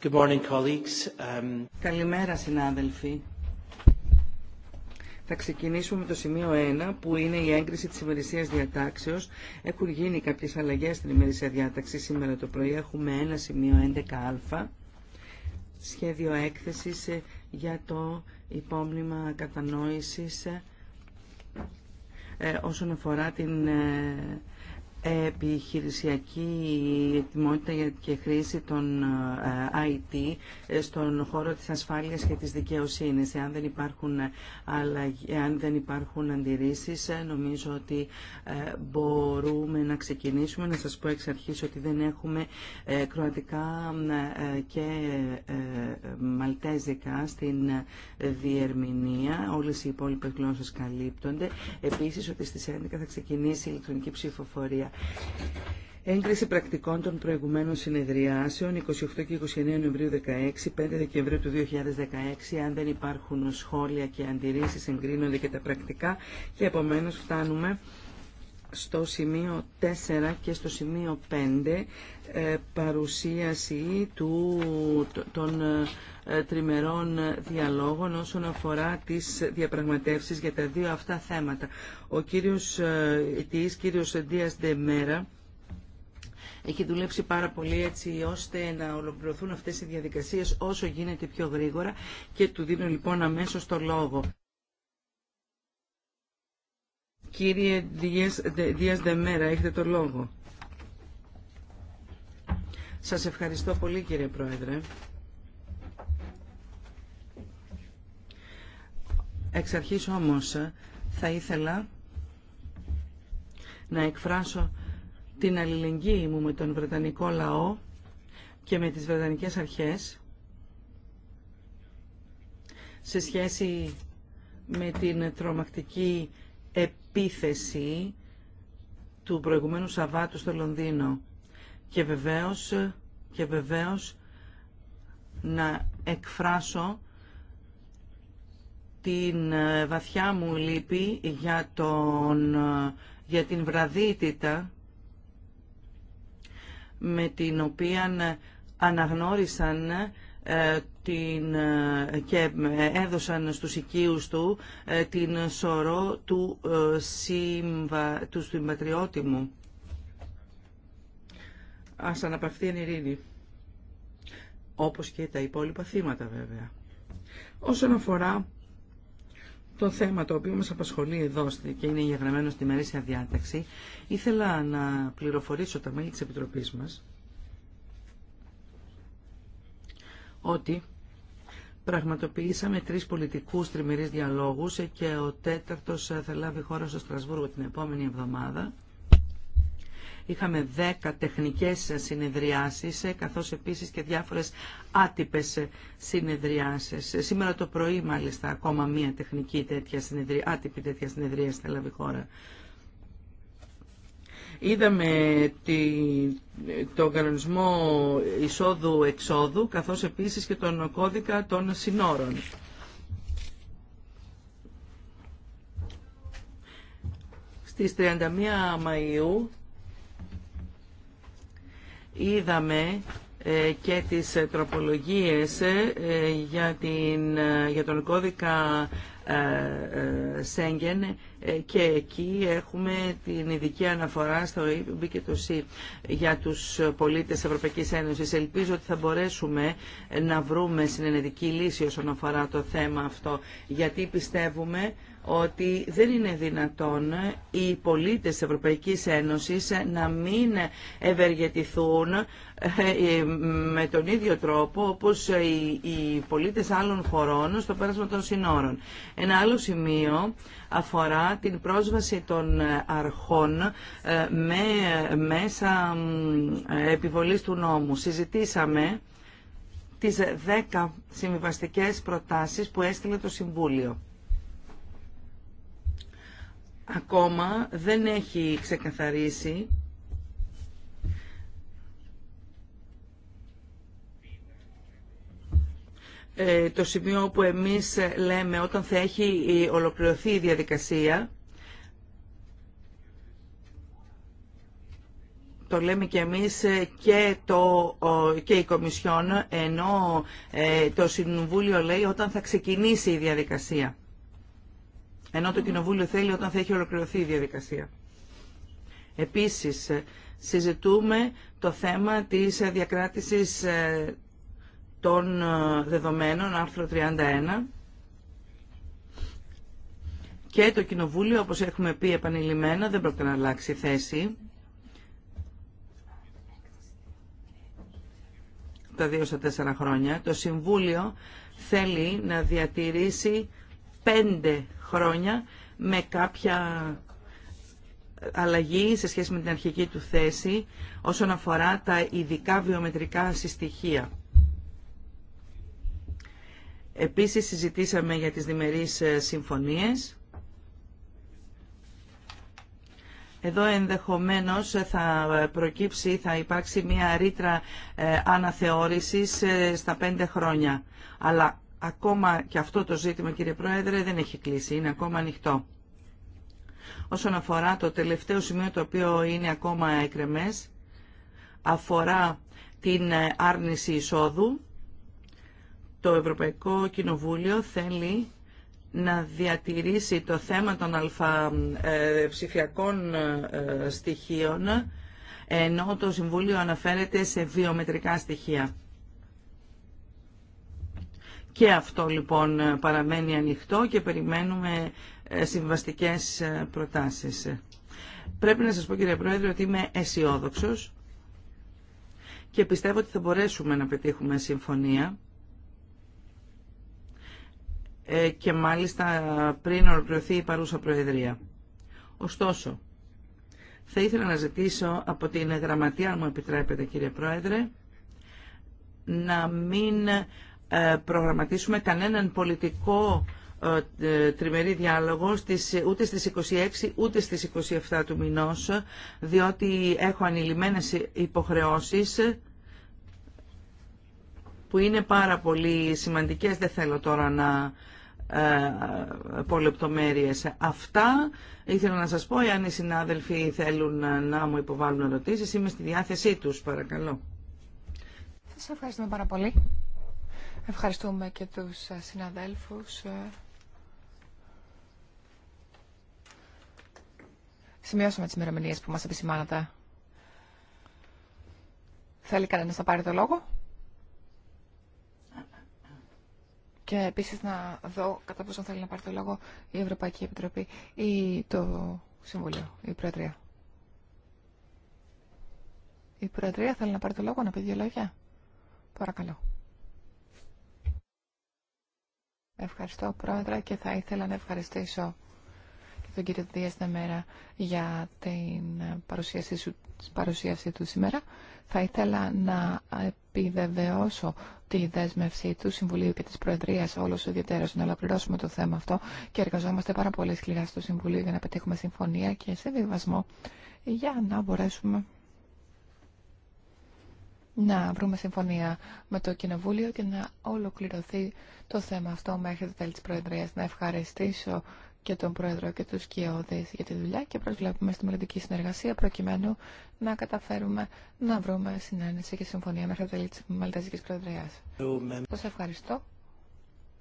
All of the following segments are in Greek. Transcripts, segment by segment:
Um, Καλημέρα συνάδελφοι. Θα ξεκινήσουμε με το σημείο 1 που είναι η έγκριση της ημερησίας διατάξεως. Έχουν γίνει κάποιες αλλαγές στην ημερησία διάταξη. Σήμερα το πρωί έχουμε ένα σημείο 11α, σχέδιο έκθεσης για το υπόμνημα κατανόησης ε, όσον αφορά την ε, επιχειρησιακή ετοιμότητα και χρήση των IT ε, ε, στον χώρο της ασφάλειας και της δικαιοσύνης. Εάν δεν υπάρχουν, αν δεν υπάρχουν αντιρρήσεις, ε, νομίζω ότι μπορούμε να ξεκινήσουμε. Να σας πω εξ αρχής ότι δεν έχουμε κροατικά και μαλτέζικα στην διερμηνία. Όλες οι υπόλοιπες γλώσσες καλύπτονται. Επίσης ότι στις 11 θα ξεκινήσει η ηλεκτρονική ψηφοφορία. Έγκριση πρακτικών των προηγουμένων συνεδριάσεων 28 και 29 Νοεμβρίου 16, 5 Δεκεμβρίου του 2016. Αν δεν υπάρχουν σχόλια και αντιρρήσεις εγκρίνονται και τα πρακτικά και επομένως φτάνουμε στο σημείο 4 και στο σημείο 5 ε, παρουσίαση του, των ε, τριμερών διαλόγων όσον αφορά τις διαπραγματεύσεις για τα δύο αυτά θέματα. Ο κύριος ε, της, κύριος Δίας Ντεμέρα, έχει δουλέψει πάρα πολύ έτσι ώστε να ολοκληρωθούν αυτές οι διαδικασίες όσο γίνεται πιο γρήγορα και του δίνω λοιπόν αμέσως το λόγο. Κύριε Δίας Δεμέρα, έχετε το λόγο. Σας ευχαριστώ πολύ κύριε Πρόεδρε. Εξ αρχής όμως θα ήθελα να εκφράσω την αλληλεγγύη μου με τον Βρετανικό λαό και με τις Βρετανικές αρχές σε σχέση με την τρομακτική επίθεση του προηγουμένου Σαββάτου στο Λονδίνο. Και βεβαίως, και βεβαίως να εκφράσω την ε, βαθιά μου λύπη για, τον, ε, για την βραδύτητα με την οποία αναγνώρισαν ε, την, ε, και ε, έδωσαν στους οικείους του ε, την σωρό του, σύμβα, του συμπατριώτη μου. Ας αναπαυθεί εν ειρήνη. Όπως και τα υπόλοιπα θύματα βέβαια. Όσον αφορά το θέμα το οποίο μας απασχολεί εδώ και είναι γεγραμμένο στη μερίσια διάταξη, ήθελα να πληροφορήσω τα μέλη της Επιτροπής μας ότι Πραγματοποιήσαμε τρεις πολιτικούς τριμερείς διαλόγους και ο τέταρτος ε, θα λάβει χώρα στο Στρασβούργο την επόμενη εβδομάδα. Είχαμε δέκα τεχνικές συνεδριάσεις, ε, καθώς επίσης και διάφορες άτυπες συνεδριάσεις. Σήμερα το πρωί, μάλιστα, ακόμα μία τεχνική τέτοια συνεδρία, άτυπη τέτοια συνεδρία θα λάβει χώρα Είδαμε τον κανονισμό εισόδου-εξόδου, καθώς επίσης και τον κώδικα των συνόρων. Στις 31 Μαΐου είδαμε ε, και τις τροπολογίες ε, για, την, ε, για τον κώδικα ε, ε, Σέγγεν ε, και εκεί έχουμε την ειδική αναφορά στο ΕΙΠ και το ΣΥ για τους πολίτες Ευρωπαϊκής Ένωσης. Ελπίζω ότι θα μπορέσουμε να βρούμε συνενετική λύση όσον αφορά το θέμα αυτό γιατί πιστεύουμε ότι δεν είναι δυνατόν οι πολίτες της Ευρωπαϊκής Ένωσης να μην ευεργετηθούν ε, ε, με τον ίδιο τρόπο όπως οι πολίτες άλλων χωρών στο πέρασμα των συνόρων. Ένα άλλο σημείο αφορά την πρόσβαση των αρχών ε, με μέσα επιβολής του νόμου. Συζητήσαμε τις δέκα συμβιβαστικές προτάσεις που έστειλε το Συμβούλιο ακόμα δεν έχει ξεκαθαρίσει ε, το σημείο που εμείς λέμε όταν θα έχει ολοκληρωθεί η διαδικασία το λέμε και εμείς και, το, και η Κομισιόν, ενώ ε, το Συμβούλιο λέει όταν θα ξεκινήσει η διαδικασία ενώ το Κοινοβούλιο θέλει όταν θα έχει ολοκληρωθεί η διαδικασία. Επίσης, ε, συζητούμε το θέμα της ε, διακράτησης ε, των δεδομένων, άρθρο 31, και το Κοινοβούλιο, όπως έχουμε πει επανειλημμένα, δεν πρόκειται να αλλάξει θέση. Τα δύο στα τέσσερα χρόνια. Το Συμβούλιο θέλει να διατηρήσει πέντε χρόνια με κάποια αλλαγή σε σχέση με την αρχική του θέση όσον αφορά τα ειδικά βιομετρικά συστοιχεία. Επίσης συζητήσαμε για τις διμερείς ε, συμφωνίες. Εδώ ενδεχομένως θα προκύψει, θα υπάρξει μια ρήτρα ε, αναθεώρησης ε, στα πέντε χρόνια. Αλλά ακόμα και αυτό το ζήτημα, κύριε Πρόεδρε, δεν έχει κλείσει, είναι ακόμα ανοιχτό. Όσον αφορά το τελευταίο σημείο το οποίο είναι ακόμα εκρεμές, αφορά την ε, άρνηση εισόδου. Το Ευρωπαϊκό Κοινοβούλιο θέλει να διατηρήσει το θέμα των αλφαψηφιακών ε, ε, στοιχείων, ενώ το Συμβούλιο αναφέρεται σε βιομετρικά στοιχεία. Και αυτό λοιπόν παραμένει ανοιχτό και περιμένουμε ε, συμβαστικές ε, προτάσεις. Πρέπει να σας πω κύριε Πρόεδρε ότι είμαι αισιόδοξο και πιστεύω ότι θα μπορέσουμε να πετύχουμε συμφωνία ε, και μάλιστα πριν ολοκληρωθεί η παρούσα Προεδρία. Ωστόσο, θα ήθελα να ζητήσω από την Γραμματεία, αν μου επιτρέπετε κύριε Πρόεδρε, να μην ε, προγραμματίσουμε κανέναν πολιτικό ε, ε, τριμερή διάλογο στις, ούτε στις 26 ούτε στις 27 του μηνός διότι έχω ανηλυμένες υποχρεώσεις που είναι πάρα πολύ σημαντικές δεν θέλω τώρα να πω λεπτομέρειες Αυτά ήθελα να σας πω. Εάν οι συνάδελφοι θέλουν να μου υποβάλουν ερωτήσεις, είμαι στη διάθεσή τους, παρακαλώ. Σας ευχαριστούμε πάρα πολύ. Ευχαριστούμε και τους ε, συναδέλφους. Ε. Σημειώσαμε τις ημερομηνίε που μας επισημάνατε. Θέλει κανένα να πάρει το λόγο. Και επίσης να δω κατά πόσο θέλει να πάρει το λόγο η Ευρωπαϊκή Επιτροπή ή το Συμβουλίο, η Προεδρία. Η Προεδρία θέλει να πάρει το λόγο, να πει δύο λόγια. Παρακαλώ. Ευχαριστώ πρόεδρε και θα ήθελα να ευχαριστήσω και τον κύριο Δίας Νεμέρα για την παρουσίασή, σου, παρουσίασή του σήμερα. Θα ήθελα να επιβεβαιώσω τη δέσμευσή του Συμβουλίου και της Προεδρίας όλος ο ιδιαίτερος να ολοκληρώσουμε το θέμα αυτό και εργαζόμαστε πάρα πολύ σκληρά στο Συμβουλίο για να πετύχουμε συμφωνία και σε βιβασμό για να μπορέσουμε να βρούμε συμφωνία με το Κοινοβούλιο και να ολοκληρωθεί το θέμα αυτό μέχρι το τέλη της Προεδρίας. Να ευχαριστήσω και τον Πρόεδρο και τους Κιώδης για τη δουλειά και προσβλέπουμε στη μελλοντική συνεργασία προκειμένου να καταφέρουμε να βρούμε συνένεση και συμφωνία μέχρι το τέλη της Μαλταζικής Προεδρίας. Σας ευχαριστώ.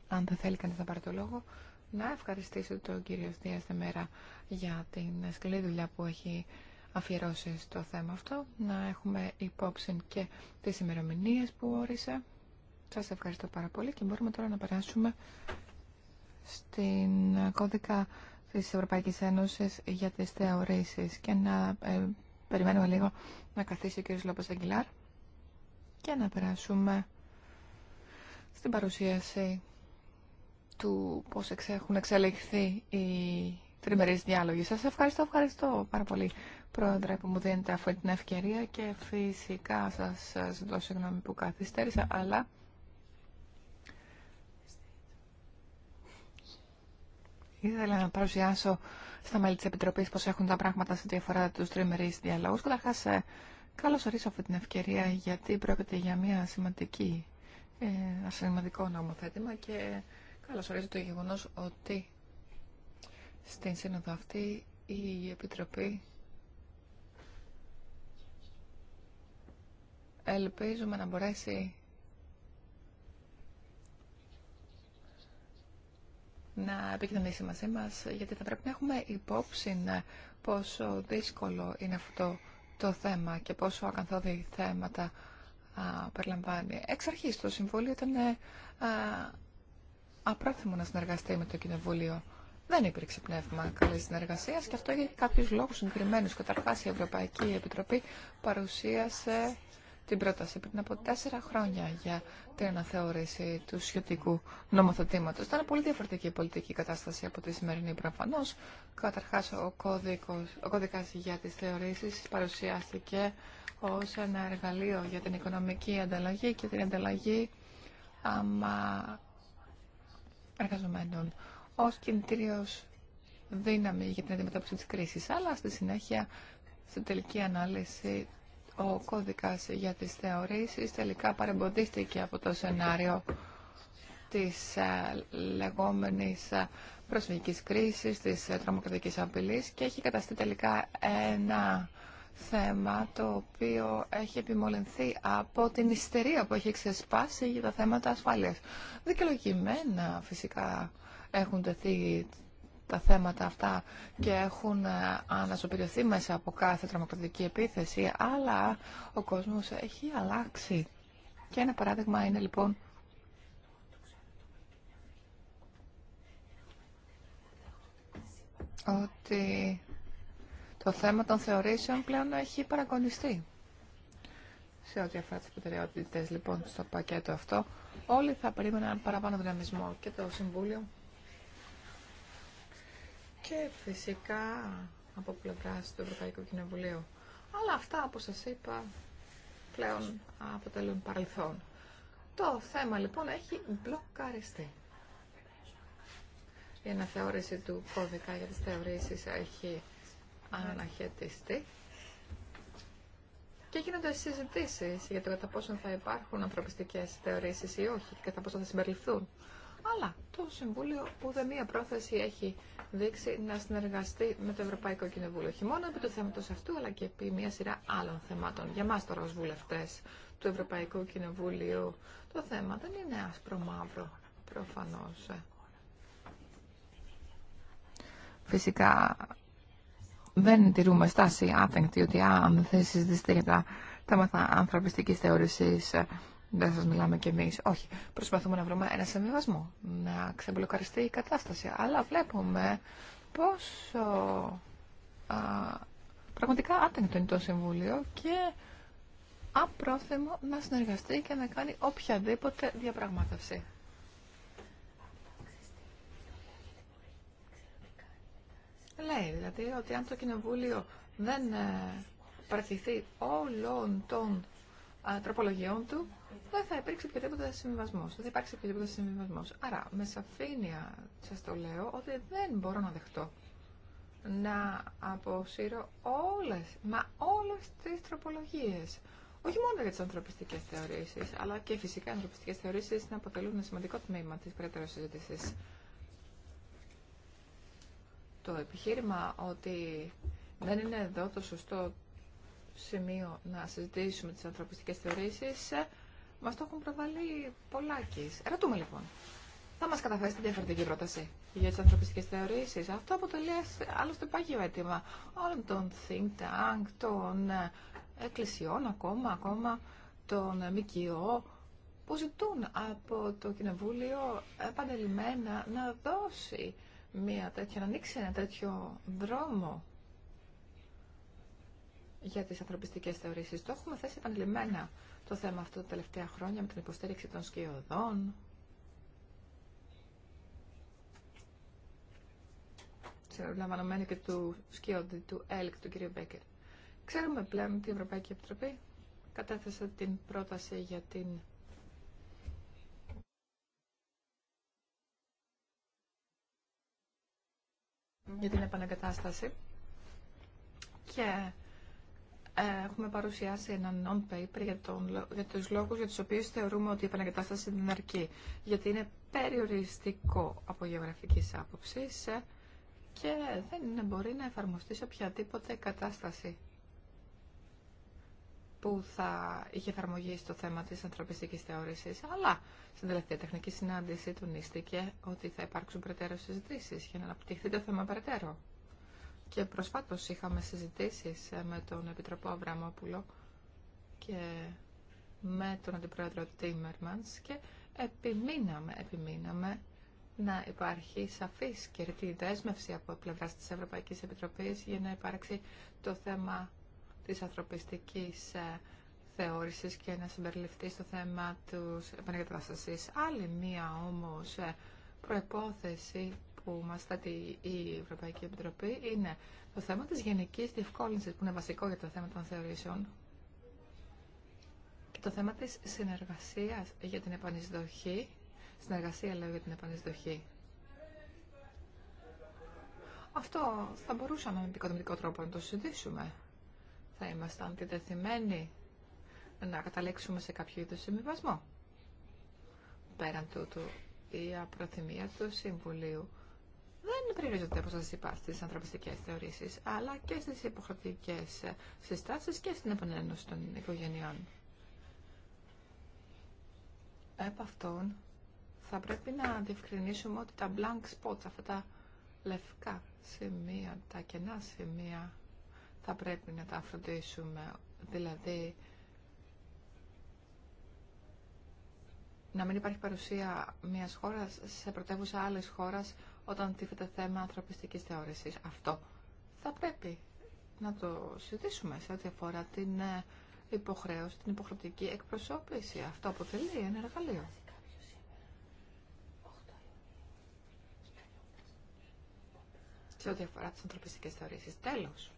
Αν δεν θέλει κανείς να πάρει το λόγο, να ευχαριστήσω τον κύριο Στία Δεμέρα για την σκληρή δουλειά που έχει αφιερώσει στο θέμα αυτό, να έχουμε υπόψη και τι ημερομηνίε που όρισε. Σα ευχαριστώ πάρα πολύ και μπορούμε τώρα να περάσουμε στην κώδικα τη Ευρωπαϊκή Ένωση για τι θεωρήσει και να ε, περιμένουμε λίγο να καθίσει ο κ. Λόπος Αγγιλάρ και να περάσουμε στην παρουσίαση του πώ έχουν εξελιχθεί οι τριμερεί διάλογοι. Σα ευχαριστώ, ευχαριστώ πάρα πολύ Πρόεδρε, που μου δίνετε αυτή την ευκαιρία και φυσικά σας ζητώ συγγνώμη που καθυστέρησα, αλλά ήθελα να παρουσιάσω στα μέλη της Επιτροπής πώς έχουν τα πράγματα σε διαφορά του τους τριμερείς διαλόγους. Καταρχάς, ε, καλώς ορίσω αυτή την ευκαιρία γιατί πρόκειται για μια σημαντική, ε, ένα σημαντικό νομοθέτημα και καλώς ορίζω το γεγονός ότι στην σύνοδο αυτή η Επιτροπή ελπίζουμε να μπορέσει να επικοινωνήσει μαζί μας, γιατί θα πρέπει να έχουμε υπόψη ναι, πόσο δύσκολο είναι αυτό το θέμα και πόσο ακαθόδη θέματα α, περιλαμβάνει. Εξ αρχής το Συμβούλιο ήταν ε, α, απρόθυμο να συνεργαστεί με το Κοινοβούλιο. Δεν υπήρξε πνεύμα καλής συνεργασία και αυτό για κάποιους λόγους συγκεκριμένου. Καταρχάς, η Ευρωπαϊκή Επιτροπή παρουσίασε την πρόταση πριν από τέσσερα χρόνια για την αναθεώρηση του σχετικού νομοθετήματος. Ήταν πολύ διαφορετική η πολιτική κατάσταση από τη σημερινή προφανώ. Καταρχάς ο, ο κώδικας για τι θεωρήσεις παρουσιάστηκε ως ένα εργαλείο για την οικονομική ανταλλαγή και την ανταλλαγή αμα, εργαζομένων ω κινητήριο δύναμη για την αντιμετώπιση τη κρίση, Αλλά στη συνέχεια, στην τελική ανάλυση, ο κώδικας για τις θεωρήσεις τελικά παρεμποδίστηκε από το σενάριο της ε, λεγόμενης ε, προσφυγικής κρίσης, της ε, τρομοκρατικής απειλής και έχει καταστεί τελικά ένα θέμα το οποίο έχει επιμολυνθεί από την ιστερία που έχει ξεσπάσει για τα θέματα ασφάλειας. Δικαιολογημένα φυσικά έχουν τεθεί τα θέματα αυτά και έχουν ε, αναζωπηριωθεί μέσα από κάθε τρομοκρατική επίθεση, αλλά ο κόσμος έχει αλλάξει. Και ένα παράδειγμα είναι λοιπόν ότι το θέμα των θεωρήσεων πλέον έχει παραγωνιστεί. Σε ό,τι αφορά τις προτεραιότητες λοιπόν στο πακέτο αυτό, όλοι θα περίμεναν παραπάνω δυναμισμό και το Συμβούλιο και φυσικά από πλευρά του Ευρωπαϊκού Κοινοβουλίου. Αλλά αυτά, όπως σας είπα, πλέον αποτελούν παρελθόν. Το θέμα λοιπόν έχει μπλοκαριστεί. Η αναθεώρηση του κώδικα για τις θεωρήσεις έχει αναχαιτιστεί και γίνονται συζητήσει για το κατά πόσο θα υπάρχουν ανθρωπιστικές θεωρήσεις ή όχι και κατά πόσο θα συμπεριληφθούν. Αλλά το Συμβούλιο ούτε μία πρόθεση έχει δείξει να συνεργαστεί με το Ευρωπαϊκό Κοινοβούλιο. Όχι μόνο επί του θέματο αυτού, αλλά και επί μία σειρά άλλων θεμάτων. Για εμά τώρα, ω βουλευτέ του Ευρωπαϊκού Κοινοβουλίου, το θέμα δεν είναι άσπρο-μαύρο, προφανώ. Φυσικά δεν τηρούμε στάση άτεγκτη ότι αν δεν συζητήσετε για τα θέματα ανθρωπιστική θεώρηση δεν σα μιλάμε κι εμεί. Όχι, προσπαθούμε να βρούμε ένα συμβιβασμό, να ξεμπλοκαριστεί η κατάσταση. Αλλά βλέπουμε πόσο α, πραγματικά άτεγκτο είναι το Συμβούλιο και απρόθεμο να συνεργαστεί και να κάνει οποιαδήποτε διαπραγμάτευση. Λέει δηλαδή ότι αν το Κοινοβούλιο δεν ε, παρατηθεί όλων των τροπολογιών του, δεν θα υπήρξε οποιοδήποτε συμβιβασμό. Δεν θα υπάρξει οποιοδήποτε συμβιβασμό. Άρα, με σαφήνεια σα το λέω ότι δεν μπορώ να δεχτώ να αποσύρω όλε, μα όλε τι τροπολογίε. Όχι μόνο για τι ανθρωπιστικέ θεωρήσει, αλλά και φυσικά οι ανθρωπιστικέ θεωρήσει να αποτελούν ένα σημαντικό τμήμα τη περαιτέρω συζήτηση. Το επιχείρημα ότι δεν είναι εδώ το σωστό σημείο να συζητήσουμε τις ανθρωπιστικέ θεωρήσει. Μα το έχουν προβάλει πολλάκι. Ρωτούμε λοιπόν. Θα μας την διαφορετική πρόταση για τι ανθρωπιστικές θεωρήσει. Αυτό αποτελεί άλλωστε πάγιο αίτημα όλων των think tank, των ε, εκκλησιών ακόμα, ακόμα των ε, ΜΚΟ που ζητούν από το Κοινοβούλιο επανελειμμένα να δώσει μια τέτοια, να ανοίξει ένα τέτοιο δρόμο για τις ανθρωπιστικές θεωρήσεις. Το έχουμε θέσει επανελειμμένα το θέμα αυτό τα τελευταία χρόνια με την υποστήριξη των σκιωδών. Συλλαμβανομένη και του σκιώδη του ΕΛΚ, του κ. Μπέκερ. Ξέρουμε πλέον ότι η Ευρωπαϊκή Επιτροπή κατέθεσε την πρόταση για την για την επανακατάσταση και ε, έχουμε παρουσιάσει ένα non-paper για, τον, για τους λόγους για τους οποίους θεωρούμε ότι η επανακατάσταση δεν αρκεί. Γιατί είναι περιοριστικό από γεωγραφική άποψης ε, και δεν μπορεί να εφαρμοστεί σε οποιαδήποτε κατάσταση που θα είχε εφαρμογή στο θέμα της ανθρωπιστικής θεώρησης, αλλά στην τελευταία τεχνική συνάντηση τονίστηκε ότι θα υπάρξουν περαιτέρω συζητήσεις για να αναπτυχθεί το θέμα περαιτέρω. Και προσφάτως είχαμε συζητήσεις ε, με τον Επιτροπό Αβραμόπουλο και με τον Αντιπρόεδρο Τίμερμανς και επιμείναμε, επιμείναμε να υπάρχει σαφής και ρητή δέσμευση από πλευράς της Ευρωπαϊκής Επιτροπής για να υπάρξει το θέμα της ανθρωπιστικής ε, θεώρησης και να συμπεριληφθεί στο θέμα της επανεγκατάστασης. Άλλη μία όμως ε, προϋπόθεση που μα θέτει η Ευρωπαϊκή Επιτροπή είναι το θέμα τη γενικής διευκόλυνσης που είναι βασικό για το θέμα των θεωρήσεων και το θέμα τη συνεργασίας για την επανεισδοχή, συνεργασία λέω για την επανεισδοχή. Αυτό θα μπορούσαμε με επικοδομητικό τρόπο να το συζητήσουμε. Θα ήμασταν αντιτεθειμένοι να καταλήξουμε σε κάποιο είδου συμβιβασμό. Πέραν τούτου, η απροθυμία του Συμβουλίου δεν περιορίζονται, όπω σα είπα, στι ανθρωπιστικέ θεωρήσει, αλλά και στι υποχρεωτικέ συστάσει και στην επανένωση των οικογενειών. Επ' αυτόν θα πρέπει να διευκρινίσουμε ότι τα blank spots, αυτά τα λευκά σημεία, τα κενά σημεία, θα πρέπει να τα φροντίσουμε. Δηλαδή, να μην υπάρχει παρουσία μιας χώρας σε πρωτεύουσα άλλης χώρας όταν τίθεται θέμα ανθρωπιστικής θεώρησης. Αυτό θα πρέπει να το συζητήσουμε σε ό,τι αφορά την ε, υποχρέωση, την υποχρεωτική εκπροσώπηση. Αυτό αποτελεί ένα εργαλείο. Σε ό,τι αφορά τις ανθρωπιστικές θεωρήσεις. Τέλος.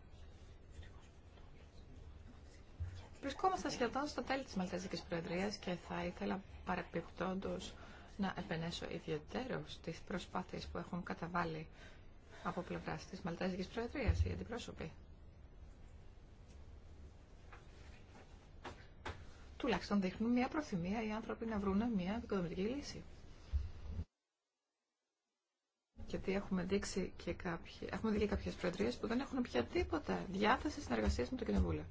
Βρισκόμαστε σχεδόν στο τέλος της Μαλτέζικης Προεδρίας και θα ήθελα παρεπιπτόντως να επενέσω ιδιαίτερω τι προσπάθειε που έχουν καταβάλει από πλευρά τη Μαλτέζικη Προεδρία οι αντιπρόσωποι. Τουλάχιστον δείχνουν μια προθυμία οι άνθρωποι να βρουν μια δικοδομητική λύση. Γιατί έχουμε δείξει και κάποιοι, έχουμε δει και κάποιες προεδρίες που δεν έχουν οποιαδήποτε διάθεση συνεργασία με το Κοινοβούλιο.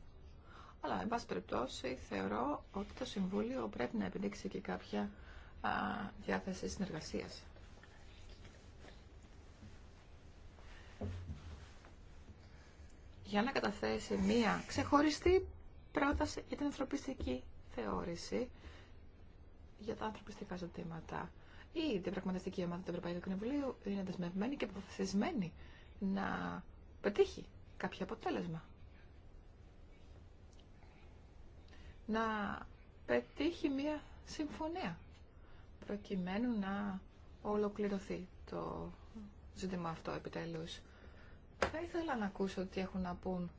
Αλλά, εν πάση περιπτώσει, θεωρώ ότι το Συμβούλιο πρέπει να επιδείξει και κάποια διάθεση συνεργασίας. για να καταθέσει μία ξεχωριστή πρόταση για την ανθρωπιστική θεώρηση για τα ανθρωπιστικά ζητήματα. Η διαπραγματευτική ομάδα του Ευρωπαϊκού Κοινοβουλίου είναι δεσμευμένη και αποφασισμένη να πετύχει κάποιο αποτέλεσμα. Να πετύχει μία συμφωνία προκειμένου να ολοκληρωθεί το ζήτημα αυτό επιτέλους. Θα ήθελα να ακούσω τι έχουν να πούν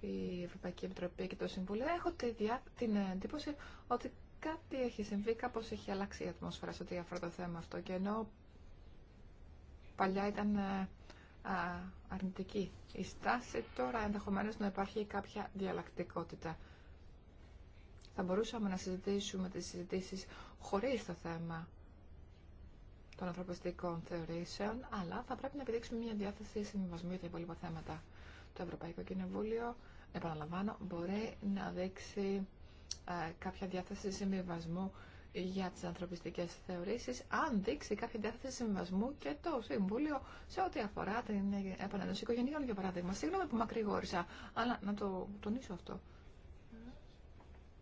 η Ευρωπαϊκή Επιτροπή και το Συμβούλιο. Έχω τη διά, την εντύπωση ότι κάτι έχει συμβεί, κάπως έχει αλλάξει η ατμόσφαιρα σε ό,τι αφορά το θέμα αυτό. Και ενώ παλιά ήταν ε, αρνητική η στάση, τώρα ενδεχομένως να υπάρχει κάποια διαλλακτικότητα. Θα μπορούσαμε να συζητήσουμε τις συζητήσεις χωρίς το θέμα των ανθρωπιστικών θεωρήσεων, αλλά θα πρέπει να επιδείξουμε μια διάθεση συμβιβασμού για τα υπόλοιπα θέματα. Το Ευρωπαϊκό Κοινοβούλιο, επαναλαμβάνω, μπορεί να δείξει ε, κάποια διάθεση συμβιβασμού για τις ανθρωπιστικές θεωρήσεις, αν δείξει κάποια διάθεση συμβιβασμού και το Συμβούλιο σε ό,τι αφορά την επανένωση οικογενειών, για παράδειγμα. Συγγνώμη που μακρηγόρησα, αλλά να το τονίσω αυτό.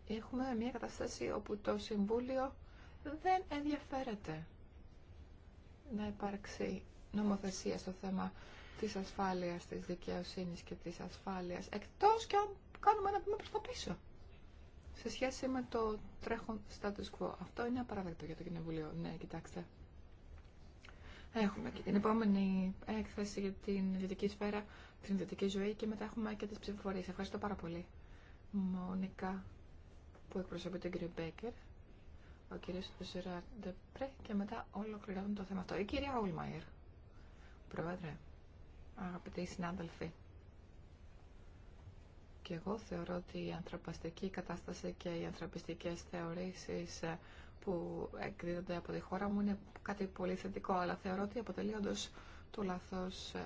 Έχουμε μια κατάσταση όπου το Συμβούλιο δεν ενδιαφέρεται να υπάρξει νομοθεσία στο θέμα της ασφάλειας, της δικαιοσύνης και της ασφάλειας, εκτός και αν κάνουμε ένα βήμα προς τα πίσω. Σε σχέση με το τρέχον status quo. Αυτό είναι απαραδεκτό για το Κοινοβουλίο. Ναι, κοιτάξτε. Έχουμε και την επόμενη έκθεση για την ιδιωτική σφαίρα, την ιδιωτική ζωή και μετά έχουμε και τις ψηφοφορίες. Ευχαριστώ πάρα πολύ. Μονικά που εκπροσωπεί τον κύριο Μπέκερ ο κύριος Ζεράρ Ντεπρέ και μετά ολοκληρώνουμε το θέμα αυτό. Η κυρία Ολμαϊρ, πρόεδρε, αγαπητοί συνάδελφοι, και εγώ θεωρώ ότι η ανθρωπιστική κατάσταση και οι ανθρωπιστικές θεωρήσεις ε, που εκδίδονται από τη χώρα μου είναι κάτι πολύ θετικό, αλλά θεωρώ ότι αποτελεί όντως το λαθό ε,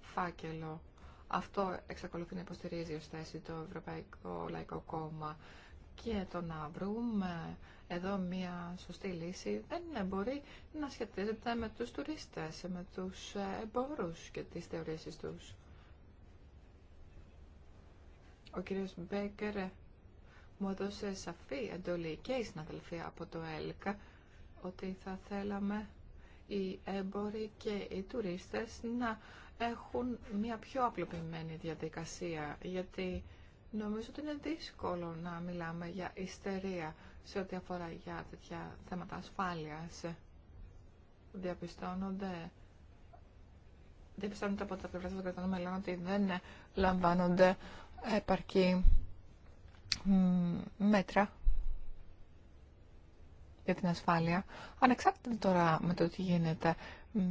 φάκελο. Αυτό εξακολουθεί να υποστηρίζει ως θέση το Ευρωπαϊκό Λαϊκό Κόμμα και το να βρούμε εδώ μια σωστή λύση δεν μπορεί να σχετίζεται με τους τουρίστες, με τους ε, εμπόρους και τις θεωρήσεις τους. Ο κύριος Μπέκερ ε, μου έδωσε σαφή εντολή και η συναδελφία από το ΕΛΚΑ ότι θα θέλαμε οι έμποροι και οι τουρίστες να έχουν μια πιο απλοποιημένη διαδικασία γιατί Νομίζω ότι είναι δύσκολο να μιλάμε για ιστερία σε ό,τι αφορά για τέτοια θέματα ασφάλειας. Διαπιστώνονται διαπιστώνονται από τα πλευρά των κρατών μελών ότι δεν λαμβάνονται επαρκή μέτρα για την ασφάλεια, ανεξάρτητα τώρα με το τι γίνεται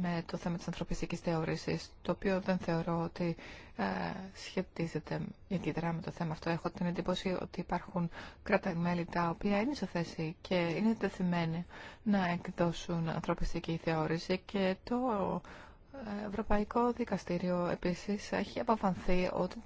με το θέμα της ανθρωπιστικής θεωρήσης, το οποίο δεν θεωρώ ότι ε, σχετίζεται ιδιαίτερα με το θέμα αυτό. Έχω την εντύπωση ότι υπάρχουν κράτα-μέλη τα οποία είναι σε θέση και είναι τεθειμένοι να εκδώσουν ανθρωπιστική θεώρηση και το Ευρωπαϊκό Δικαστήριο επίσης έχει αποφανθεί ότι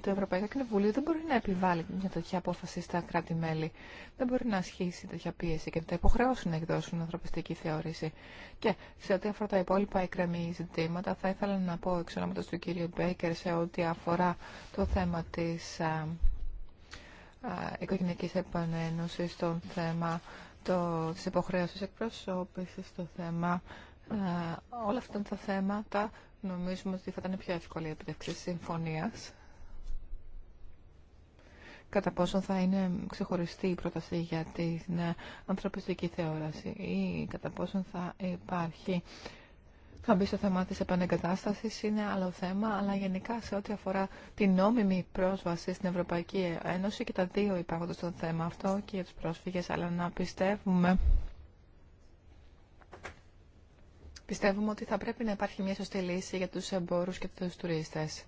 το Ευρωπαϊκό Κοινοβούλιο δεν μπορεί να επιβάλλει μια τέτοια απόφαση στα κράτη-μέλη. Δεν μπορεί να ασχίσει τέτοια πίεση και να τα υποχρεώσει να εκδώσουν ανθρωπιστική θεώρηση. Και σε ό,τι αφορά τα υπόλοιπα εκκρεμή ζητήματα, θα ήθελα να πω εξ ονοματο του κ. Μπέικερ σε ό,τι αφορά το θέμα τη οικογένειακή επανένωση, το θέμα της θέμα όλα αυτά τα θέματα νομίζουμε ότι θα ήταν πιο εύκολη η επιτευξή συμφωνίας. Κατά πόσο θα είναι ξεχωριστή η πρόταση για την ε, ανθρωπιστική θεόραση ή κατά πόσο θα υπάρχει θα μπει στο θέμα της επανεγκατάστασης, είναι άλλο θέμα, αλλά γενικά σε ό,τι αφορά την νόμιμη πρόσβαση στην Ευρωπαϊκή Ένωση και τα δύο υπάρχονται στο θέμα αυτό και για τους πρόσφυγες, αλλά να πιστεύουμε Πιστεύουμε ότι θα πρέπει να υπάρχει μια σωστή λύση για τους εμπόρους και τους τουρίστες.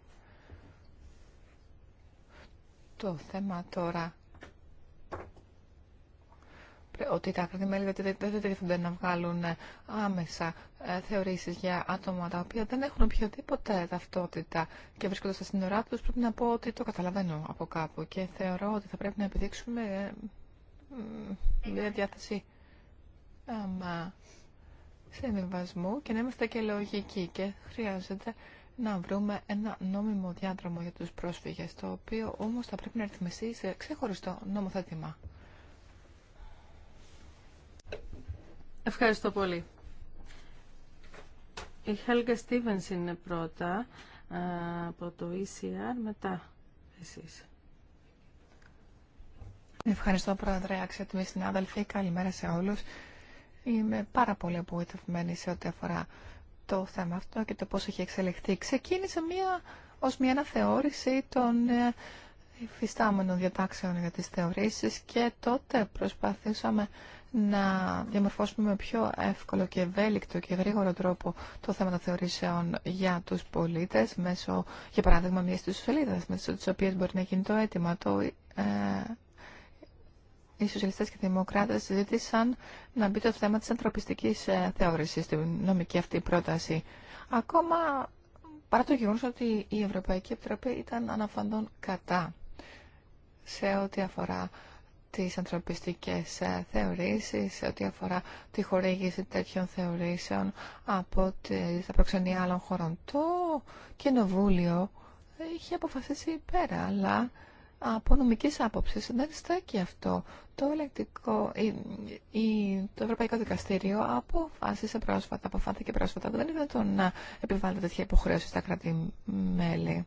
Το θέμα τώρα ότι τα κρατημέλη δεν δε, να βγάλουν ε, άμεσα ε, θεωρήσεις για άτομα τα οποία δεν έχουν οποιοδήποτε ταυτότητα και βρίσκονται στα σύνορά του, πρέπει να πω ότι το καταλαβαίνω από κάπου και θεωρώ ότι θα πρέπει να επιδείξουμε ε, μια διάθεση και να είμαστε και λογικοί και χρειάζεται να βρούμε ένα νόμιμο διάδρομο για τους πρόσφυγες, το οποίο όμως θα πρέπει να ρυθμιστεί σε ξεχωριστό νομοθέτημα. Ευχαριστώ πολύ. Η Χέλγα Στίβενς είναι πρώτα από το ECR, μετά εσείς. Ευχαριστώ, Πρόεδρε, αξιότιμοι συνάδελφοι. Καλημέρα σε όλους. Είμαι πάρα πολύ απογοητευμένη σε ό,τι αφορά το θέμα αυτό και το πώς έχει εξελιχθεί. Ξεκίνησε μία, ως μία αναθεώρηση των ε, υφιστάμενων διατάξεων για τις θεωρήσεις και τότε προσπαθήσαμε να διαμορφώσουμε με πιο εύκολο και ευέλικτο και γρήγορο τρόπο το θέμα των θεωρήσεων για τους πολίτες μέσω, για παράδειγμα, μιας της σελίδας μέσω της οποίας μπορεί να γίνει το αίτημα. Το ε, οι σοσιαλιστές και οι δημοκράτες ζήτησαν να μπει το θέμα της ανθρωπιστικής ε, θεώρησης στην νομική αυτή πρόταση. Ακόμα παρά το γεγονός ότι η Ευρωπαϊκή Επιτροπή ήταν αναφαντών κατά σε ό,τι αφορά τις ανθρωπιστικές ε, θεωρήσεις, σε ό,τι αφορά τη χορήγηση τέτοιων θεωρήσεων από τα προξενία άλλων χωρών. Το Κοινοβούλιο είχε αποφασίσει πέρα, αλλά από νομική άποψη δεν στέκει αυτό. Το, ελεκτικό, η, η, το Ευρωπαϊκό Δικαστήριο αποφάσισε πρόσφατα, αποφάθηκε πρόσφατα, δεν είναι το να επιβάλλεται τέτοια υποχρέωση στα κράτη-μέλη.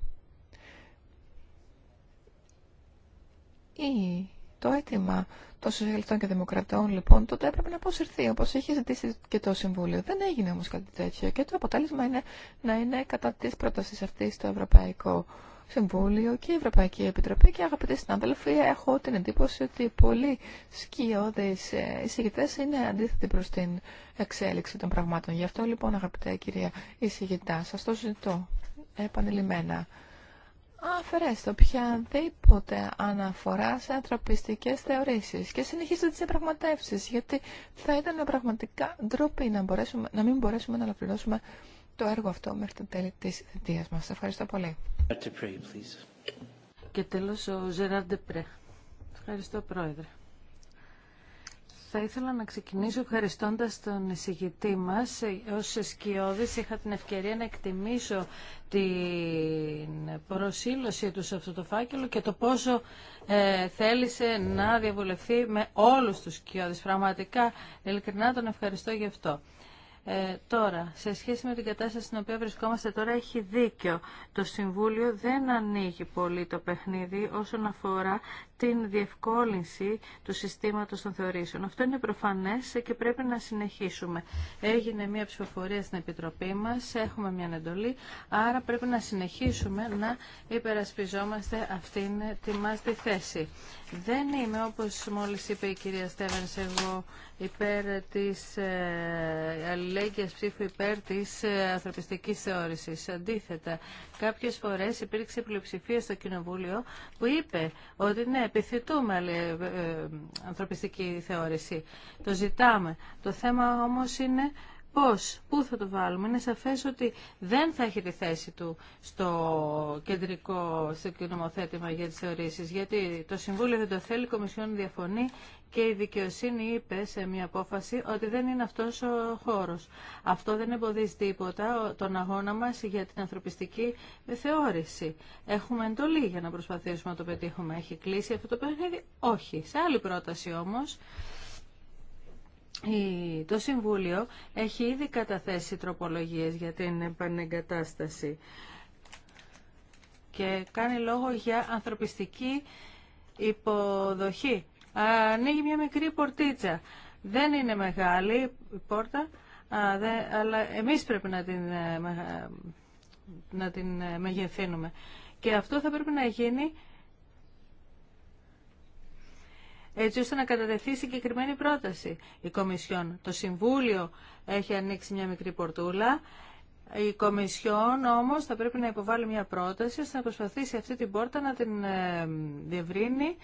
Ή το αίτημα των σοσιαλιστών και δημοκρατών, λοιπόν, τότε έπρεπε να αποσυρθεί, Όπω είχε ζητήσει και το Συμβούλιο. Δεν έγινε όμω κάτι τέτοιο και το αποτέλεσμα είναι να είναι κατά τη πρόταση αυτή το Ευρωπαϊκό Συμβούλιο και η Ευρωπαϊκή Επιτροπή και αγαπητοί συνάδελφοι, έχω την εντύπωση ότι πολλοί σκιώδει ε, εισηγητέ είναι αντίθετοι προ την εξέλιξη των πραγμάτων. Γι' αυτό λοιπόν αγαπητέ κυρία εισηγητά, σα το ζητώ επανειλημμένα. Αφαιρέστε οποιαδήποτε αναφορά σε ανθρωπιστικέ θεωρήσει και συνεχίστε τι διαπραγματεύσει, γιατί θα ήταν πραγματικά ντροπή να, μπορέσουμε, να μην μπορέσουμε να ολοκληρώσουμε το έργο αυτό μέχρι το τέλη της μα. μας. Ευχαριστώ πολύ. Και τέλο ο Ζεράρ Ντεπρέ. Ευχαριστώ Πρόεδρε. Θα ήθελα να ξεκινήσω ευχαριστώντας τον εισηγητή μας. Ως σκιώδης είχα την ευκαιρία να εκτιμήσω την προσήλωσή του σε αυτό το φάκελο και το πόσο ε, θέλησε να διαβουλευθεί με όλους τους σκιώδης. Πραγματικά, ειλικρινά τον ευχαριστώ γι' αυτό. Ε, τώρα, σε σχέση με την κατάσταση στην οποία βρισκόμαστε τώρα, έχει δίκιο. Το Συμβούλιο δεν ανοίγει πολύ το παιχνίδι όσον αφορά την διευκόλυνση του συστήματος των θεωρήσεων. Αυτό είναι προφανές και πρέπει να συνεχίσουμε. Έγινε μια ψηφοφορία στην Επιτροπή μας, έχουμε μια εντολή, άρα πρέπει να συνεχίσουμε να υπερασπιζόμαστε αυτήν τη μας τη θέση. Δεν είμαι, όπως μόλις είπε η κυρία Στέβενς, εγώ υπέρ της ε, αλληλέγγυας ψήφου υπέρ της ε, ανθρωπιστικής θεώρησης. Αντίθετα, κάποιες φορές υπήρξε πλειοψηφία στο Κοινοβούλιο που είπε ότι ναι, επιθετούμε ε, ε, ανθρωπιστική θεώρηση. Το ζητάμε. Το θέμα όμως είναι πώς, πού θα το βάλουμε. Είναι σαφές ότι δεν θα έχει τη θέση του στο κεντρικό στο νομοθέτημα για τις θεωρήσεις, γιατί το Συμβούλιο δεν το θέλει, η Κομισιόν διαφωνεί και η δικαιοσύνη είπε σε μια απόφαση ότι δεν είναι αυτός ο χώρος. Αυτό δεν εμποδίζει τίποτα τον αγώνα μας για την ανθρωπιστική θεώρηση. Έχουμε εντολή για να προσπαθήσουμε να το πετύχουμε. Έχει κλείσει αυτό το παιχνίδι. Όχι. Σε άλλη πρόταση όμως... Το Συμβούλιο έχει ήδη καταθέσει τροπολογίες για την επανεγκατάσταση και κάνει λόγο για ανθρωπιστική υποδοχή ανοίγει μια μικρή πορτίτσα. Δεν είναι μεγάλη η πόρτα, αλλά εμείς πρέπει να την, ε, ε, να την ε, μεγεθύνουμε. Και αυτό θα πρέπει να γίνει έτσι ώστε να κατατεθεί συγκεκριμένη πρόταση η Κομισιόν. Το Συμβούλιο έχει ανοίξει μια μικρή πορτούλα. Η Κομισιόν όμως θα πρέπει να υποβάλει μια πρόταση ώστε να προσπαθήσει αυτή την πόρτα να την διευρύνει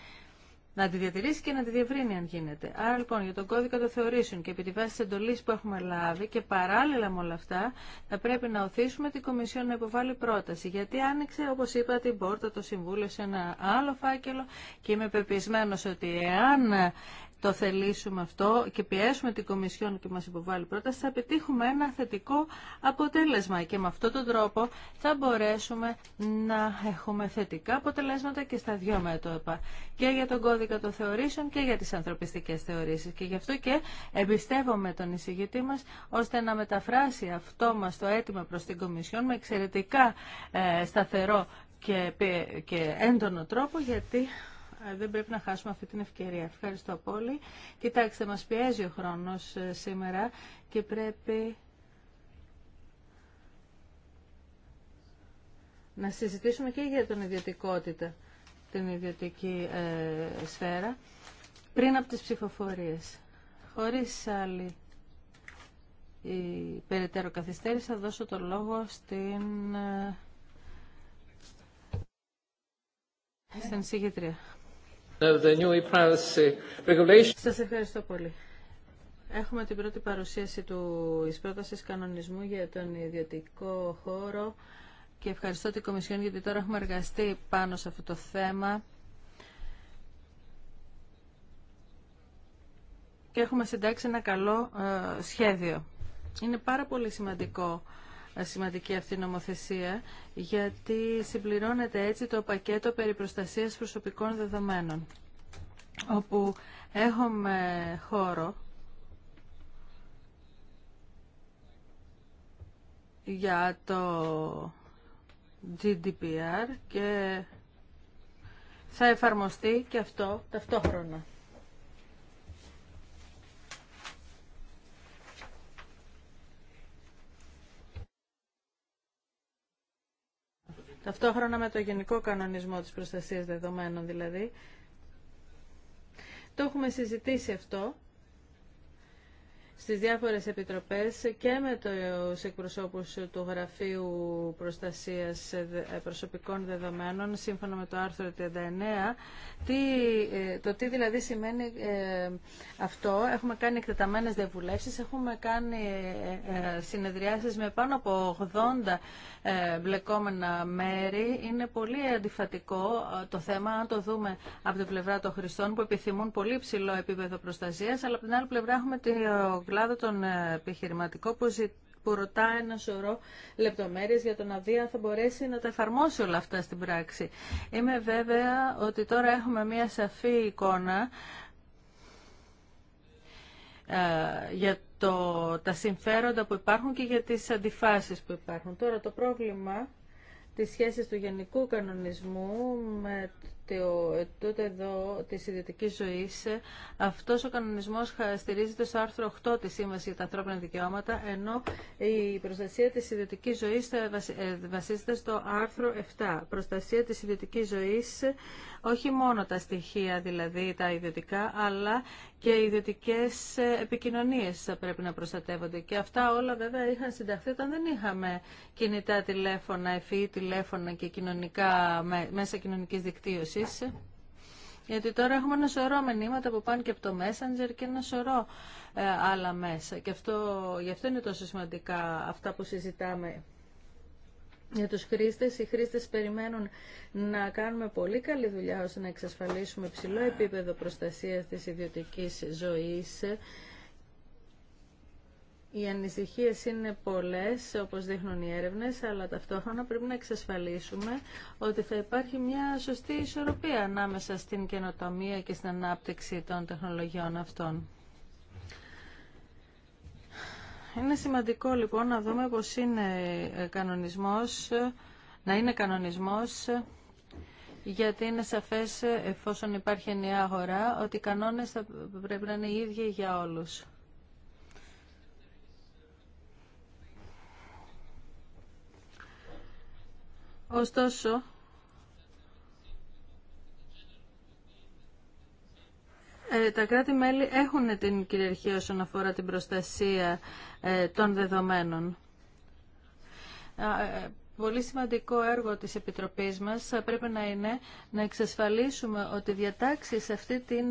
να τη διατηρήσει και να τη διευρύνει αν γίνεται. Άρα λοιπόν για τον κώδικα το θεωρήσουν και επί τη βάση τη εντολή που έχουμε λάβει και παράλληλα με όλα αυτά θα πρέπει να οθήσουμε την Κομισιόν να υποβάλει πρόταση. Γιατί άνοιξε όπω είπα την πόρτα το Συμβούλιο σε ένα άλλο φάκελο και είμαι πεπισμένο ότι εάν το θελήσουμε αυτό και πιέσουμε την Κομισιόν και μας υποβάλλει πρόταση, θα πετύχουμε ένα θετικό αποτέλεσμα και με αυτόν τον τρόπο θα μπορέσουμε να έχουμε θετικά αποτελέσματα και στα δυο μέτωπα. Και για τον κώδικα των θεωρήσεων και για τις ανθρωπιστικές θεωρήσεις. Και γι' αυτό και εμπιστεύομαι τον εισηγητή μας ώστε να μεταφράσει αυτό μας το αίτημα προς την Κομισιόν με εξαιρετικά ε, σταθερό και, και έντονο τρόπο γιατί ε, δεν πρέπει να χάσουμε αυτή την ευκαιρία. Ευχαριστώ πολύ. Κοιτάξτε, μας πιέζει ο χρόνος ε, σήμερα και πρέπει να συζητήσουμε και για την ιδιωτικότητα, την ιδιωτική ε, σφαίρα, πριν από τις ψηφοφορίες. Χωρίς άλλη η περαιτέρω καθυστέρηση θα δώσω το λόγο στην, στην σας ευχαριστώ πολύ. Έχουμε την πρώτη παρουσίαση του, της πρότασης κανονισμού για τον ιδιωτικό χώρο και ευχαριστώ την Κομισιόν γιατί τώρα έχουμε εργαστεί πάνω σε αυτό το θέμα. και έχουμε συντάξει ένα καλό ε, σχέδιο. Είναι πάρα πολύ σημαντικό σημαντική αυτή νομοθεσία, γιατί συμπληρώνεται έτσι το πακέτο περί προστασίας προσωπικών δεδομένων, όπου έχουμε χώρο για το GDPR και θα εφαρμοστεί και αυτό ταυτόχρονα. ταυτόχρονα με το Γενικό Κανονισμό της Προστασίας Δεδομένων δηλαδή. Το έχουμε συζητήσει αυτό στις διάφορες επιτροπές και με τους εκπροσώπους του Γραφείου Προστασίας ε, Προσωπικών Δεδομένων σύμφωνα με το άρθρο 39 τι, ε, το τι δηλαδή σημαίνει ε, αυτό έχουμε κάνει εκτεταμένες διαβουλεύσεις έχουμε κάνει συνεδριάσεις με πάνω από 80 μπλεκόμενα μέρη είναι πολύ αντιφατικό το θέμα αν το δούμε από την πλευρά των χρηστών που επιθυμούν πολύ ψηλό επίπεδο προστασίας αλλά από την άλλη πλευρά έχουμε κλάδο τον ε, επιχειρηματικό που ζη... που ρωτά ένα σωρό λεπτομέρειε για δει αν θα μπορέσει να τα εφαρμόσει όλα αυτά στην πράξη. Είμαι βέβαια ότι τώρα έχουμε μια σαφή εικόνα ε, για το, τα συμφέροντα που υπάρχουν και για τις αντιφάσεις που υπάρχουν. Τώρα το πρόβλημα της σχέσης του γενικού κανονισμού με το τότε εδώ τη ιδιωτική ζωή. Αυτό ο κανονισμό στηρίζεται στο άρθρο 8 τη σύμβαση για τα ανθρώπινα δικαιώματα, ενώ η προστασία της ιδιωτική ζωής ε, βασίζεται στο άρθρο 7. Προστασία τη ιδιωτική ζωή, όχι μόνο τα στοιχεία δηλαδή τα ιδιωτικά, αλλά και οι ιδιωτικέ επικοινωνίε θα πρέπει να προστατεύονται. Και αυτά όλα βέβαια είχαν συνταχθεί όταν δεν είχαμε κινητά τηλέφωνα, εφή τηλέφωνα και κοινωνικά, μέσα κοινωνικής δικτύωσης γιατί τώρα έχουμε ένα σωρό μηνύματα που πάνε και από το Messenger και ένα σωρό ε, άλλα μέσα. Και αυτό, γι' αυτό είναι τόσο σημαντικά αυτά που συζητάμε για τους χρήστες. Οι χρήστες περιμένουν να κάνουμε πολύ καλή δουλειά ώστε να εξασφαλίσουμε ψηλό επίπεδο προστασίας της ιδιωτικής ζωής οι ανησυχίες είναι πολλές, όπως δείχνουν οι έρευνες, αλλά ταυτόχρονα πρέπει να εξασφαλίσουμε ότι θα υπάρχει μια σωστή ισορροπία ανάμεσα στην καινοτομία και στην ανάπτυξη των τεχνολογιών αυτών. Είναι σημαντικό λοιπόν να δούμε πως είναι κανονισμός, να είναι κανονισμός γιατί είναι σαφές εφόσον υπάρχει ενιαία αγορά ότι οι κανόνες θα πρέπει να είναι οι ίδιοι για όλους. Ωστόσο, ε, τα κράτη-μέλη έχουν την κυριαρχία όσον αφορά την προστασία ε, των δεδομένων. Ε, πολύ σημαντικό έργο της Επιτροπής μας θα πρέπει να είναι να εξασφαλίσουμε ότι οι διατάξεις σε αυτή την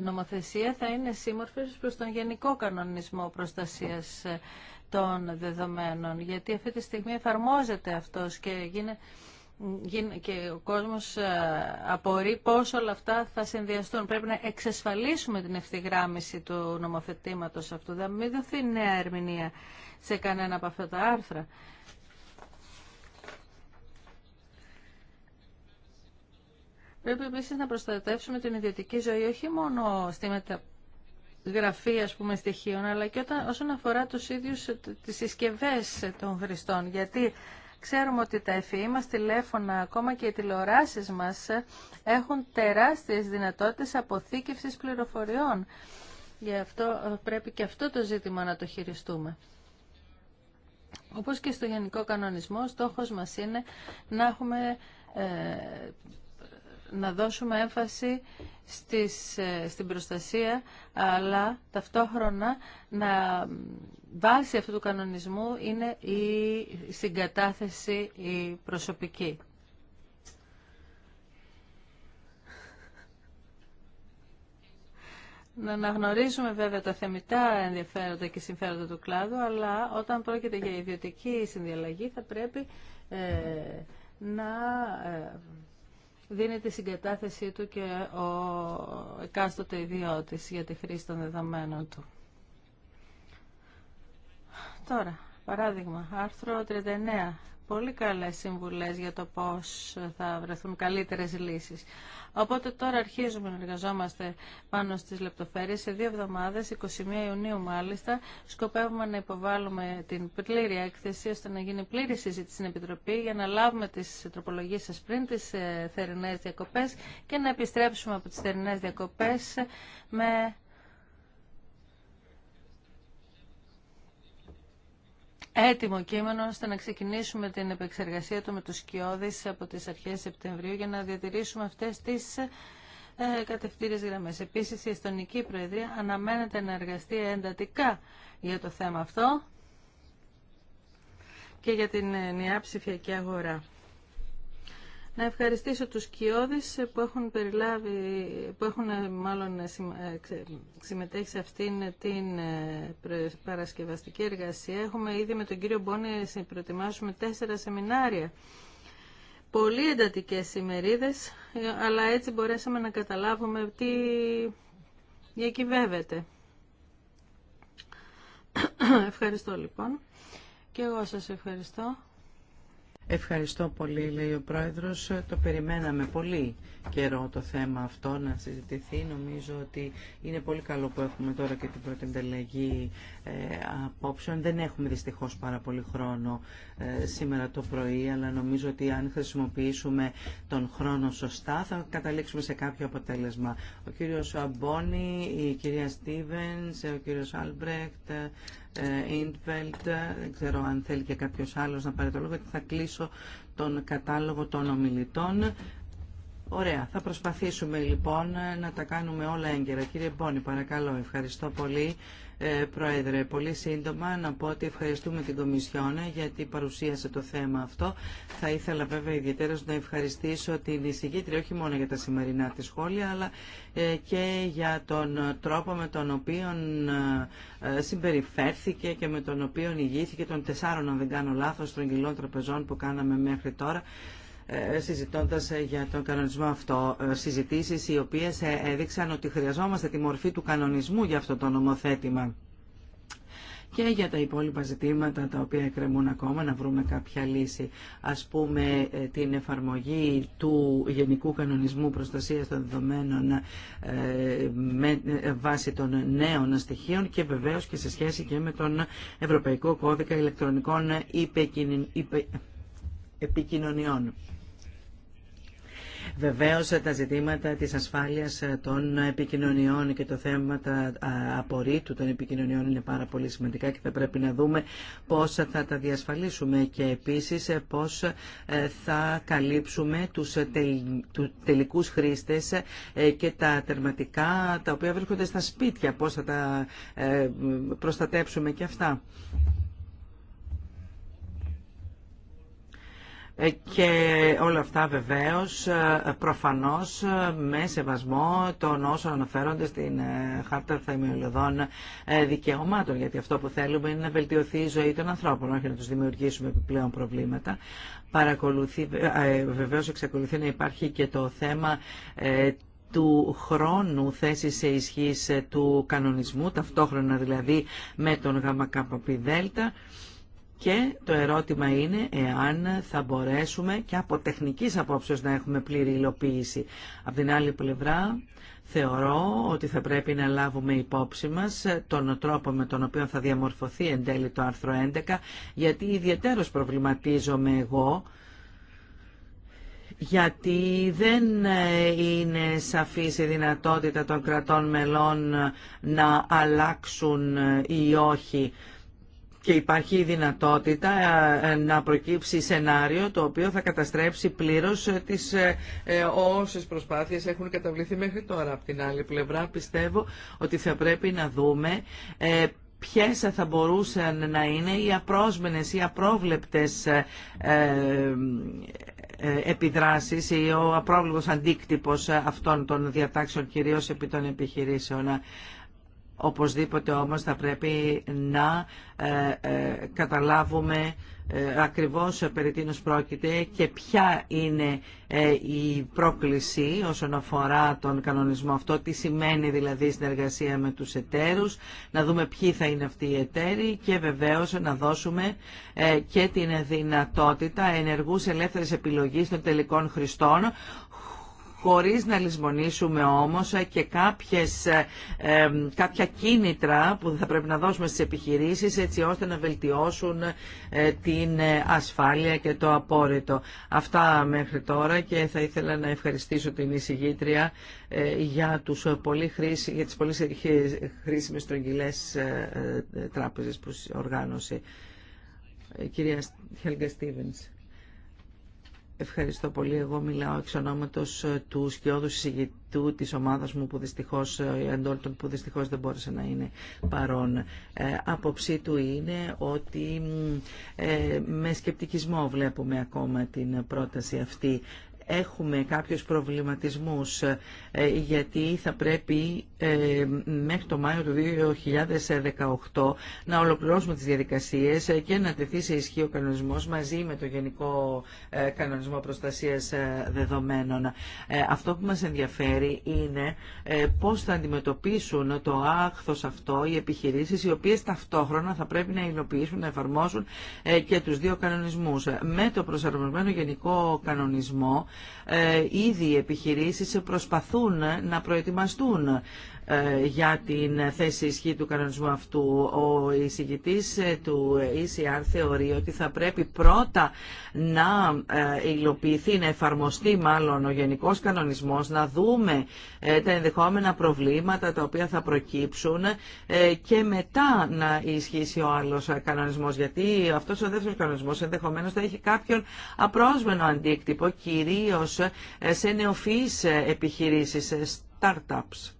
νομοθεσία θα είναι σύμμορφες προς τον Γενικό Κανονισμό Προστασίας των δεδομένων, γιατί αυτή τη στιγμή εφαρμόζεται αυτός και, γίνε, και ο κόσμος ε, απορεί πώς όλα αυτά θα συνδυαστούν. Πρέπει να εξασφαλίσουμε την ευθυγράμμιση του νομοθετήματος αυτού, δεν μην δοθεί νέα ερμηνεία σε κανένα από αυτά τα άρθρα. Πρέπει επίσης να προστατεύσουμε την ιδιωτική ζωή όχι μόνο στη μετα γραφή ας πούμε στοιχείων αλλά και όταν, όσον αφορά τους ίδιους ε, τις συσκευές ε, των χρηστών γιατί ξέρουμε ότι τα εφηή e μας τηλέφωνα ακόμα και οι τηλεοράσεις μας ε, έχουν τεράστιες δυνατότητες αποθήκευσης πληροφοριών γι' αυτό πρέπει και αυτό το ζήτημα να το χειριστούμε όπως και στο γενικό κανονισμό στόχος μας είναι να έχουμε να δώσουμε έμφαση στις, ε, στην προστασία, αλλά ταυτόχρονα να βάσει αυτού του κανονισμού είναι η συγκατάθεση η προσωπική. Να αναγνωρίζουμε βέβαια τα θεμητά ενδιαφέροντα και συμφέροντα του κλάδου, αλλά όταν πρόκειται για ιδιωτική συνδιαλλαγή θα πρέπει ε, να ε, δίνει τη συγκατάθεσή του και ο εκάστοτε ιδιώτης για τη χρήση των δεδομένων του. Τώρα, παράδειγμα, άρθρο 39 πολύ καλές συμβουλές για το πώς θα βρεθούν καλύτερες λύσεις. Οπότε τώρα αρχίζουμε να εργαζόμαστε πάνω στις λεπτοφέρειες. Σε δύο εβδομάδες, 21 Ιουνίου μάλιστα, σκοπεύουμε να υποβάλουμε την πλήρη έκθεση ώστε να γίνει πλήρη συζήτηση στην Επιτροπή για να λάβουμε τις τροπολογίες σας πριν τις ε, θερινές διακοπές και να επιστρέψουμε από τις θερινές διακοπές με έτοιμο κείμενο ώστε να ξεκινήσουμε την επεξεργασία του με τους σκιώδεις από τις αρχές Σεπτεμβρίου για να διατηρήσουμε αυτές τις ε, κατευθύνες γραμμές. Επίσης, η Εστονική Προεδρία αναμένεται να εργαστεί εντατικά για το θέμα αυτό και για την ε, νέα ψηφιακή αγορά. Να ευχαριστήσω τους Κιώδης που έχουν περιλάβει, που έχουν ε, μάλλον ε, ε, συμμετέχει σε αυτήν την παρασκευαστική εργασία. Έχουμε ήδη με τον κύριο Μπόνη προετοιμάσουμε τέσσερα σεμινάρια. Πολύ εντατικές ημερίδες, αλλά έτσι μπορέσαμε να καταλάβουμε τι διακυβεύεται. Ευχαριστώ λοιπόν. Και εγώ σας ευχαριστώ. Ευχαριστώ πολύ, λέει ο Πρόεδρος. Το περιμέναμε πολύ καιρό το θέμα αυτό να συζητηθεί. Νομίζω ότι είναι πολύ καλό που έχουμε τώρα και την πρώτη εντελεγή ε, απόψεων. Δεν έχουμε δυστυχώς πάρα πολύ χρόνο ε, σήμερα το πρωί, αλλά νομίζω ότι αν χρησιμοποιήσουμε τον χρόνο σωστά θα καταλήξουμε σε κάποιο αποτέλεσμα. Ο κύριος Αμπόνη, η κυρία Στίβενς, ο κύριος Αλμπρέκτ. Ιντβελτ, ε, δεν ξέρω αν θέλει και κάποιος άλλος να πάρει το λόγο, γιατί θα κλείσω τον κατάλογο των ομιλητών. Ωραία, θα προσπαθήσουμε λοιπόν να τα κάνουμε όλα έγκαιρα. Κύριε Μπόνι, παρακαλώ, ευχαριστώ πολύ. Ε, Πρόεδρε. Πολύ σύντομα να πω ότι ευχαριστούμε την Κομισιόνα ε, γιατί παρουσίασε το θέμα αυτό. Θα ήθελα βέβαια ιδιαίτερα να ευχαριστήσω την εισηγήτρια όχι μόνο για τα σημερινά τη σχόλια αλλά ε, και για τον τρόπο με τον οποίο συμπεριφέρθηκε και με τον οποίο ηγήθηκε των τεσσάρων αν δεν κάνω λάθος των τραπεζών που κάναμε μέχρι τώρα ε, συζητώντας ε, για τον κανονισμό αυτό ε, συζητήσεις οι οποίες έδειξαν ότι χρειαζόμαστε τη μορφή του κανονισμού για αυτό το νομοθέτημα και για τα υπόλοιπα ζητήματα τα οποία εκκρεμούν ακόμα να βρούμε κάποια λύση. Ας πούμε την εφαρμογή του Γενικού Κανονισμού Προστασίας των Δεδομένων με βάση των νέων στοιχείων και βεβαίως και σε σχέση και με τον Ευρωπαϊκό Κώδικα Ηλεκτρονικών Επικοινωνιών. Βεβαίω, τα ζητήματα της ασφάλειας ε, των επικοινωνιών και το θέμα τα απορρίτου των επικοινωνιών είναι πάρα πολύ σημαντικά και θα πρέπει να δούμε πώς θα τα διασφαλίσουμε και επίσης ε, πώ ε, θα καλύψουμε τους τελικούς χρήστες και τα τερματικά τα οποία βρίσκονται στα σπίτια, πώς θα τα προστατέψουμε και αυτά. Ε, και όλα αυτά βεβαίως ε, προφανώς ε, με σεβασμό των όσων αναφέρονται στην Χάρτα Θεμελιωδών Δικαιωμάτων γιατί αυτό που θέλουμε είναι να βελτιωθεί η ζωή των ανθρώπων όχι να τους δημιουργήσουμε επιπλέον προβλήματα Παρακολουθεί, βεβαίως εξακολουθεί να υπάρχει και το θέμα του χρόνου θέση σε ισχύς του κανονισμού ταυτόχρονα δηλαδή με τον ΓΚΠΔΕΛΤΑ. Και το ερώτημα είναι εάν θα μπορέσουμε και από τεχνικής απόψεως να έχουμε πλήρη υλοποίηση. Από την άλλη πλευρά θεωρώ ότι θα πρέπει να λάβουμε υπόψη μας τον τρόπο με τον οποίο θα διαμορφωθεί εν τέλει το άρθρο 11 γιατί ιδιαίτερος προβληματίζομαι εγώ γιατί δεν είναι σαφής η δυνατότητα των κρατών μελών να αλλάξουν ή όχι και υπάρχει η δυνατότητα ε, ε, να προκύψει σενάριο το οποίο θα καταστρέψει πλήρως ε, τις όσες προσπάθειες έχουν καταβληθεί μέχρι τώρα. Από την άλλη πλευρά πιστεύω ότι θα πρέπει να δούμε ποιες θα μπορούσαν να είναι οι απρόσμενες ή απρόβλεπτες επιδράσεις ή ο απρόβλεπτος αντίκτυπος αυτών των διατάξεων κυρίως επί των επιχειρήσεων. Οπωσδήποτε όμως θα πρέπει να ε, ε, καταλάβουμε ε, ακριβώς περί τίνος πρόκειται και ποια είναι η πρόκληση όσον αφορά τον κανονισμό αυτό, τι σημαίνει δηλαδή η συνεργασία με τους εταίρους, να δούμε ποιοι θα είναι αυτοί οι εταίροι και βεβαίως να δώσουμε και την δυνατότητα ενεργούς ελεύθερης επιλογής των τελικών χρηστών χωρίς να λησμονήσουμε όμως και κάποιες, ε, κάποια κίνητρα που θα πρέπει να δώσουμε στις επιχειρήσεις έτσι ώστε να βελτιώσουν ε, την ε, ασφάλεια και το απόρριτο. Αυτά μέχρι τώρα και θα ήθελα να ευχαριστήσω την εισηγήτρια για, τους πολύ για τις πολύ χρήσιμες τρογγυλές τράπεζες που οργάνωσε. Κυρία Χέλγκα Στίβενς. Ευχαριστώ πολύ. Εγώ μιλάω εξ ονόματος ε, του σκιώδου συζητητού της ομάδας μου που δυστυχώς, Αντόλτον, ε, που δυστυχώς δεν μπόρεσε να είναι παρόν. Ε, άποψή του είναι ότι ε, με σκεπτικισμό βλέπουμε ακόμα την πρόταση αυτή έχουμε κάποιους προβληματισμούς ε, γιατί θα πρέπει ε, μέχρι το Μάιο του 2018 να ολοκληρώσουμε τις διαδικασίες και να τεθεί σε ισχύ ο κανονισμός μαζί με το Γενικό ε, Κανονισμό Προστασίας Δεδομένων. Αυτό που μας ενδιαφέρει είναι πώς θα αντιμετωπίσουν το άχθος αυτό οι επιχειρήσεις οι οποίες ταυτόχρονα θα πρέπει να υλοποιήσουν, να εφαρμόσουν και τους δύο κανονισμούς. Με το προσαρμοσμένο Γενικό Κανονισμό ε, ήδη οι επιχειρήσεις προσπαθούν να προετοιμαστούν ε, για την θέση ισχύ του κανονισμού αυτού. Ο εισηγητή ε, του ECR θεωρεί ότι θα πρέπει πρώτα να ε, υλοποιηθεί, να εφαρμοστεί μάλλον ο γενικός κανονισμός, να δούμε τα ενδεχόμενα προβλήματα τα οποία θα προκύψουν και μετά να ισχύσει ο άλλος κανονισμός. Γιατί αυτός ο δεύτερο κανονισμός ενδεχομένως θα έχει κάποιον απρόσμενο αντίκτυπο, κυρίω σε νεοφυείς επιχειρήσεις, startups.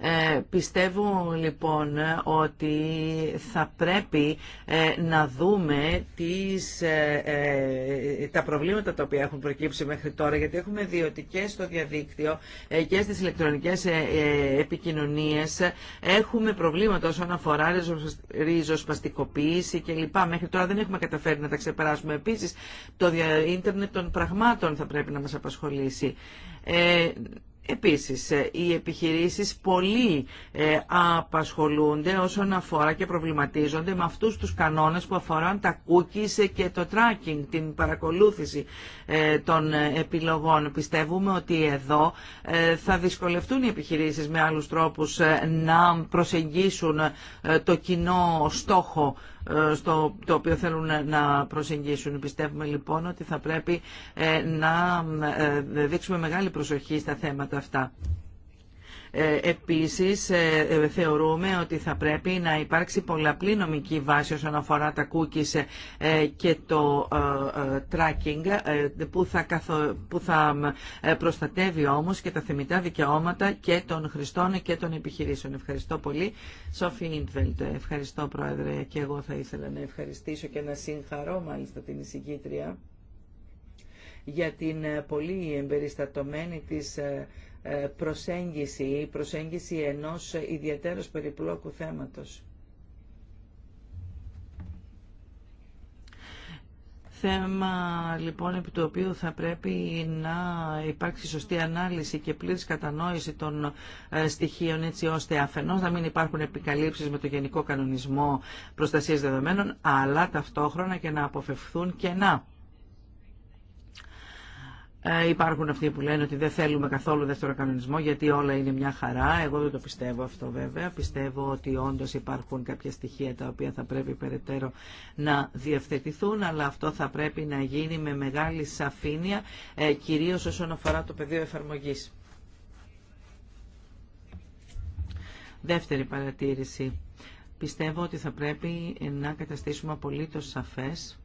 Ε, πιστεύω λοιπόν ότι θα πρέπει ε, να δούμε τις, ε, τα προβλήματα τα οποία έχουν προκύψει μέχρι τώρα γιατί έχουμε και στο διαδίκτυο και στις ηλεκτρονικές επικοινωνίες έχουμε προβλήματα όσον αφορά ριζοσπαστικοποίηση κλπ. Μέχρι τώρα δεν έχουμε καταφέρει να τα ξεπεράσουμε. Επίσης το ίντερνετ των πραγμάτων θα πρέπει να μας απασχολήσει. Επίσης, ε, οι επιχειρήσεις πολύ ε, απασχολούνται όσον αφορά και προβληματίζονται με αυτούς τους κανόνες που αφορούν τα cookies και το tracking, την παρακολούθηση ε, των επιλογών. Πιστεύουμε ότι εδώ θα δυσκολευτούν οι επιχειρήσεις με άλλους τρόπους να προσεγγίσουν το κοινό στόχο ε, στο, το οποίο θέλουν να προσεγγίσουν. Πιστεύουμε λοιπόν ότι θα πρέπει ε, να ε, δείξουμε μεγάλη προσοχή στα θέματα αυτά. Ε, επίσης ε, ε, θεωρούμε ότι θα πρέπει να υπάρξει πολλαπλή νομική βάση όσον αφορά τα cookies και το tracking που θα, προστατεύει όμως και τα θεμητά δικαιώματα και των χρηστών και των επιχειρήσεων. Ευχαριστώ πολύ. Σόφι Ιντβελτ, ευχαριστώ Πρόεδρε και εγώ θα ήθελα να ευχαριστήσω και να συγχαρώ μάλιστα την εισηγήτρια για την πολύ εμπεριστατωμένη της ε, προσέγγιση, προσέγγιση ενός ιδιαίτερου περιπλόκου θέματος. Θέμα λοιπόν επί του οποίου θα πρέπει να υπάρξει σωστή ανάλυση και πλήρης κατανόηση των ε, στοιχείων έτσι ώστε αφενός να μην υπάρχουν επικαλύψεις με το Γενικό Κανονισμό Προστασίας Δεδομένων αλλά ταυτόχρονα και να αποφευθούν κενά ε, υπάρχουν αυτοί που λένε ότι δεν θέλουμε καθόλου δεύτερο κανονισμό γιατί όλα είναι μια χαρά. Εγώ δεν το πιστεύω αυτό βέβαια. Πιστεύω ότι όντω υπάρχουν κάποια στοιχεία τα οποία θα πρέπει περαιτέρω να διευθετηθούν αλλά αυτό θα πρέπει να γίνει με μεγάλη σαφήνεια ε, κυρίω όσον αφορά το πεδίο εφαρμογή. Δεύτερη παρατήρηση. Πιστεύω ότι θα πρέπει να καταστήσουμε απολύτως σαφές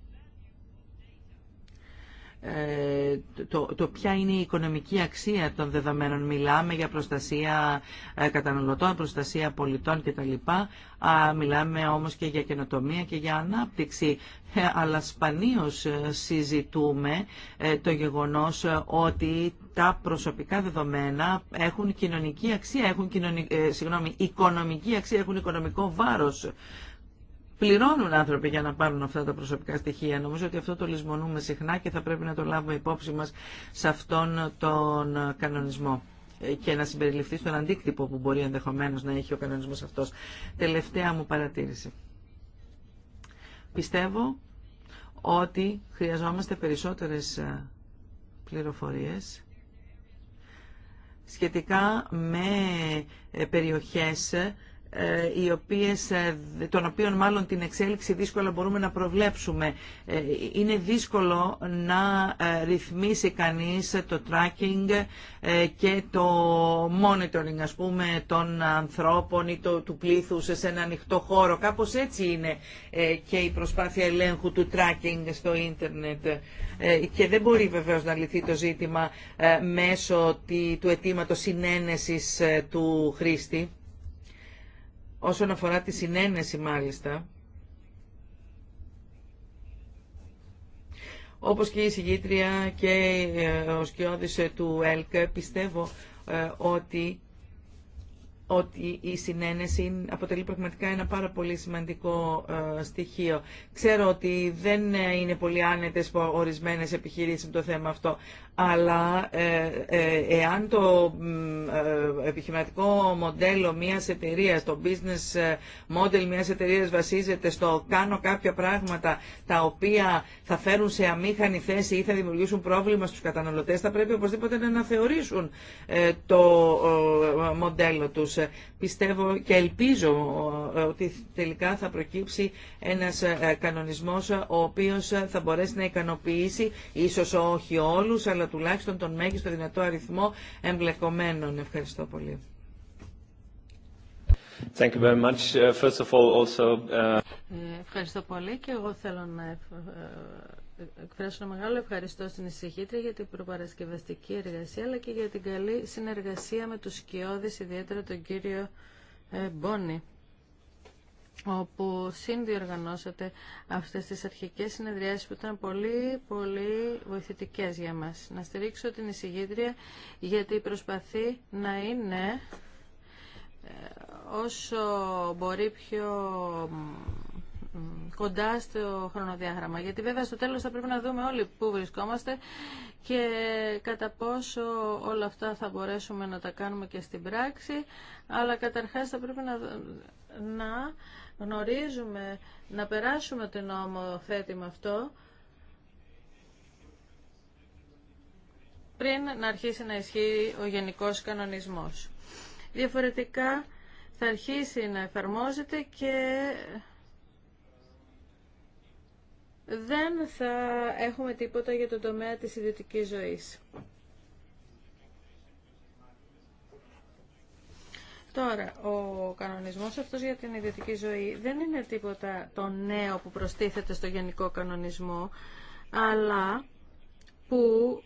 ε, το, το ποια είναι η οικονομική αξία των δεδομένων. Μιλάμε για προστασία ε, καταναλωτών, προστασία πολιτών κτλ. Μιλάμε όμως και για καινοτομία και για ανάπτυξη. Ε, αλλά σπανίως συζητούμε το γεγονός ότι τα προσωπικά δεδομένα έχουν κοινωνική αξία, έχουν συγγνώμη, οικονομική αξία, έχουν οικονομικό βάρος πληρώνουν άνθρωποι για να πάρουν αυτά τα προσωπικά στοιχεία. Νομίζω ότι αυτό το λησμονούμε συχνά και θα πρέπει να το λάβουμε υπόψη μας σε αυτόν τον κανονισμό και να συμπεριληφθεί στον αντίκτυπο που μπορεί ενδεχομένως να έχει ο κανονισμός αυτός. Τελευταία μου παρατήρηση. Πιστεύω ότι χρειαζόμαστε περισσότερες ε, πληροφορίες σχετικά με ε, περιοχές ε, οι οποίες, ε, των οποίων μάλλον την εξέλιξη δύσκολα μπορούμε να προβλέψουμε. Ε, είναι δύσκολο να ρυθμίσει κανείς το tracking και το monitoring ας πούμε των ανθρώπων ή το, του πλήθους σε ένα ανοιχτό χώρο. Κάπως έτσι είναι και η προσπάθεια ελέγχου του tracking στο ίντερνετ και δεν μπορεί βεβαίως να λυθεί το ζήτημα μέσω του αιτήματο συνένεσης του χρήστη όσον αφορά τη συνένεση μάλιστα, όπως και η συγγήτρια και ε, ο σκιώδης ε, του ΕΛΚ, πιστεύω ε, ότι ότι η συνένεση αποτελεί πραγματικά ένα πάρα πολύ σημαντικό ε, στοιχείο. Ξέρω ότι δεν ε, είναι πολύ άνετες ορισμένες επιχειρήσεις με το θέμα αυτό, αλλά ε, εάν το επιχειρηματικό μοντέλο μιας εταιρείας, το business model μιας εταιρείας βασίζεται στο κάνω κάποια πράγματα τα οποία θα φέρουν σε αμήχανη θέση ή θα δημιουργήσουν πρόβλημα στους καταναλωτές, θα πρέπει οπωσδήποτε να αναθεωρήσουν το μοντέλο τους. Πιστεύω και ελπίζω ε, ότι τελικά θα προκύψει ένας ε, κανονισμός ε, ο οποίος θα μπορέσει να ικανοποιήσει, ίσως όχι όλους, αλλά τουλάχιστον τον μέγιστο δυνατό αριθμό εμπλεκομένων. Ευχαριστώ πολύ. Thank you very much. Uh, first of all, also... Uh, ευχαριστώ πολύ και εγώ θέλω να εκφράσω ένα μεγάλο ευχαριστώ στην εισηγήτρια για την προπαρασκευαστική εργασία αλλά και για την καλή συνεργασία με τους σκιώδες, ιδιαίτερα τον κύριο ε, Μπόνι όπου συνδιοργανώσατε αυτές τις αρχικές συνεδριάσεις που ήταν πολύ, πολύ βοηθητικές για μας. Να στηρίξω την εισηγήτρια γιατί προσπαθεί να είναι ε, όσο μπορεί πιο κοντά στο χρονοδιάγραμμα. Γιατί βέβαια στο τέλος θα πρέπει να δούμε όλοι πού βρισκόμαστε και κατά πόσο όλα αυτά θα μπορέσουμε να τα κάνουμε και στην πράξη. Αλλά καταρχάς θα πρέπει να, να γνωρίζουμε, να περάσουμε το νομοθέτημα αυτό πριν να αρχίσει να ισχύει ο γενικός κανονισμός. Διαφορετικά θα αρχίσει να εφαρμόζεται και δεν θα έχουμε τίποτα για τον τομέα της ιδιωτικής ζωής. Τώρα, ο κανονισμός αυτός για την ιδιωτική ζωή δεν είναι τίποτα το νέο που προστίθεται στο γενικό κανονισμό, αλλά που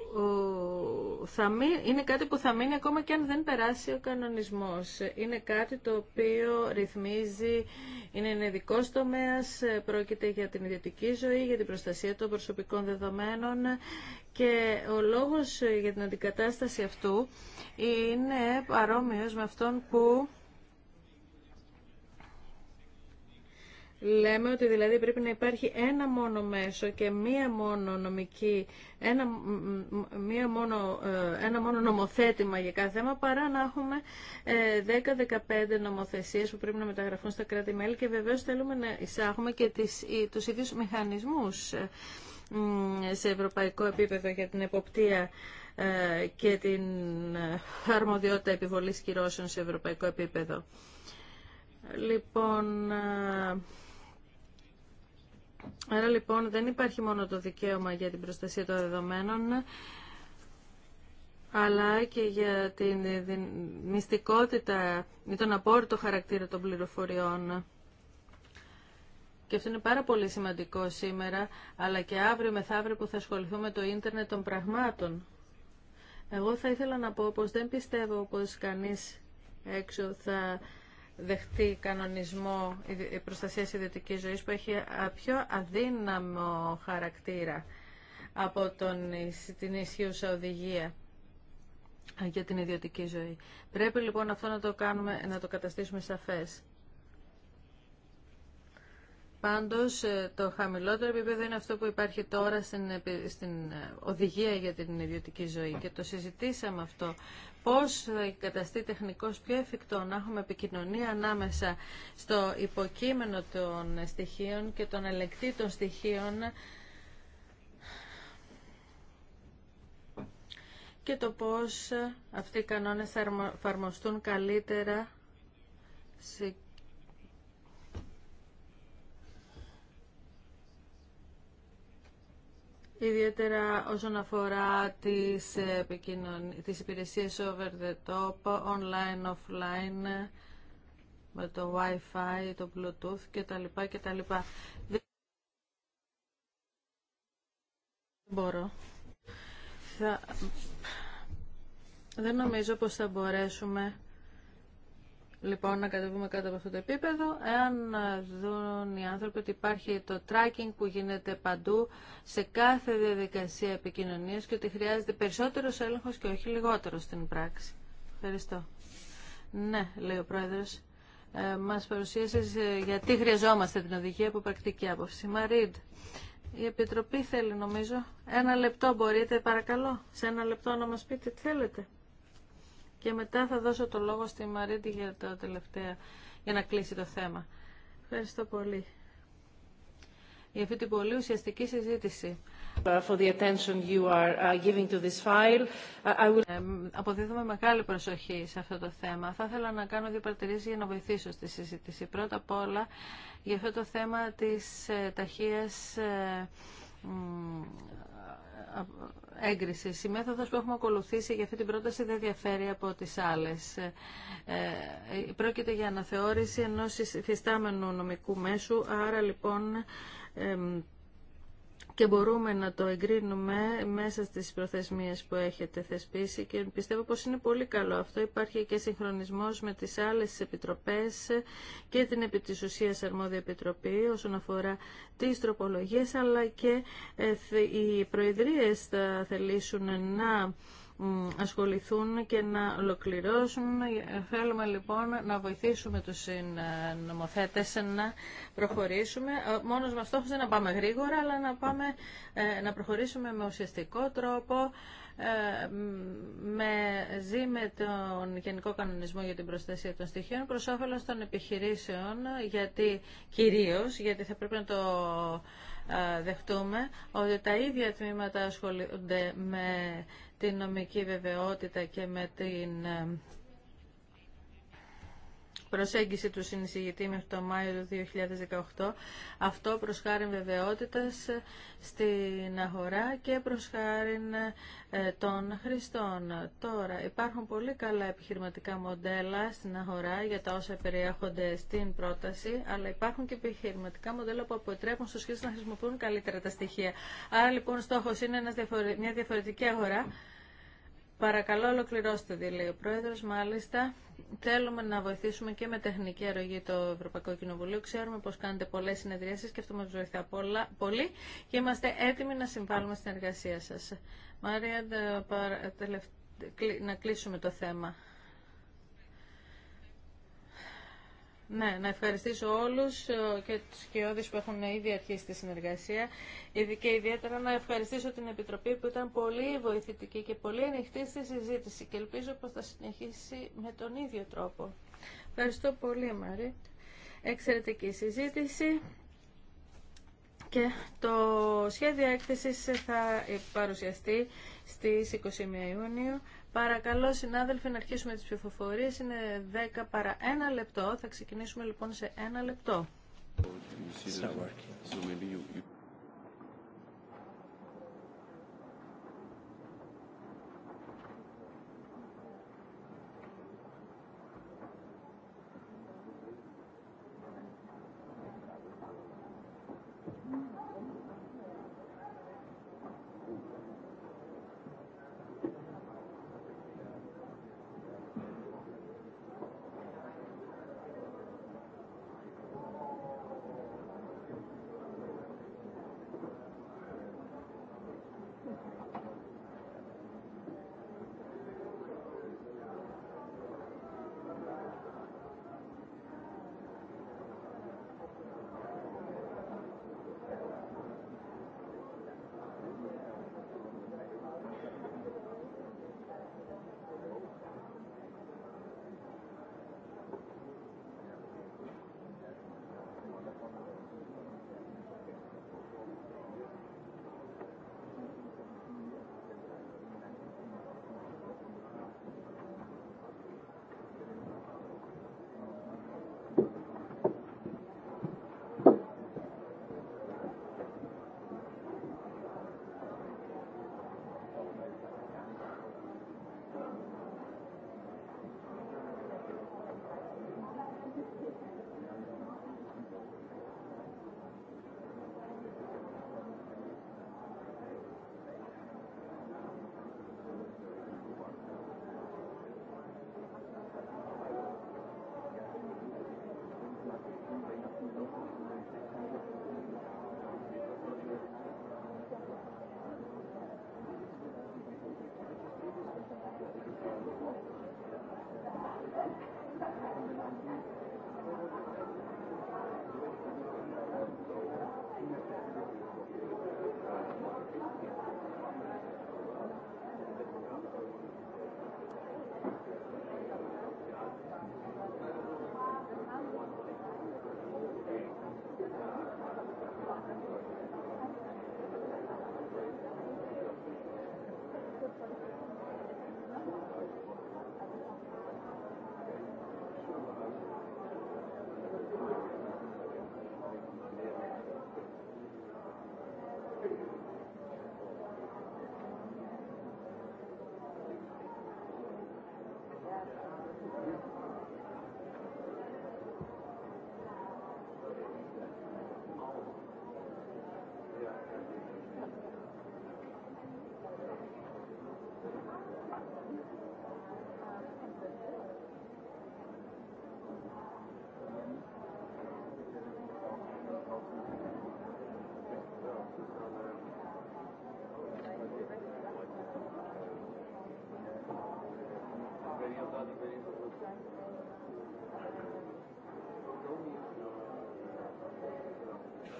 θα είναι κάτι που θα μείνει ακόμα και αν δεν περάσει ο κανονισμός. Είναι κάτι το οποίο ρυθμίζει, είναι ειδικό τομέα, πρόκειται για την ιδιωτική ζωή, για την προστασία των προσωπικών δεδομένων και ο λόγος για την αντικατάσταση αυτού είναι παρόμοιος με αυτόν που Λέμε ότι δηλαδή πρέπει να υπάρχει ένα μόνο μέσο και μία μόνο νομική, ένα, μία μόνο, ε, ένα μόνο νομοθέτημα για κάθε θέμα παρά να έχουμε 10-15 ε, νομοθεσίες που πρέπει να μεταγραφούν στα κράτη-μέλη και βεβαίως θέλουμε να εισάγουμε και τις, τους ίδιους μηχανισμούς ε, σε ευρωπαϊκό επίπεδο για την εποπτεία και την αρμοδιότητα επιβολής κυρώσεων σε ευρωπαϊκό επίπεδο. Λοιπόν, Άρα λοιπόν δεν υπάρχει μόνο το δικαίωμα για την προστασία των δεδομένων, αλλά και για την μυστικότητα ή τον απόρριτο χαρακτήρα των πληροφοριών. Και αυτό είναι πάρα πολύ σημαντικό σήμερα, αλλά και αύριο μεθαύριο που θα ασχοληθούμε το ίντερνετ των πραγμάτων. Εγώ θα ήθελα να πω πως δεν πιστεύω πως κανείς έξω θα δεχτεί κανονισμό ε, προστασίας ιδιωτικής ζωής που έχει πιο αδύναμο χαρακτήρα από τον, την ισχύουσα οδηγία για την ιδιωτική ζωή. Πρέπει λοιπόν αυτό να το, κάνουμε, να το καταστήσουμε σαφές. Πάντως ε, το χαμηλότερο επίπεδο είναι αυτό που υπάρχει τώρα στην, στην ε, οδηγία για την ιδιωτική ζωή και το συζητήσαμε αυτό πώς καταστεί τεχνικώς πιο εφικτό να έχουμε επικοινωνία ανάμεσα στο υποκείμενο των στοιχείων και τον ελεκτή των στοιχείων και το πώς αυτοί οι κανόνες θα εφαρμοστούν καλύτερα σε ιδιαίτερα όσον αφορά τις, ε, τις υπηρεσίες over the top, online, offline, με το Wi-Fi, το Bluetooth κτλ. κτλ. Δεν μπορώ. Δεν νομίζω πως θα μπορέσουμε λοιπόν να κατεβούμε κάτω από αυτό το επίπεδο. Εάν δουν οι άνθρωποι ότι υπάρχει το tracking που γίνεται παντού σε κάθε διαδικασία επικοινωνία και ότι χρειάζεται περισσότερο έλεγχο και όχι λιγότερο στην πράξη. Ευχαριστώ. Ναι, λέει ο πρόεδρο, Ε, μας παρουσίασε ε, γιατί χρειαζόμαστε την οδηγία από πρακτική άποψη. Μαρίντ, η Επιτροπή θέλει νομίζω. Ένα λεπτό μπορείτε παρακαλώ. Σε ένα λεπτό να μας πείτε τι θέλετε. Και μετά θα δώσω το λόγο στη Μαρίντη για, το τελευταίο, για να κλείσει το θέμα. Ευχαριστώ πολύ για αυτή την πολύ ουσιαστική συζήτηση. Uh, for attention you are uh, giving to this file. Uh, I αποδίδουμε μεγάλη προσοχή σε αυτό το θέμα. Θα ήθελα να κάνω δύο παρατηρήσεις για να βοηθήσω στη συζήτηση. Πρώτα απ' όλα για αυτό το θέμα της ε, ταχεία. Ε, η μέθοδος που έχουμε ακολουθήσει για αυτή την πρόταση δεν διαφέρει από τις άλλες. Ε, ε, πρόκειται για αναθεώρηση ενό υφιστάμενου νομικού μέσου, άρα λοιπόν και μπορούμε να το εγκρίνουμε μέσα στις προθεσμίες που έχετε θεσπίσει και πιστεύω πως είναι πολύ καλό αυτό. Υπάρχει και συγχρονισμός με τις άλλες επιτροπές και την επί της ουσίας αρμόδια επιτροπή όσον αφορά τις τροπολογίες αλλά και ε, οι προεδρίες θα θελήσουν να ασχοληθούν και να ολοκληρώσουν. Θέλουμε λοιπόν να βοηθήσουμε τους νομοθέτες να προχωρήσουμε. μόνος μας στόχος είναι να πάμε γρήγορα, αλλά να, πάμε, ε, να προχωρήσουμε με ουσιαστικό τρόπο ε, με, ζει με τον Γενικό Κανονισμό για την Προστασία των Στοιχείων προς όφελος των επιχειρήσεων γιατί, κυρίως γιατί θα πρέπει να το δεχτούμε ότι τα ίδια τμήματα ασχολούνται με την νομική βεβαιότητα και με την ε, προσέγγιση του συνεισηγητή μέχρι το Μάιο του 2018. Αυτό προς χάρη βεβαιότητας στην αγορά και προς χάρη ε, των χρηστών. Τώρα υπάρχουν πολύ καλά επιχειρηματικά μοντέλα στην αγορά για τα όσα περιέχονται στην πρόταση, αλλά υπάρχουν και επιχειρηματικά μοντέλα που αποτρέπουν στους χρήστες να χρησιμοποιούν καλύτερα τα στοιχεία. Άρα λοιπόν στόχος είναι μια διαφορετική αγορά Παρακαλώ, ολοκληρώστε, λέει ο Πρόεδρο. Μάλιστα, θέλουμε να βοηθήσουμε και με τεχνική αρρωγή το Ευρωπαϊκό Κοινοβουλίο. Ξέρουμε πω κάνετε πολλέ συνεδριάσει και αυτό μα βοηθά πολύ και είμαστε έτοιμοι να συμβάλλουμε στην εργασία σα. Μάρια, να κλείσουμε το θέμα. Ναι, να ευχαριστήσω όλους ε, και τους κοιόδης που έχουν ήδη αρχίσει τη συνεργασία και ιδιαίτερα να ευχαριστήσω την Επιτροπή που ήταν πολύ βοηθητική και πολύ ανοιχτή στη συζήτηση και ελπίζω πως θα συνεχίσει με τον ίδιο τρόπο. Ευχαριστώ πολύ Μαρή. Εξαιρετική συζήτηση. Και το σχέδιο έκθεσης θα παρουσιαστεί στις 21 Ιουνίου. Παρακαλώ συνάδελφοι να αρχίσουμε τις ψηφοφορίες. Είναι 10 παρά 1 λεπτό. Θα ξεκινήσουμε λοιπόν σε 1 λεπτό.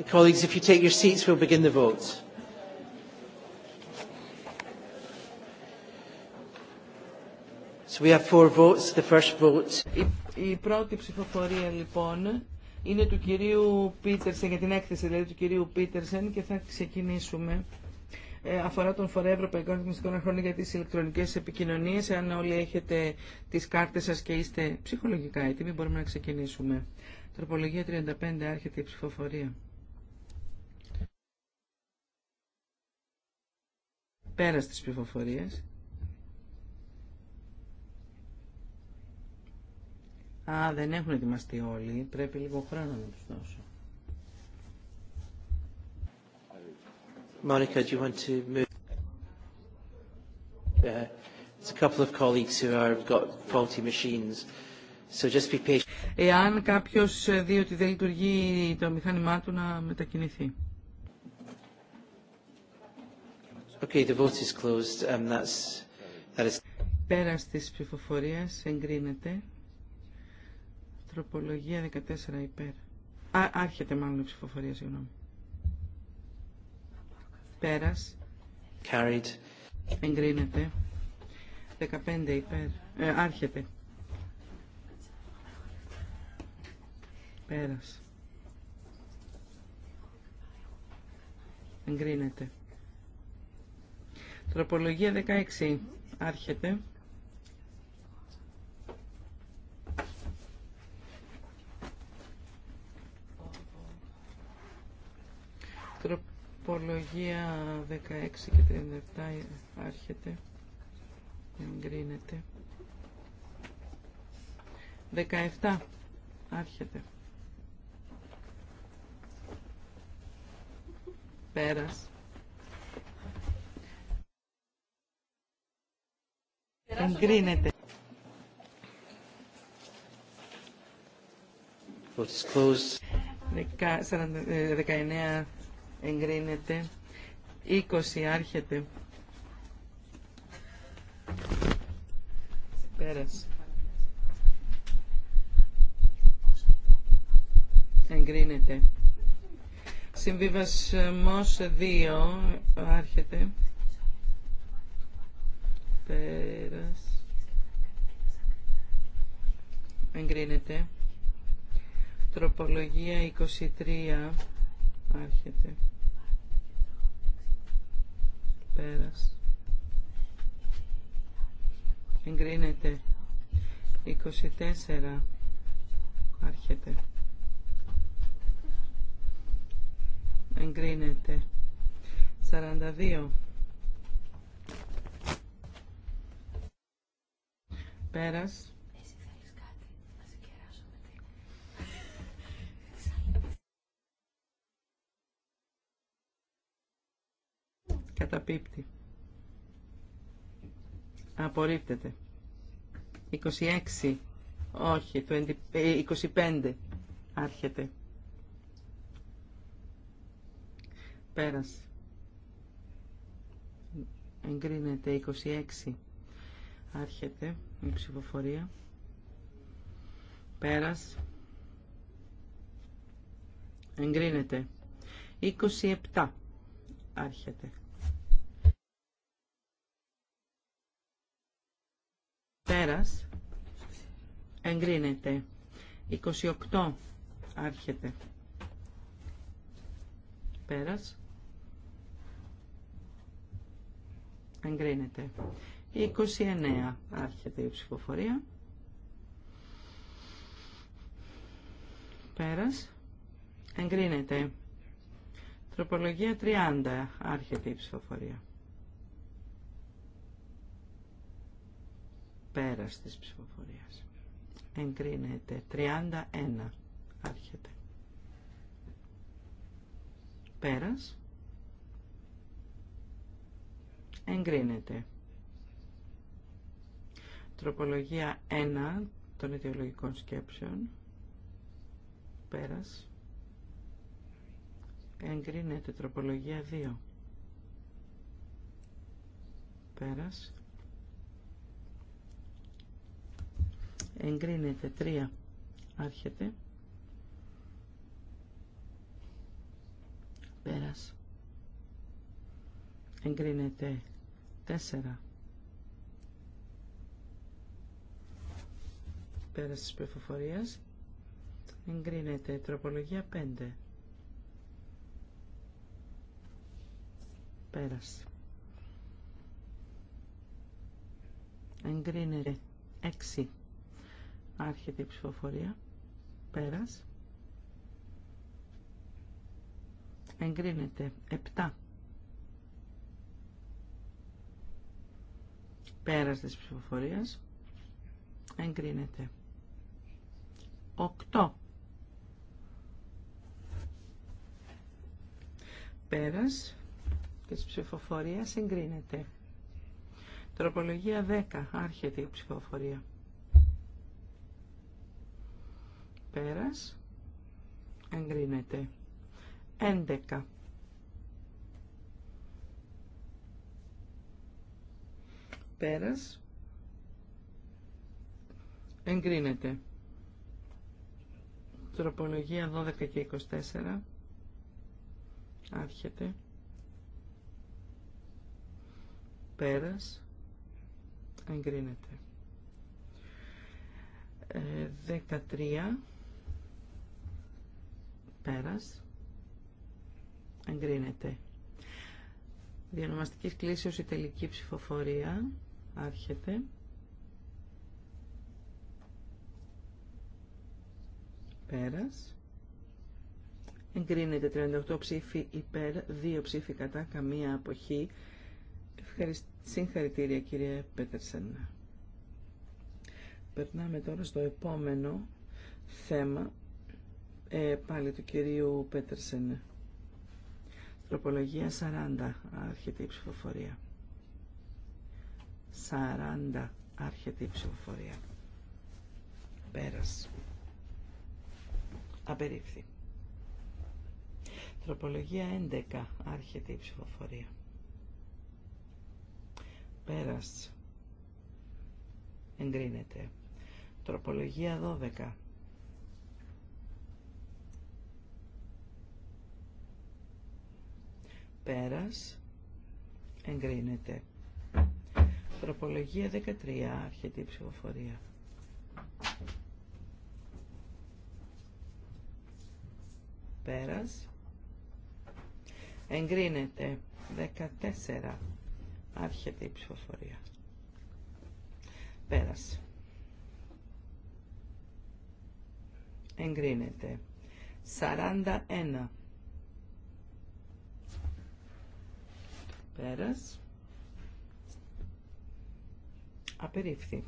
Colleagues, if you take your seats, we'll begin the So we have Η, πρώτη ψηφοφορία λοιπόν είναι του κυρίου Πίτερσεν για την έκθεση δηλαδή του κυρίου Πίτερσεν και θα ξεκινήσουμε. Ε, αφορά τον Φορέα Ευρωπαϊκών Εθνικών Αρχών για τις ηλεκτρονικές επικοινωνίες. Αν όλοι έχετε τις κάρτες σας και είστε ψυχολογικά έτοιμοι, μπορούμε να ξεκινήσουμε. Τροπολογία 35, άρχεται η ψηφοφορία. Πέρας της ψηφοφορίας. Α, δεν έχουν ετοιμαστεί όλοι. Πρέπει λίγο χρόνο να τους δώσω. Monica, do you want to move? Yeah. it's a couple of colleagues who have got faulty machines. So just be patient. Εάν κάποιος ε, δει ότι δεν λειτουργεί το μηχάνημά του να μετακινηθεί. Okay, the vote is closed. Um, that's, that is... Πέρας της ψηφοφορίας εγκρίνεται τροπολογία 14 υπέρ. Α, άρχεται μάλλον η ψηφοφορία, συγγνώμη. Πέρας. Carried. Εγκρίνεται. 15 υπέρ. Ε, άρχεται. Πέρας. Εγκρίνεται. Τροπολογία 16. Άρχεται. Τροπολογία 16 και 37 άρχεται. Εγκρίνεται. 17 άρχεται. Πέρας. Εγκρίνεται. Δεκα, 19 ε, εγκρίνεται. 20 άρχεται. Πέρασε. Εγκρίνεται. Συμβίβασμός 2 άρχεται. Εγκρίνεται. Τροπολογία 23. Άρχεται. Πέρας. Εγκρίνεται. 24. Άρχεται. Εγκρίνεται. 42. Πέρας. Καταπίπτει. Απορρίπτεται. 26. Όχι, το 25. Άρχεται. Πέρασε. Εγκρίνεται 26. Άρχεται η ψηφοφορία. Πέρας. Εγκρίνεται. 27. Άρχεται. Πέρας. Εγκρίνεται. 28. Άρχεται. Πέρας. Εγκρίνεται. 29 άρχεται η ψηφοφορία. Πέρας. Εγκρίνεται. Τροπολογία 30 άρχεται η ψηφοφορία. Πέρας της ψηφοφορίας. Εγκρίνεται. 31 άρχεται. Πέρας. Εγκρίνεται. Τροπολογία 1 των ιδεολογικών σκέψεων. Πέρας. Εγκρίνεται τροπολογία 2. Πέρας. Εγκρίνεται 3. Άρχεται. Πέρας. Εγκρίνεται 4. Πέρας της πληροφορίας. Εγκρίνεται. Τροπολογία 5. Πέρας. Εγκρίνεται. 6. Άρχεται η ψηφοφορία. Πέρας. Εγκρίνεται. 7. Πέρας της ψηφοφορίας. Εγκρίνεται. 8. Πέρας της ψηφοφορίας εγκρίνεται. Τροπολογία 10. Άρχεται η ψηφοφορία. Πέρας. Εγκρίνεται. 11. Πέρας. Εγκρίνεται. Τροπολογία 12 και 24. Άρχεται. Πέρας. Εγκρίνεται. 13. Ε, Πέρας. Εγκρίνεται. Διανομαστικής κλήσεως η τελική ψηφοφορία. Άρχεται. Πέρας. Εγκρίνεται 38 ψήφοι υπέρ, 2 ψήφοι κατά, καμία αποχή. Συγχαρητήρια κύριε Πέτερσεν. Περνάμε τώρα στο επόμενο θέμα, ε, πάλι του κυρίου Πέτερσεν. Τροπολογία 40, άρχεται η ψηφοφορία. 40, άρχεται η ψηφοφορία. Πέρας. Απερίφθη. Τροπολογία 11. Άρχεται η ψηφοφορία. Πέρας. Εγκρίνεται. Τροπολογία 12. Πέρας. Εγκρίνεται. Τροπολογία 13. Άρχεται η ψηφοφορία. πέρας εγκρίνεται 14 άρχεται η ψηφοφορία πέρας εγκρίνεται 41 πέρας απερίφθη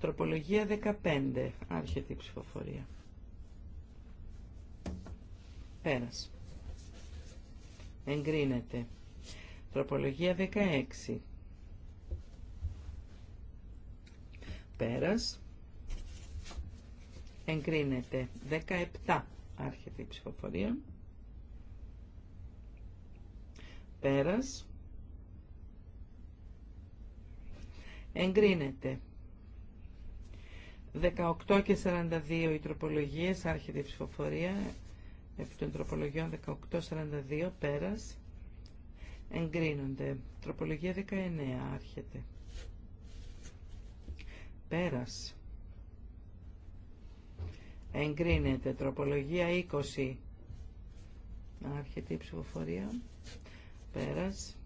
τροπολογία 15 άρχεται η ψηφοφορία Πέρας. Εγκρίνεται. Τροπολογία 16. Πέρας. Εγκρίνεται. 17. Άρχεται η ψηφοφορία. Πέρας. Εγκρίνεται. 18 και 42 οι τροπολογίες, άρχεται η ψηφοφορία, επί των τροπολογιών 1842 πέρας εγκρίνονται τροπολογία 19 άρχεται πέρας εγκρίνεται τροπολογία 20 άρχεται η ψηφοφορία πέρας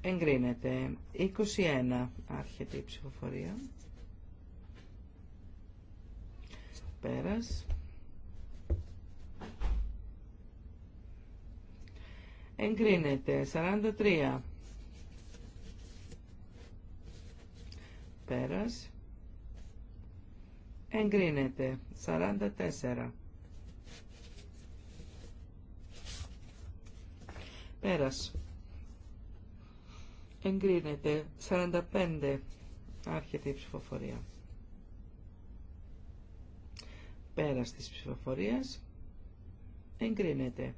εγκρίνεται 21 άρχεται η ψηφοφορία πέρας. Εγκρίνεται. 43. Πέρας. Εγκρίνεται. 44. Πέρας. Εγκρίνεται. 45. Άρχεται η ψηφοφορία. Πέρας της ψηφοφορίας εγκρίνεται.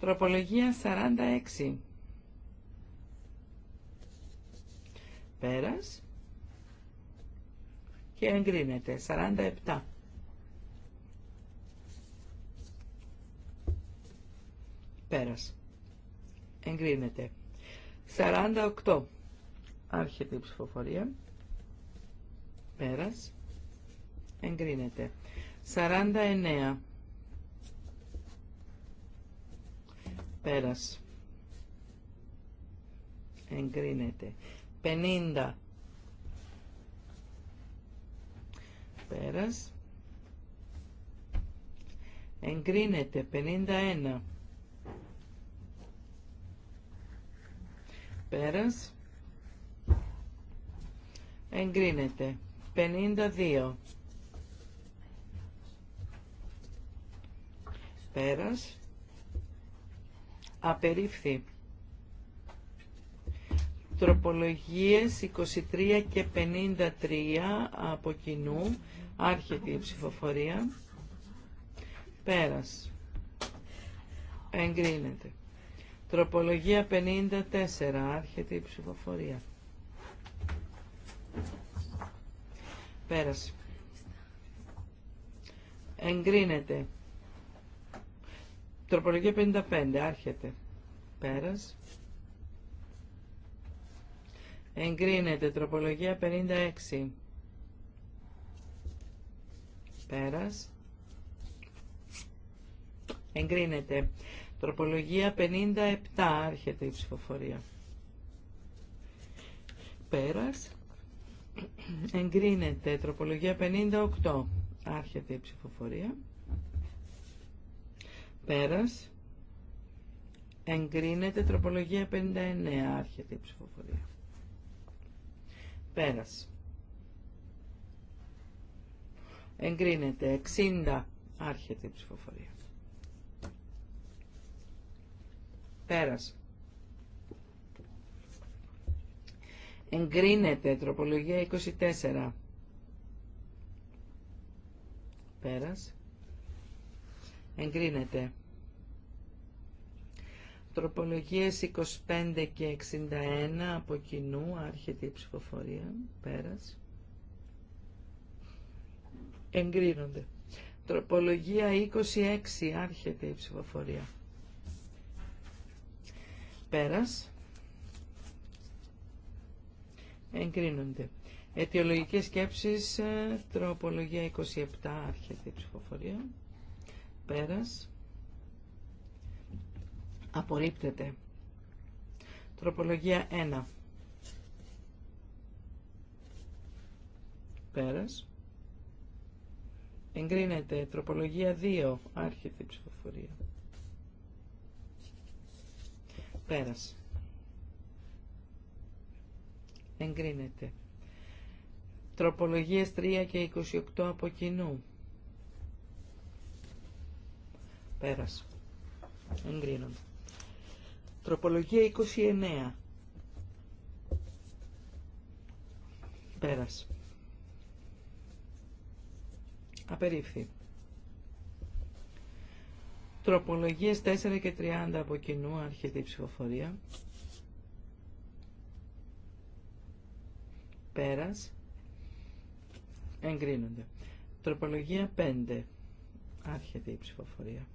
Τροπολογία 46. Πέρας και εγκρίνεται. 47. Πέρας. Εγκρίνεται. 48. Άρχεται η ψηφοφορία. Πέρας εγκρίνεται. 49 πέρας εγκρίνεται. 50 πέρας εγκρίνεται. 51 πέρας εγκρίνεται. 52 πέρας απερίφθη τροπολογίες 23 και 53 από κοινού άρχεται η ψηφοφορία πέρας εγκρίνεται τροπολογία 54 άρχεται η ψηφοφορία πέρας εγκρίνεται Τροπολογία 55. Άρχεται. Πέρας. Εγκρίνεται. Τροπολογία 56. Πέρας. Εγκρίνεται. Τροπολογία 57. Άρχεται η ψηφοφορία. Πέρας. Εγκρίνεται. Τροπολογία 58. Άρχεται η ψηφοφορία. Πέρας. Εγκρίνεται τροπολογία 59. Άρχεται η ψηφοφορία. Πέρας. Εγκρίνεται 60. Άρχεται η ψηφοφορία. Πέρας. Εγκρίνεται τροπολογία 24. Πέρας εγκρίνεται. Τροπολογίες 25 και 61 από κοινού, άρχεται η ψηφοφορία, πέρας. Εγκρίνονται. Τροπολογία 26, άρχεται η ψηφοφορία. Πέρας. Εγκρίνονται. Αιτιολογικές σκέψεις, τροπολογία 27, άρχεται η ψηφοφορία πέρας απορρίπτεται τροπολογία 1 πέρας εγκρίνεται τροπολογία 2 άρχεται η ψηφοφορία πέρας εγκρίνεται τροπολογίες 3 και 28 από κοινού Πέρας. Εγκρίνονται. Τροπολογία 29. Πέρας. Απερίφθη. Τροπολογίες 4 και 30 από κοινού αρχίζει ψηφοφορία. Πέρας. Εγκρίνονται. Τροπολογία 5. Άρχεται η ψηφοφορία.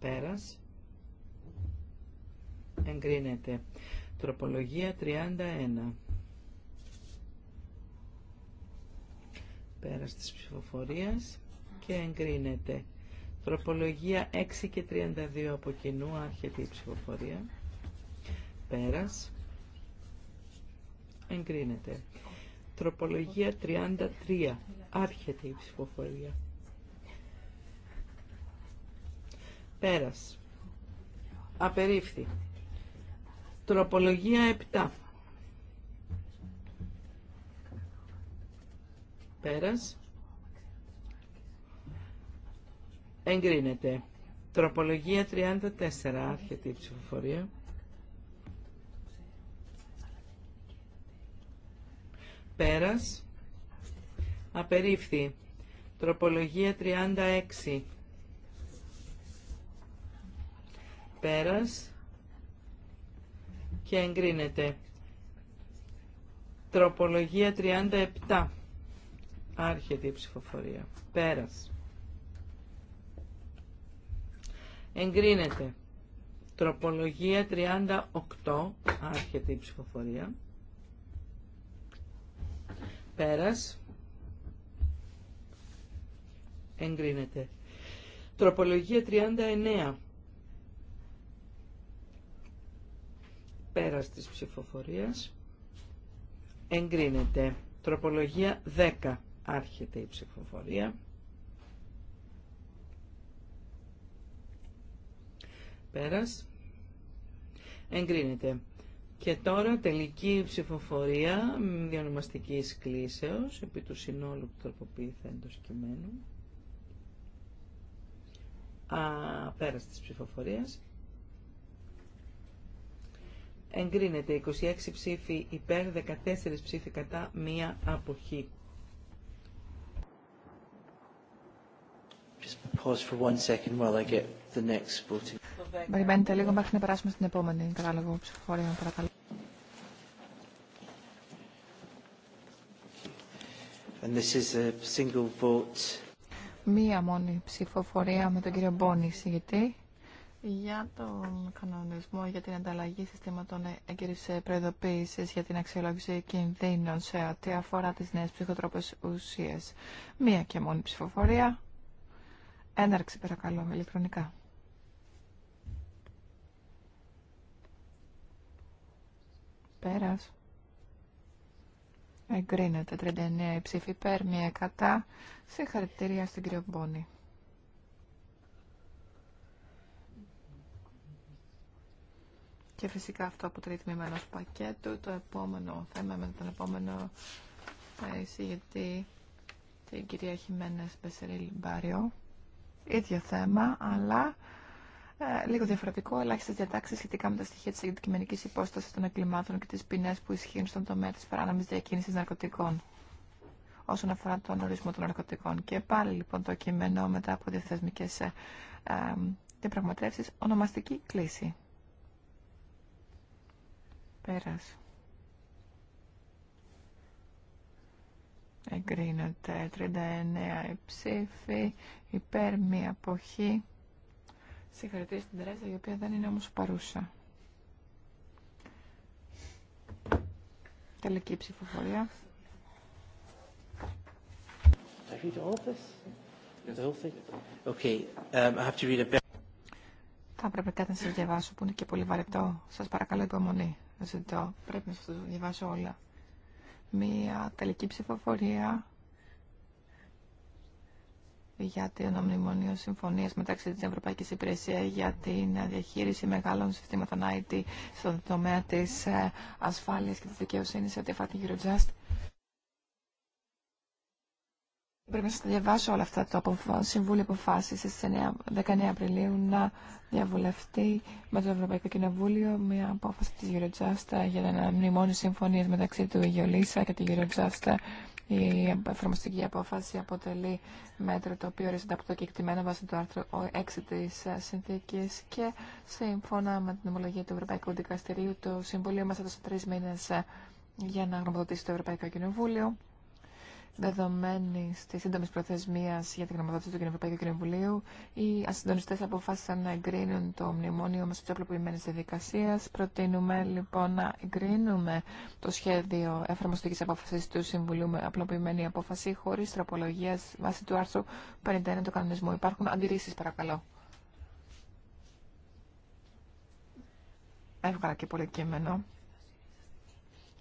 Πέρας. Εγκρίνεται. Τροπολογία 31. Πέρας της ψηφοφορίας και εγκρίνεται. Τροπολογία 6 και 32 από κοινού άρχεται η ψηφοφορία. Πέρας. Εγκρίνεται. Τροπολογία 33. Άρχεται η ψηφοφορία. Πέρας. Απερίφθη. Τροπολογία 7. Πέρας. Εγκρίνεται. Τροπολογία 34. Άρχεται η ψηφοφορία. Πέρας. Απερίφθη. Τροπολογία 36. Πέρας. Και εγκρίνεται. Τροπολογία 37. Άρχεται η ψηφοφορία. Πέρας. Εγκρίνεται. Τροπολογία 38. Άρχεται η ψηφοφορία. Πέρας. Εγκρίνεται. Τροπολογία 39. Πέρας της ψηφοφορίας. Εγκρίνεται. Τροπολογία 10. Άρχεται η ψηφοφορία. Πέρας. Εγκρίνεται. Και τώρα τελική ψηφοφορία διανομαστικής κλίσεως επί του συνόλου του τροποποιηθέντος κειμένου. Α, πέρας της ψηφοφορίας εγκρίνεται 26 ψήφοι υπέρ, 14 ψήφοι κατά, μία αποχή. Περιμένετε λίγο μέχρι να περάσουμε στην επόμενη κατάλογο ψηφοφορία, παρακαλώ. And this is a single vote. Μία μόνη ψηφοφορία με τον κύριο Μπόνη, συγγετή για τον κανονισμό για την ανταλλαγή συστήματων έγκυρης προειδοποίησης για την αξιολόγηση κινδύνων σε ό,τι αφορά τις νέες ψυχοτρόπες ουσίες. Μία και μόνη ψηφοφορία. Έναρξη παρακαλώ ηλεκτρονικά. Πέρας. Εγκρίνεται 39 ψήφοι υπέρ, μία κατά. Συγχαρητήρια στην κύριο Μπόνη. Και φυσικά αυτό αποτελεί τμήμα ενός πακέτου. Το επόμενο θέμα με τον επόμενο ε, εισηγητή, την κυρία Χιμένες Μπεσερίλ Μπάριο. Ίδιο θέμα, αλλά ε, λίγο διαφορετικό, ελάχιστε διατάξει σχετικά με τα στοιχεία τη αντικειμενική υπόσταση των εγκλημάτων και τι ποινέ που ισχύουν στον τομέα τη παράνομη διακίνηση ναρκωτικών. Όσον αφορά τον ορισμό των ναρκωτικών. Και πάλι λοιπόν το κείμενο μετά από διαθεσμικέ ε, ε, διαπραγματεύσει, ονομαστική κλίση. Πέρας. Εγκρίνονται 39 ψήφοι υπέρ μία αποχή. Συγχαρητήρια στην Τρέζα, η οποία δεν είναι όμως παρούσα. Τελική ψηφοφορία. Um, Θα πρέπει κάτι να σας διαβάσω που είναι και πολύ βαρετό. Σας παρακαλώ υπομονή ζητώ. Πρέπει να σου το διαβάσω όλα. Μία τελική ψηφοφορία για την ομνημονία συμφωνίας μεταξύ της Ευρωπαϊκής Υπηρεσίας για την διαχείριση μεγάλων συστήματων IT στον τομέα της ε, ασφάλειας και της δικαιοσύνης σε τη Eurojust. Πρέπει να σας διαβάσω όλα αυτά το Συμβούλιο αποφάσισε στις 19 Απριλίου να διαβουλευτεί με το Ευρωπαϊκό Κοινοβούλιο μια απόφαση τη Eurojust για να μνημόνιο συμφωνίες μεταξύ του Αιγιολίσα και τη Eurojust. Η εφαρμοστική απόφαση αποτελεί μέτρο το οποίο ορίζεται από το κεκτημένο βάσει του άρθρου 6 τη συνθήκη. και σύμφωνα με την ομολογία του Ευρωπαϊκού Δικαστηρίου το Συμβούλιο μέσα έδωσε τρει μήνε για να γνωμοδοτήσει το Ευρωπαϊκό Κοινοβούλιο Δεδομένη τη σύντομη προθεσμία για την γνωμοδότηση του Ευρωπαϊκού Κοινοβουλίου, οι ασυντονιστέ αποφάσισαν να εγκρίνουν το μνημόνιο μα τη απλοποιημένη διαδικασία. Προτείνουμε λοιπόν να εγκρίνουμε το σχέδιο εφαρμοστική απόφαση του Συμβουλίου με απλοποιημένη απόφαση χωρί τροπολογία βάσει του άρθρου 51 του κανονισμού. Υπάρχουν αντιρρήσει, παρακαλώ. Έβγαλα και πολύ κείμενο.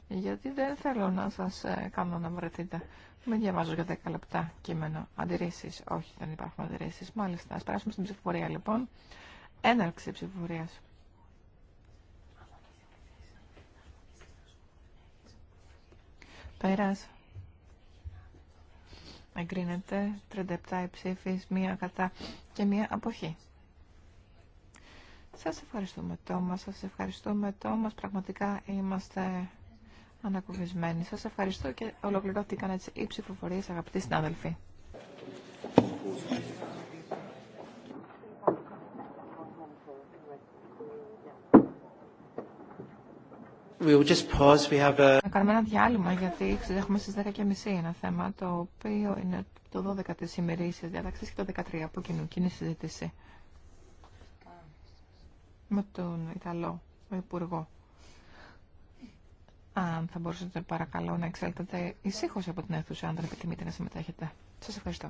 Γιατί δεν θέλω να σας ε, κάνω να βρεθείτε με διαβάζω για 10 λεπτά κείμενο. Αντιρρήσει. Όχι, δεν υπάρχουν αντιρρήσει. Μάλιστα. Α περάσουμε στην ψηφοφορία λοιπόν. Έναρξη ψηφοφορία. Περάσει. Εγκρίνεται 37 ψήφι, μία κατά και μία αποχή. Σας ευχαριστούμε Τόμα, σας ευχαριστούμε Τόμας, πραγματικά είμαστε ανακουφισμένοι. Σας ευχαριστώ και ολοκληρώθηκαν έτσι οι ψηφοφορίες αγαπητοί συνάδελφοι. We will just pause. We have a... Να κάνουμε ένα διάλειμμα γιατί έχουμε στις 10.30 ένα θέμα το οποίο είναι το 12 τη ημερήσια διαταξή και το 13 από κοινού κοινή συζήτηση με τον Ιταλό, ο Υπουργό. Αν θα μπορούσατε παρακαλώ να εξέλθετε ησύχως από την αίθουσα, αν δεν επιθυμείτε να συμμετέχετε. Σας ευχαριστώ.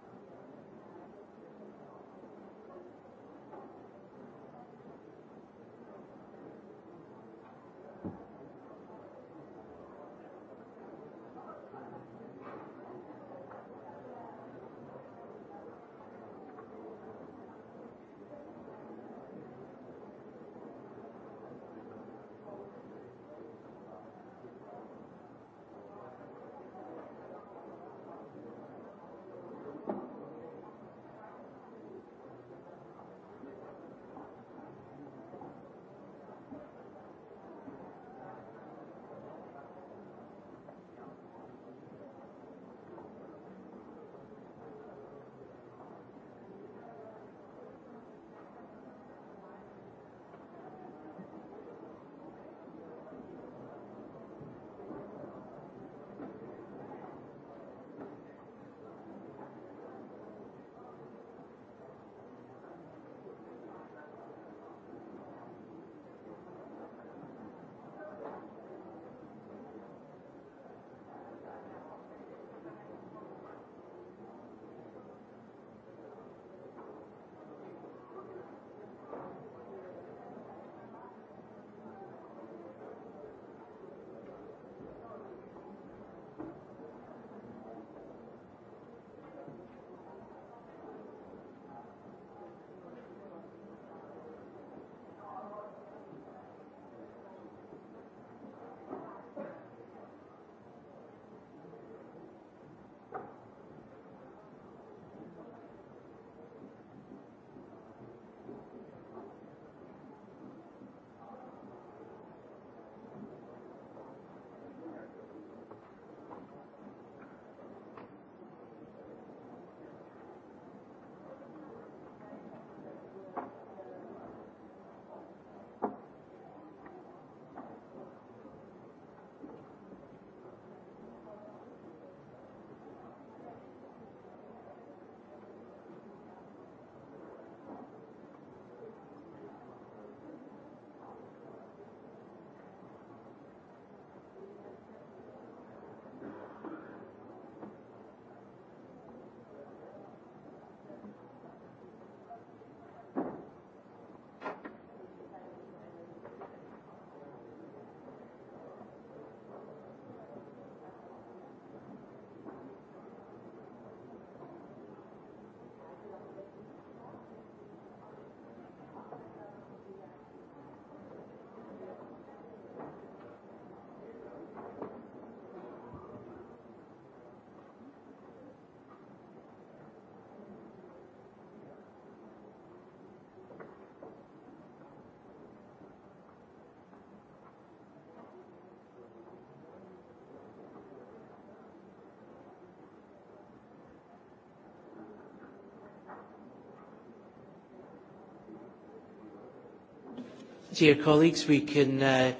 Uh,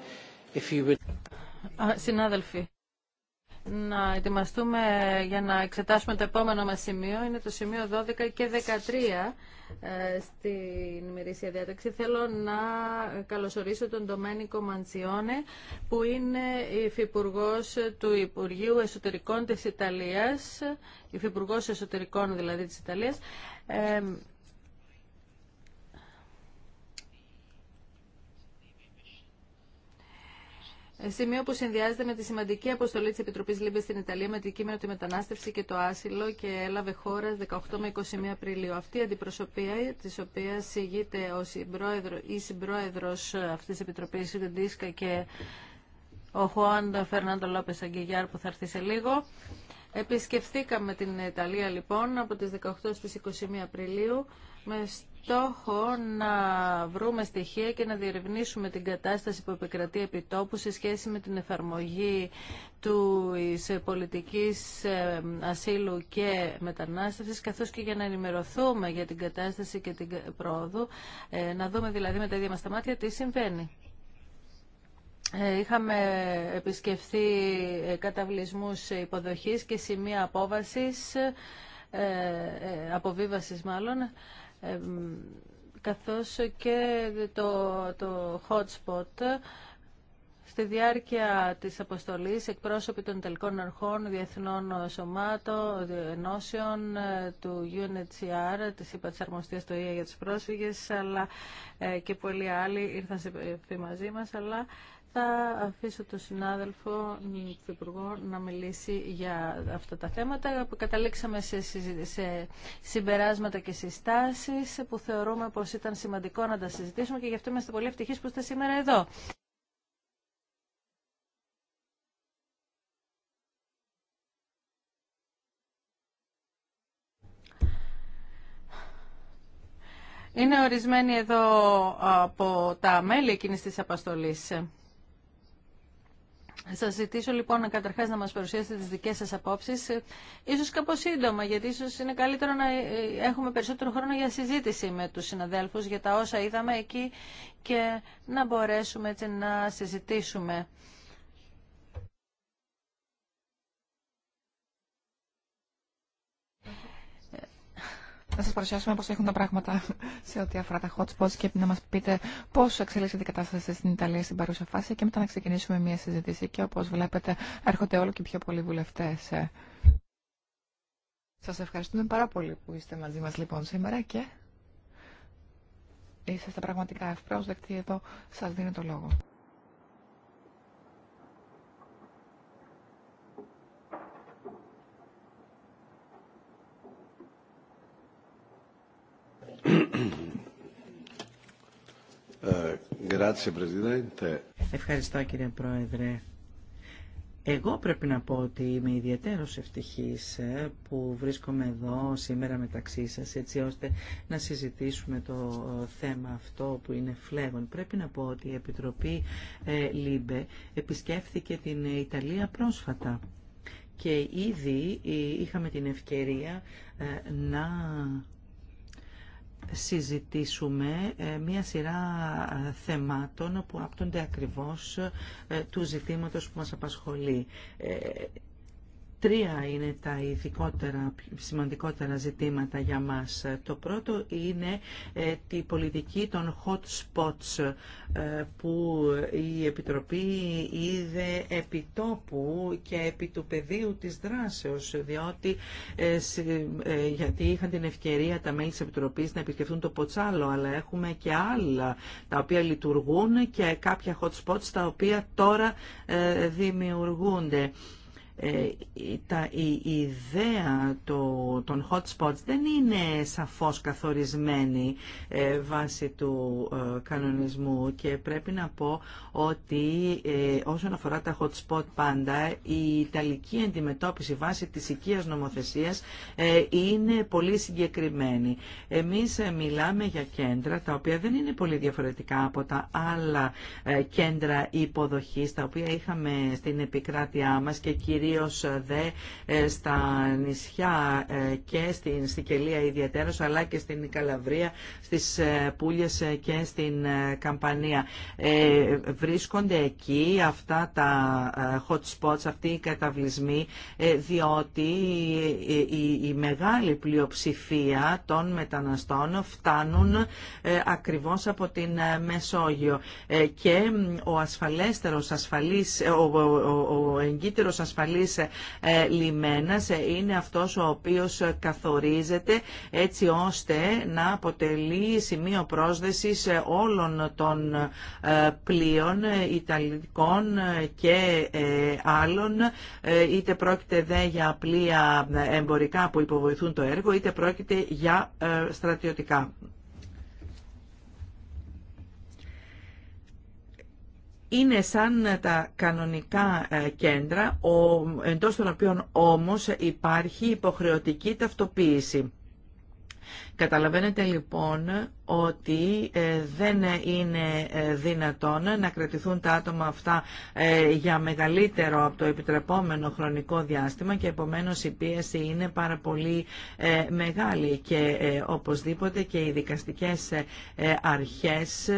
συνάδελφοι, να ετοιμαστούμε για να εξετάσουμε το επόμενο μας σημείο. Είναι το σημείο 12 και 13 ε, στην ημερήσια διάταξη. Θέλω να καλωσορίσω τον Ντομένικο Μαντσιόνε, που είναι υφυπουργό του Υπουργείου Εσωτερικών της Ιταλίας, υφυπουργός εσωτερικών δηλαδή της Ιταλίας, ε, Σημείο που συνδυάζεται με τη σημαντική αποστολή τη Επιτροπή Λίμπε στην Ιταλία με αντικείμενο τη μετανάστευση και το άσυλο και έλαβε χώρα 18 με 21 Απριλίου. Αυτή η αντιπροσωπεία, τη οποία ηγείται ο συμπρόεδρο ή συμπρόεδρο αυτή τη Επιτροπή, η Ντίσκα και ο Χωάντα Φερνάντο Λόπε Αγγιγιάρ που θα έρθει σε λίγο. Επισκεφθήκαμε την Ιταλία λοιπόν από τι 18 στι 21 Απριλίου με στόχο να βρούμε στοιχεία και να διερευνήσουμε την κατάσταση που επικρατεί επιτόπου σε σχέση με την εφαρμογή του ε, πολιτικής ε, ασύλου και μετανάστευσης, καθώς και για να ενημερωθούμε για την κατάσταση και την πρόοδο, ε, να δούμε δηλαδή με τα ίδια μας τα μάτια τι συμβαίνει. Είχαμε επισκεφθεί καταβλισμούς υποδοχής και σημεία απόβασης, αποβίβασης μάλλον, καθώς και το, το hotspot Στη διάρκεια της αποστολής, εκπρόσωποι των τελικών αρχών, διεθνών σωμάτων, ενώσεων ε, του UNHCR, της είπα της αρμοστίας του για τις πρόσφυγες, αλλά ε, και πολλοί άλλοι ήρθαν σε μαζί μας, αλλά θα αφήσω τον συνάδελφο Υπουργό να μιλήσει για αυτά τα θέματα. Καταλήξαμε σε, σε συμπεράσματα και συστάσεις που θεωρούμε πως ήταν σημαντικό να τα συζητήσουμε και γι' αυτό είμαστε πολύ ευτυχεί που είστε σήμερα εδώ. Είναι ορισμένοι εδώ από τα μέλη εκείνης της απαστολής. Σα ζητήσω λοιπόν να καταρχά να μα παρουσιάσετε τι δικέ σα απόψει, ίσω κάπω σύντομα, γιατί ίσω είναι καλύτερο να ε, ε, έχουμε περισσότερο χρόνο για συζήτηση με του συναδέλφου για τα όσα είδαμε εκεί και να μπορέσουμε έτσι να συζητήσουμε. να σας παρουσιάσουμε πώς έχουν τα πράγματα σε ό,τι αφορά τα hot spots και να μας πείτε πώς εξελίσσεται η κατάσταση στην Ιταλία στην παρούσα φάση και μετά να ξεκινήσουμε μια συζήτηση και όπως βλέπετε έρχονται όλο και πιο πολλοί βουλευτέ. Σας ευχαριστούμε πάρα πολύ που είστε μαζί μας λοιπόν σήμερα και είσαστε πραγματικά ευπρόσδεκτοι εδώ. Σας δίνω το λόγο. Ευχαριστώ κύριε Πρόεδρε. Εγώ πρέπει να πω ότι είμαι ιδιαίτερο ευτυχής ε, που βρίσκομαι εδώ σήμερα μεταξύ σας έτσι ώστε να συζητήσουμε το ε, θέμα αυτό που είναι φλέγον. Πρέπει να πω ότι η Επιτροπή ε, ΛΥΜΠΕ επισκέφθηκε την Ιταλία πρόσφατα και ήδη είχαμε την ευκαιρία να συζητήσουμε ε, μία σειρά ε, θεμάτων που άπτονται ακριβώς ε, του ζητήματος που μας απασχολεί. Τρία είναι τα ειδικότερα, σημαντικότερα ζητήματα για μας. Το πρώτο είναι ε, τη πολιτική των hot spots ε, που η Επιτροπή είδε επιτόπου και επί του πεδίου της δράσεως, διότι ε, γιατί είχαν την ευκαιρία τα μέλη της Επιτροπής να επισκεφτούν το Ποτσάλο, αλλά έχουμε και άλλα τα οποία λειτουργούν και κάποια hot spots τα οποία τώρα δημιουργούνται. Ε, η, ιδέα των hot spots δεν είναι σαφώς καθορισμένη ε, βάσει του ε, κανονισμού και πρέπει να πω ότι όσον αφορά τα hot spot πάντα η ιταλική αντιμετώπιση βάσει της οικίας νομοθεσίας είναι πολύ συγκεκριμένη. Εμείς μιλάμε για κέντρα τα οποία δεν είναι πολύ διαφορετικά από τα άλλα κέντρα υποδοχής τα οποία είχαμε στην επικράτειά μας και κυρίως κυρίως ε, δε ε, στα νησιά ε, και στην Σικελία ιδιαίτερως αλλά και στην Καλαβρία, στις Πούλιες και στην Καμπανία. Βρίσκονται εκεί αυτά τα hot spots, αυτοί οι καταβλισμοί διότι η μεγάλη πλειοψηφία των μεταναστών φτάνουν ακριβώς από την Μεσόγειο και ο ασφαλέστερος ασφαλής, ο, ο, ασφαλής ε, λιμένας ε, είναι αυτός ο οποίος καθορίζεται έτσι ώστε να αποτελεί σημείο πρόσδεσης όλων των ε, πλοίων ε, Ιταλικών και άλλων είτε πρόκειται δε για πλοία εμπορικά που υποβοηθούν το έργο είτε πρόκειται για στρατιωτικά είναι σαν τα κανονικά ε, κέντρα, εντός των οποίων όμως υπάρχει υποχρεωτική ταυτοποίηση. Καταλαβαίνετε λοιπόν ότι ε, δεν είναι ε, δυνατόν να κρατηθούν τα άτομα αυτά ε, για μεγαλύτερο από το επιτρεπόμενο χρονικό διάστημα και επομένως η πίεση είναι πάρα πολύ μεγάλη και οπωσδήποτε και οι δικαστικές αρχές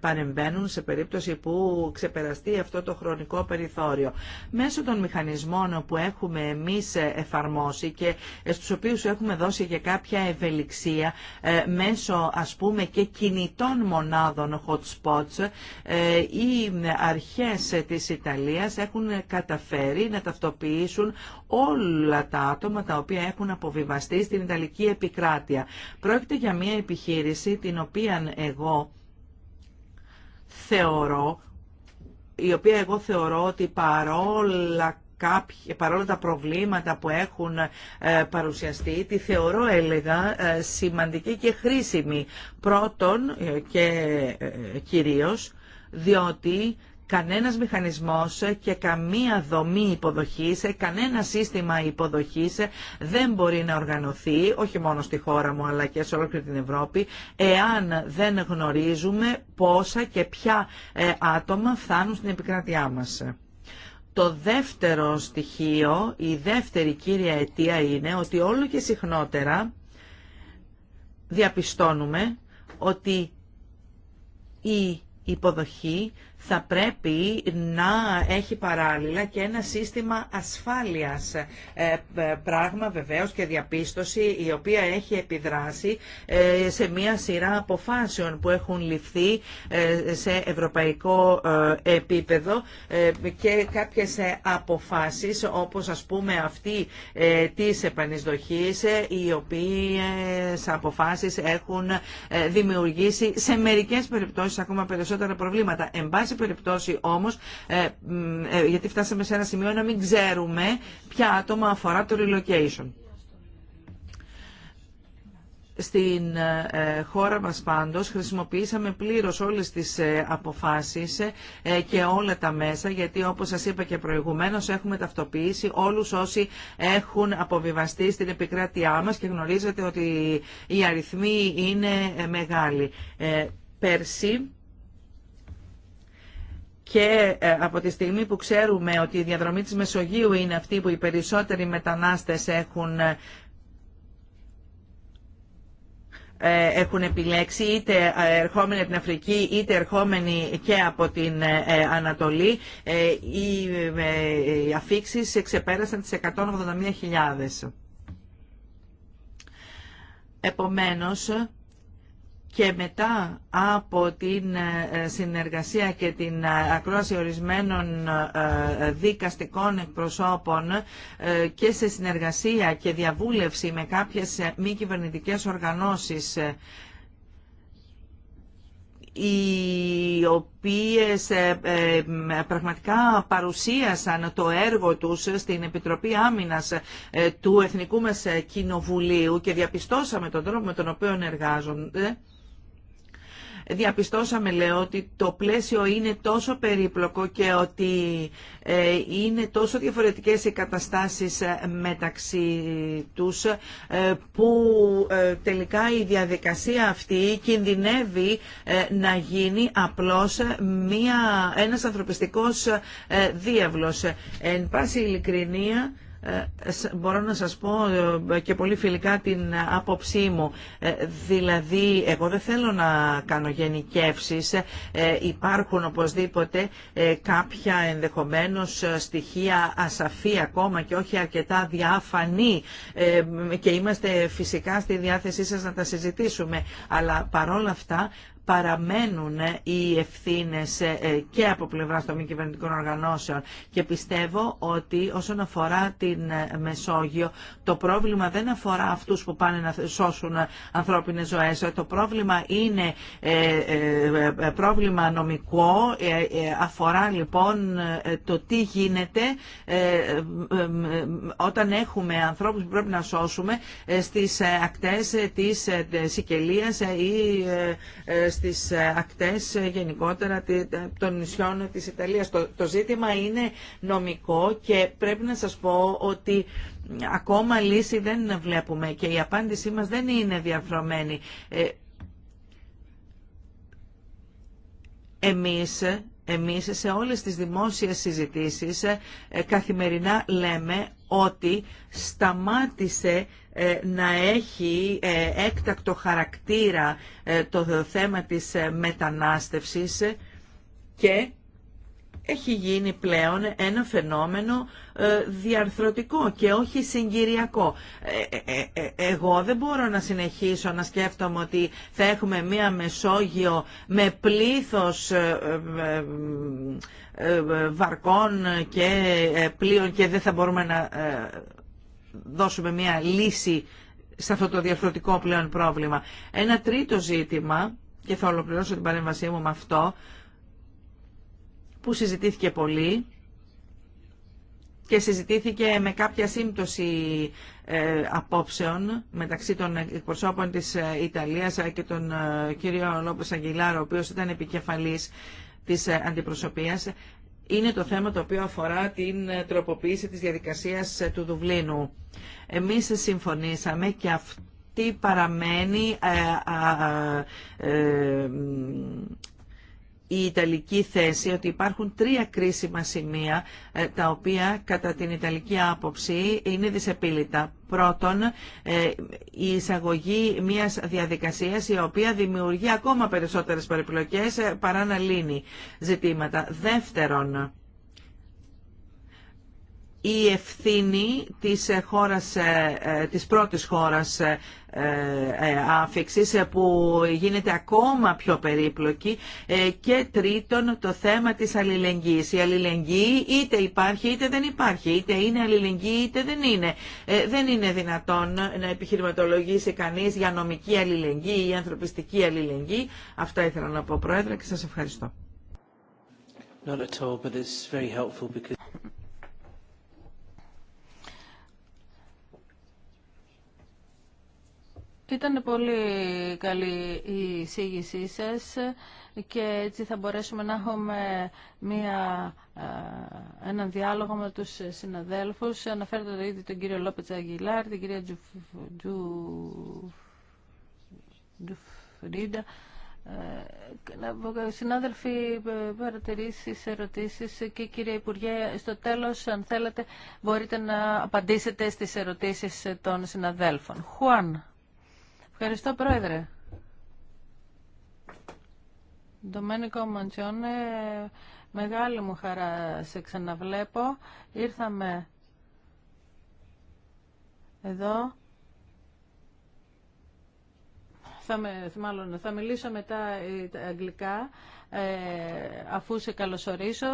παρεμβαίνουν σε περίπτωση που ξεπεραστεί αυτό το χρονικό περιθώριο. Μέσω των μηχανισμών που έχουμε εμείς εφαρμόσει και στους οποίους έχουμε δώσει και κάποια ευελιξία ε, μέσω ας πούμε και κινητών μονάδων hot spots ε, οι αρχές της Ιταλίας έχουν καταφέρει να ταυτοποιήσουν όλα τα άτομα τα οποία έχουν αποβιβαστεί στην Ιταλική επικράτεια. Πρόκειται για μια επιχείρηση την οποία εγώ θεωρώ η οποία εγώ θεωρώ ότι παρόλα παρόλα τα προβλήματα που έχουν ε, παρουσιαστεί, τη θεωρώ έλεγα ε, σημαντική και χρήσιμη. Πρώτον ε, και κυρίως διότι κανένας μηχανισμός και καμία δομή υποδοχής, κανένα σύστημα υποδοχής δεν μπορεί να οργανωθεί, όχι μόνο στη χώρα μου αλλά και σε όλη την Ευρώπη, εάν δεν γνωρίζουμε πόσα και ποια άτομα φτάνουν στην επικράτειά μας. Το δεύτερο στοιχείο, η δεύτερη κύρια αιτία είναι ότι όλο και συχνότερα διαπιστώνουμε ότι η υποδοχή θα πρέπει να έχει παράλληλα και ένα σύστημα ασφάλειας. Ε, ε, πράγμα βεβαίως και διαπίστωση η οποία έχει επιδράσει ε, σε μία σειρά αποφάσεων που έχουν ληφθεί σε ευρωπαϊκό επίπεδο και κάποιες αποφάσεις όπως ας πούμε αυτή της επανεισδοχής οι οποίες αποφάσεις έχουν δημιουργήσει σε μερικές περιπτώσεις ακόμα περισσότερα προβλήματα. Εν πάση περιπτώσει όμως, ε, ε, γιατί φτάσαμε σε ένα σημείο να μην ξέρουμε ποια άτομα αφορά το relocation. Στην ε, χώρα μας πάντως χρησιμοποιήσαμε πλήρως όλες τις αποφάσεις και όλα τα μέσα γιατί όπως σας είπα και προηγουμένως έχουμε ταυτοποιήσει όλους όσοι έχουν αποβιβαστεί στην επικράτειά μας και γνωρίζετε ότι οι αριθμοί είναι μεγάλοι. Πέρσι και ε, από τη στιγμή που ξέρουμε ότι η διαδρομή της Μεσογείου είναι αυτή που οι περισσότεροι μετανάστες έχουν ε, έχουν επιλέξει είτε ε, ερχόμενοι από την Αφρική είτε ερχόμενοι και από την Ανατολή οι αφήξεις ξεπέρασαν τις 181.000. Επομένως και μετά από την ε, συνεργασία και την ε, ακρόαση ορισμένων ε, δικαστικών εκπροσώπων και σε συνεργασία και διαβούλευση με κάποιες μη κυβερνητικές οργανώσεις οι οποίες πραγματικά παρουσίασαν το έργο τους στην Επιτροπή Άμυνας του Εθνικού μας Κοινοβουλίου και διαπιστώσαμε τον τρόπο με τον οποίο εργάζονται διαπιστώσαμε λέω ότι το πλαίσιο είναι τόσο περίπλοκο και ότι ε, είναι τόσο διαφορετικές οι καταστάσεις ε, μεταξύ τους ε, που τελικά η διαδικασία αυτή κινδυνεύει να γίνει απλώς μία, ένας ανθρωπιστικός διάβλος. Εν πάση ειλικρινία ε, μπορώ να σας πω ε, και πολύ φιλικά την άποψή μου. Ε, δηλαδή, εγώ δεν θέλω να κάνω γενικεύσεις. Υπάρχουν οπωσδήποτε κάποια ενδεχομένως στοιχεία ασαφή ακόμα και όχι αρκετά διαφανή και είμαστε φυσικά στη διάθεσή σας να τα συζητήσουμε. Αλλά παρόλα αυτά παραμένουν ε, οι ευθύνε ε, ε, και από πλευρά των μη κυβερνητικών οργανώσεων. Και πιστεύω ότι όσον αφορά την Μεσόγειο, το πρόβλημα δεν αφορά αυτούς που πάνε να σώσουν ανθρώπινες ζωές. Το πρόβλημα είναι πρόβλημα νομικό, αφορά λοιπόν το τι γίνεται όταν έχουμε ανθρώπους που πρέπει να σώσουμε στις ακτέ τη Σικελίας ή στις ε, ακτές ε, γενικότερα ε, των νησιών της Ιταλίας. Το, το ζήτημα είναι νομικό και πρέπει να σας πω ότι ακόμα λύση δεν βλέπουμε και η απάντησή μας δεν είναι διαφρομένη. Εμείς εμείς σε όλες τις δημόσιες συζητήσεις καθημερινά λέμε ότι σταμάτησε ε, να έχει ε, έκτακτο χαρακτήρα ε, το θέμα της μετανάστευσης και έχει γίνει πλέον ένα φαινόμενο διαρθρωτικό και όχι συγκυριακό. εγώ δεν μπορώ να συνεχίσω να σκέφτομαι ότι θα έχουμε μία Μεσόγειο με πλήθος βαρκών και πλοίων και δεν θα μπορούμε να δώσουμε μια λύση σε αυτό το διαφορετικό πλέον πρόβλημα. Ένα τρίτο ζήτημα, και θα ολοκληρώσω την παρέμβασή μου με αυτό, που συζητήθηκε πολύ και συζητήθηκε με κάποια σύμπτωση ε, απόψεων μεταξύ των εκπροσώπων της ε, Ιταλίας και τον ε, κύριο Λόπος Αγγιλάρο, ο οποίος ήταν επικεφαλής της αντιπροσωπείας, είναι το θέμα το οποίο αφορά την ε, τροποποίηση της διαδικασίας ε, του Δουβλίνου. Εμείς συμφωνήσαμε και αυτή παραμένει ε, η Ιταλική θέση ότι υπάρχουν τρία κρίσιμα σημεία ε, τα οποία κατά την Ιταλική άποψη είναι δυσεπίλητα. Πρώτον, ε, η εισαγωγή μιας διαδικασίας η οποία δημιουργεί ακόμα περισσότερες περιπλοκές ε, παρά να λύνει ζητήματα. Δεύτερον, η ευθύνη της, ε, χώρας, ε, ε, της πρώτης χώρας άφηξης που γίνεται ακόμα πιο περίπλοκη και τρίτον το θέμα της αλληλεγγύης. Η αλληλεγγύη είτε υπάρχει είτε δεν υπάρχει, είτε είναι αλληλεγγύη είτε δεν είναι. Δεν είναι δυνατόν να επιχειρηματολογήσει κανείς για νομική αλληλεγγύη ή ανθρωπιστική αλληλεγγύη. Αυτά ήθελα να πω Πρόεδρε και σας ευχαριστώ. Ήταν πολύ καλή η εισήγησή σας και έτσι θα μπορέσουμε να έχουμε μια, ε, έναν διάλογο με τους συναδέλφους. Αναφέρετε το ήδη τον κύριο Λόπετς Αγγιλάρ, την κυρία Τζουφρίντα. Ε, συνάδελφοι, ε, παρατηρήσεις, ερωτήσεις και κύριε Υπουργέ, στο τέλος, αν θέλετε, μπορείτε να απαντήσετε στις ερωτήσεις των συναδέλφων. Χουάν. Ευχαριστώ, Πρόεδρε. Ντομένικο Μαντσιόνε, μεγάλη μου χαρά σε ξαναβλέπω. Ήρθαμε εδώ. Θα, με, θα μιλήσω μετά ε, αγγλικά ε, αφού σε καλωσορίσω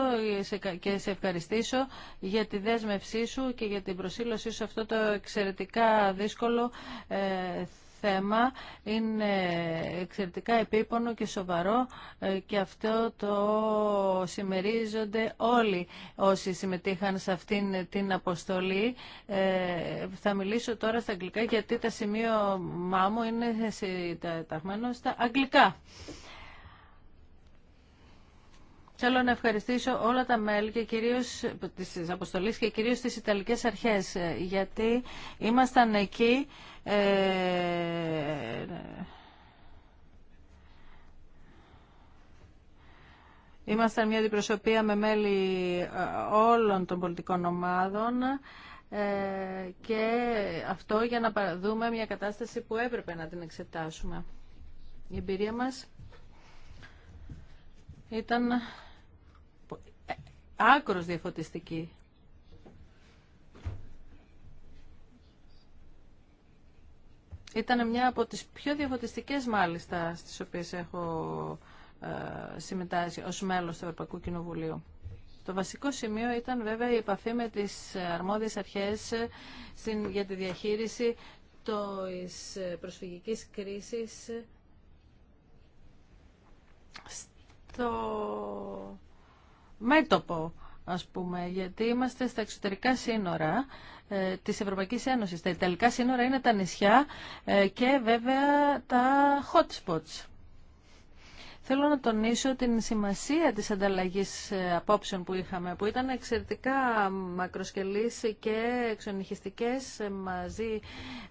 ε, και σε ευχαριστήσω για τη δέσμευσή σου και για την προσήλωσή σου σε αυτό το εξαιρετικά δύσκολο θέμα θέμα είναι εξαιρετικά επίπονο και σοβαρό ε, και αυτό το συμμερίζονται όλοι όσοι συμμετείχαν σε αυτήν την αποστολή. Ε, θα μιλήσω τώρα στα αγγλικά γιατί τα σημείο μου είναι ταγμένο στα αγγλικά. Θέλω να ευχαριστήσω όλα τα μέλη και κυρίως της αποστολής και κυρίως τις Ιταλικές αρχές ε, γιατί ήμασταν εκεί ε, Ήμασταν μια αντιπροσωπεία με μέλη ε, όλων των πολιτικών ομάδων ε, και αυτό για να δούμε μια κατάσταση που έπρεπε να την εξετάσουμε. Η εμπειρία μας ήταν ε, άκρος διαφωτιστική. Ήταν μια από τις πιο διαφωτιστικές μάλιστα στις οποίες έχω ε, συμμετάσχει ως μέλος του Ευρωπαϊκού Κοινοβουλίου. Το βασικό σημείο ήταν βέβαια η επαφή με τις αρμόδιες αρχές ε, για τη διαχείριση της προσφυγικής κρίσης το μέτωπο, ας πούμε, γιατί είμαστε στα εξωτερικά σύνορα ε, της Ευρωπαϊκής Ένωσης. Τα Ιταλικά σύνορα είναι τα νησιά ε, και βέβαια τα hot spots. Θέλω να τονίσω την σημασία της ανταλλαγής ε, απόψεων που είχαμε, που ήταν εξαιρετικά μακροσκελής και εξονυχιστικές ε, μαζί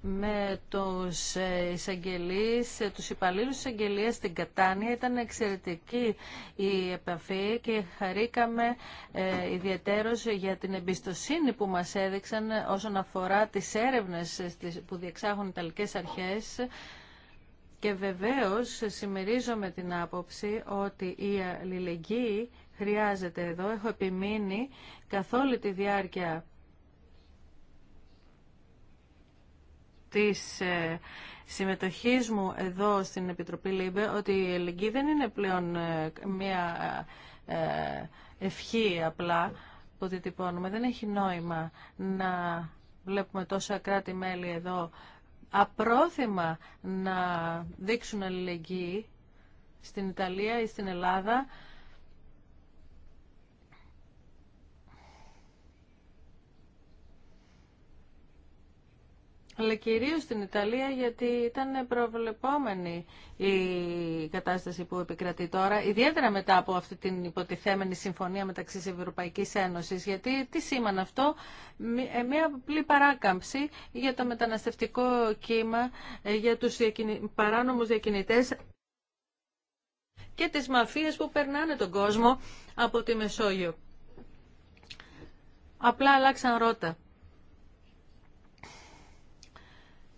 με τους ε, εισαγγελείς, τους υπαλλήλους της στην Κατάνια. Ήταν εξαιρετική η επαφή και χαρήκαμε ε, ιδιαίτερως για την εμπιστοσύνη που μας έδειξαν όσον αφορά τις έρευνες που διεξάγουν οι Ιταλικές Αρχές και βεβαίως συμμερίζομαι την άποψη ότι η αλληλεγγύη χρειάζεται εδώ. Έχω επιμείνει καθ' όλη τη διάρκεια της ε, συμμετοχής μου εδώ στην Επιτροπή ΛΥΜΠΕ ότι η αλληλεγγύη δεν είναι πλέον ε, μια ε, ευχή απλά που διτυπώνουμε. Δεν έχει νόημα να βλέπουμε τόσα κράτη-μέλη εδώ απρόθυμα να δείξουν αλληλεγγύη στην Ιταλία ή στην Ελλάδα αλλά κυρίως στην Ιταλία γιατί ήταν προβλεπόμενη η κατάσταση που επικρατεί τώρα, ιδιαίτερα μετά από αυτή την υποτιθέμενη συμφωνία μεταξύ της Ευρωπαϊκής Ένωσης, γιατί τι σήμανε αυτό, ε, μια απλή παράκαμψη για το μεταναστευτικό κύμα, ε, για τους παράνομους διακινητές και τις μαφίες που περνάνε τον κόσμο από τη Μεσόγειο. Απλά αλλάξαν ρότα.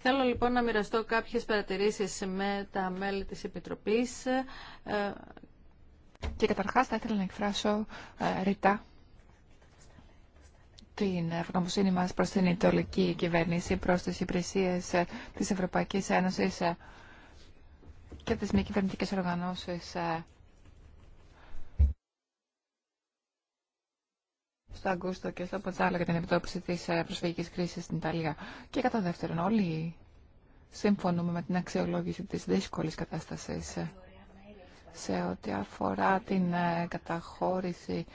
Θέλω λοιπόν να μοιραστώ κάποιες παρατηρήσεις με τα μέλη της Επιτροπής. Ε, και καταρχάς θα ήθελα να εκφράσω ε, ρητά την ευγνωμοσύνη μας προς την Ιταλική κυβέρνηση, προς τις υπηρεσίες ε, της Ευρωπαϊκής Ένωσης και τις μη κυβερνητικές οργανώσεις στο Αγκούστο και στο Ποτσάλο για την επιτόπιση τη ε, προσφυγική κρίση στην Ιταλία. Και κατά δεύτερον, όλοι συμφωνούμε με την αξιολόγηση τη δύσκολη κατάσταση ε, σε ό,τι αφορά την ε, καταχώρηση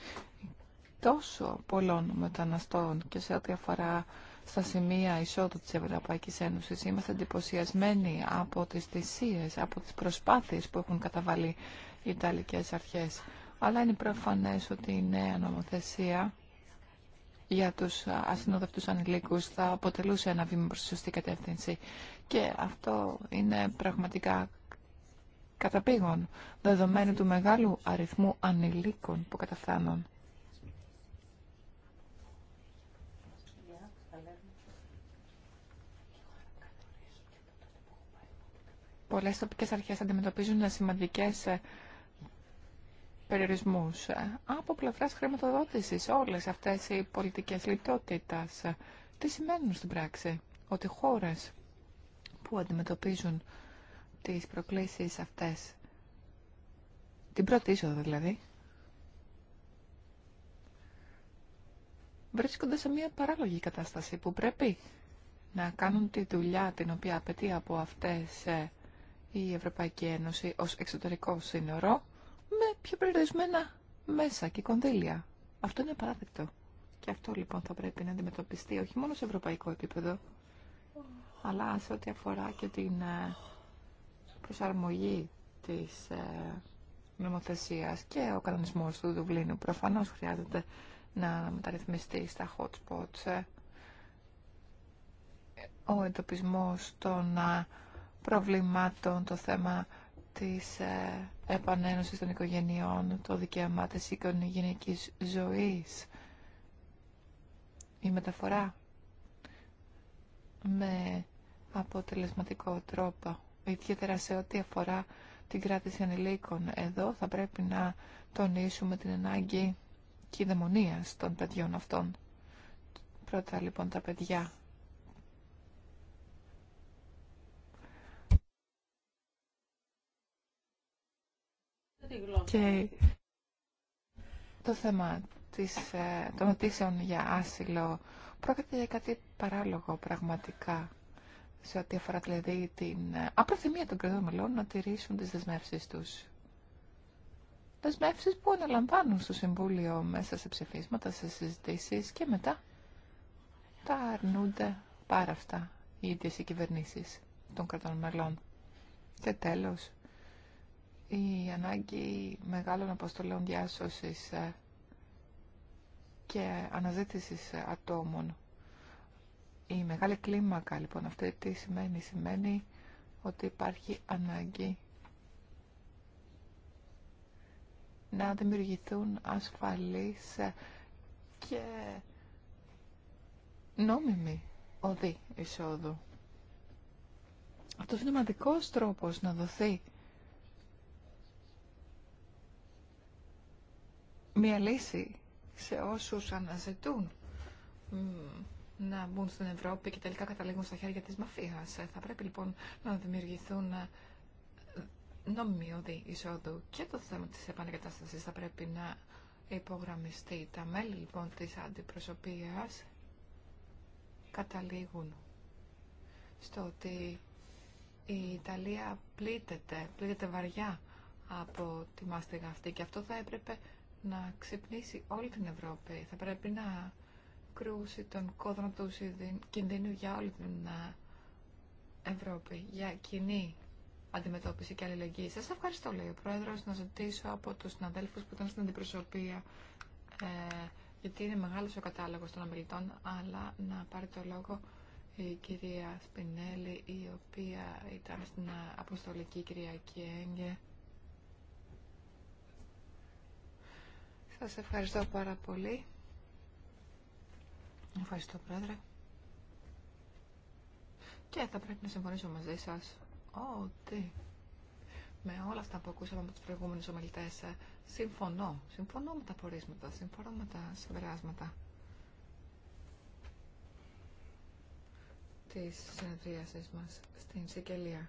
τόσο πολλών μεταναστών και σε ό,τι αφορά στα σημεία εισόδου της Ευρωπαϊκής Ένωσης. Είμαστε εντυπωσιασμένοι από τις θυσίες, από τις προσπάθειες που έχουν καταβάλει οι Ιταλικές αρχές. Αλλά είναι προφανές ότι η νέα νομοθεσία για τους ασυνόδευτους ανηλίκους θα αποτελούσε ένα βήμα προς σωστή κατεύθυνση. Και αυτό είναι πραγματικά καταπήγον, δεδομένου του μεγάλου αριθμού ανηλίκων που καταφθάνουν. Πολλές τοπικές αρχές αντιμετωπίζουν σημαντικές ε, περιορισμούς από πλευράς χρηματοδότησης. Όλες αυτές οι πολιτικές λιτότητας τι σημαίνουν στην πράξη. Ότι χώρες που αντιμετωπίζουν τις προκλήσεις αυτές, την πρώτη δηλαδή, βρίσκονται σε μια παράλογη κατάσταση που πρέπει να κάνουν τη δουλειά την οποία απαιτεί από αυτές ε, η Ευρωπαϊκή Ένωση ως εξωτερικό σύνορο με πιο περιορισμένα μέσα και κονδύλια. Αυτό είναι παράδεκτο. Και αυτό λοιπόν θα πρέπει να αντιμετωπιστεί όχι μόνο σε ευρωπαϊκό επίπεδο, αλλά σε ό,τι αφορά και την ε, προσαρμογή της ε, νομοθεσίας και ο κανονισμός του Δουβλίνου προφανώς χρειάζεται να μεταρρυθμιστεί στα hot spots ε. ο εντοπισμός των προβλημάτων, το θέμα της ε, επανένωσης των οικογενειών, το δικαίωμα της οικογενειακής ζωής, η μεταφορά με αποτελεσματικό τρόπο, ιδιαίτερα σε ό,τι αφορά την κράτηση ανηλίκων. Εδώ θα πρέπει να τονίσουμε την ανάγκη κυδαιμονίας των παιδιών αυτών. Πρώτα λοιπόν τα παιδιά Και το θέμα της, ε, των αιτήσεων για άσυλο πρόκειται για κάτι παράλογο πραγματικά σε ό,τι αφορά δηλαδή την ε, απροθυμία των κρατών μελών να τηρήσουν τις δεσμεύσεις τους. Δεσμεύσεις που αναλαμβάνουν στο Συμβούλιο μέσα σε ψηφίσματα, σε συζητήσεις και μετά τα αρνούνται πάρα αυτά οι ίδιες οι κυβερνήσεις των κρατών μελών. Και τέλος, η ανάγκη μεγάλων αποστολών διάσωσης ε, και αναζήτησης ε, ατόμων. Η μεγάλη κλίμακα λοιπόν αυτή τι σημαίνει. Σημαίνει ότι υπάρχει ανάγκη να δημιουργηθούν ασφαλείς ε, και νόμιμοι οδοί εισόδου. Αυτό είναι ο τρόπος να δοθεί μία λύση σε όσους αναζητούν να μπουν στην Ευρώπη και τελικά καταλήγουν στα χέρια της μαφίας. Θα πρέπει λοιπόν να δημιουργηθούν ε, νόμιμοι εισόδου και το θέμα της επανεκατάστασης θα πρέπει να υπογραμμιστεί. Τα μέλη λοιπόν της αντιπροσωπείας καταλήγουν στο ότι η Ιταλία πλήττεται, πλήττεται βαριά από τη μάστιγα αυτή και αυτό θα έπρεπε να ξυπνήσει όλη την Ευρώπη. Θα πρέπει να κρούσει τον κόδωνα του κινδύνου για όλη την ε, Ευρώπη, για κοινή αντιμετώπιση και αλληλεγγύη. Σας ευχαριστώ, λέει ο Πρόεδρος, να ζητήσω από τους συναδέλφους που ήταν στην αντιπροσωπεία, ε, γιατί είναι μεγάλος ο κατάλογος των ομιλητών, αλλά να πάρει το λόγο η κυρία Σπινέλη, η οποία ήταν στην ε, αποστολική Κυριακή έγκαι Σας ευχαριστώ πάρα πολύ. Ευχαριστώ, Πρόεδρε. Και θα πρέπει να συμφωνήσω μαζί σας ότι με όλα αυτά που ακούσαμε από τους προηγούμενους ομιλητές ε, συμφωνώ. Συμφωνώ με τα πορίσματα, συμφωνώ με τα συμπεράσματα της συνεδρίασης μας στην Σικελία.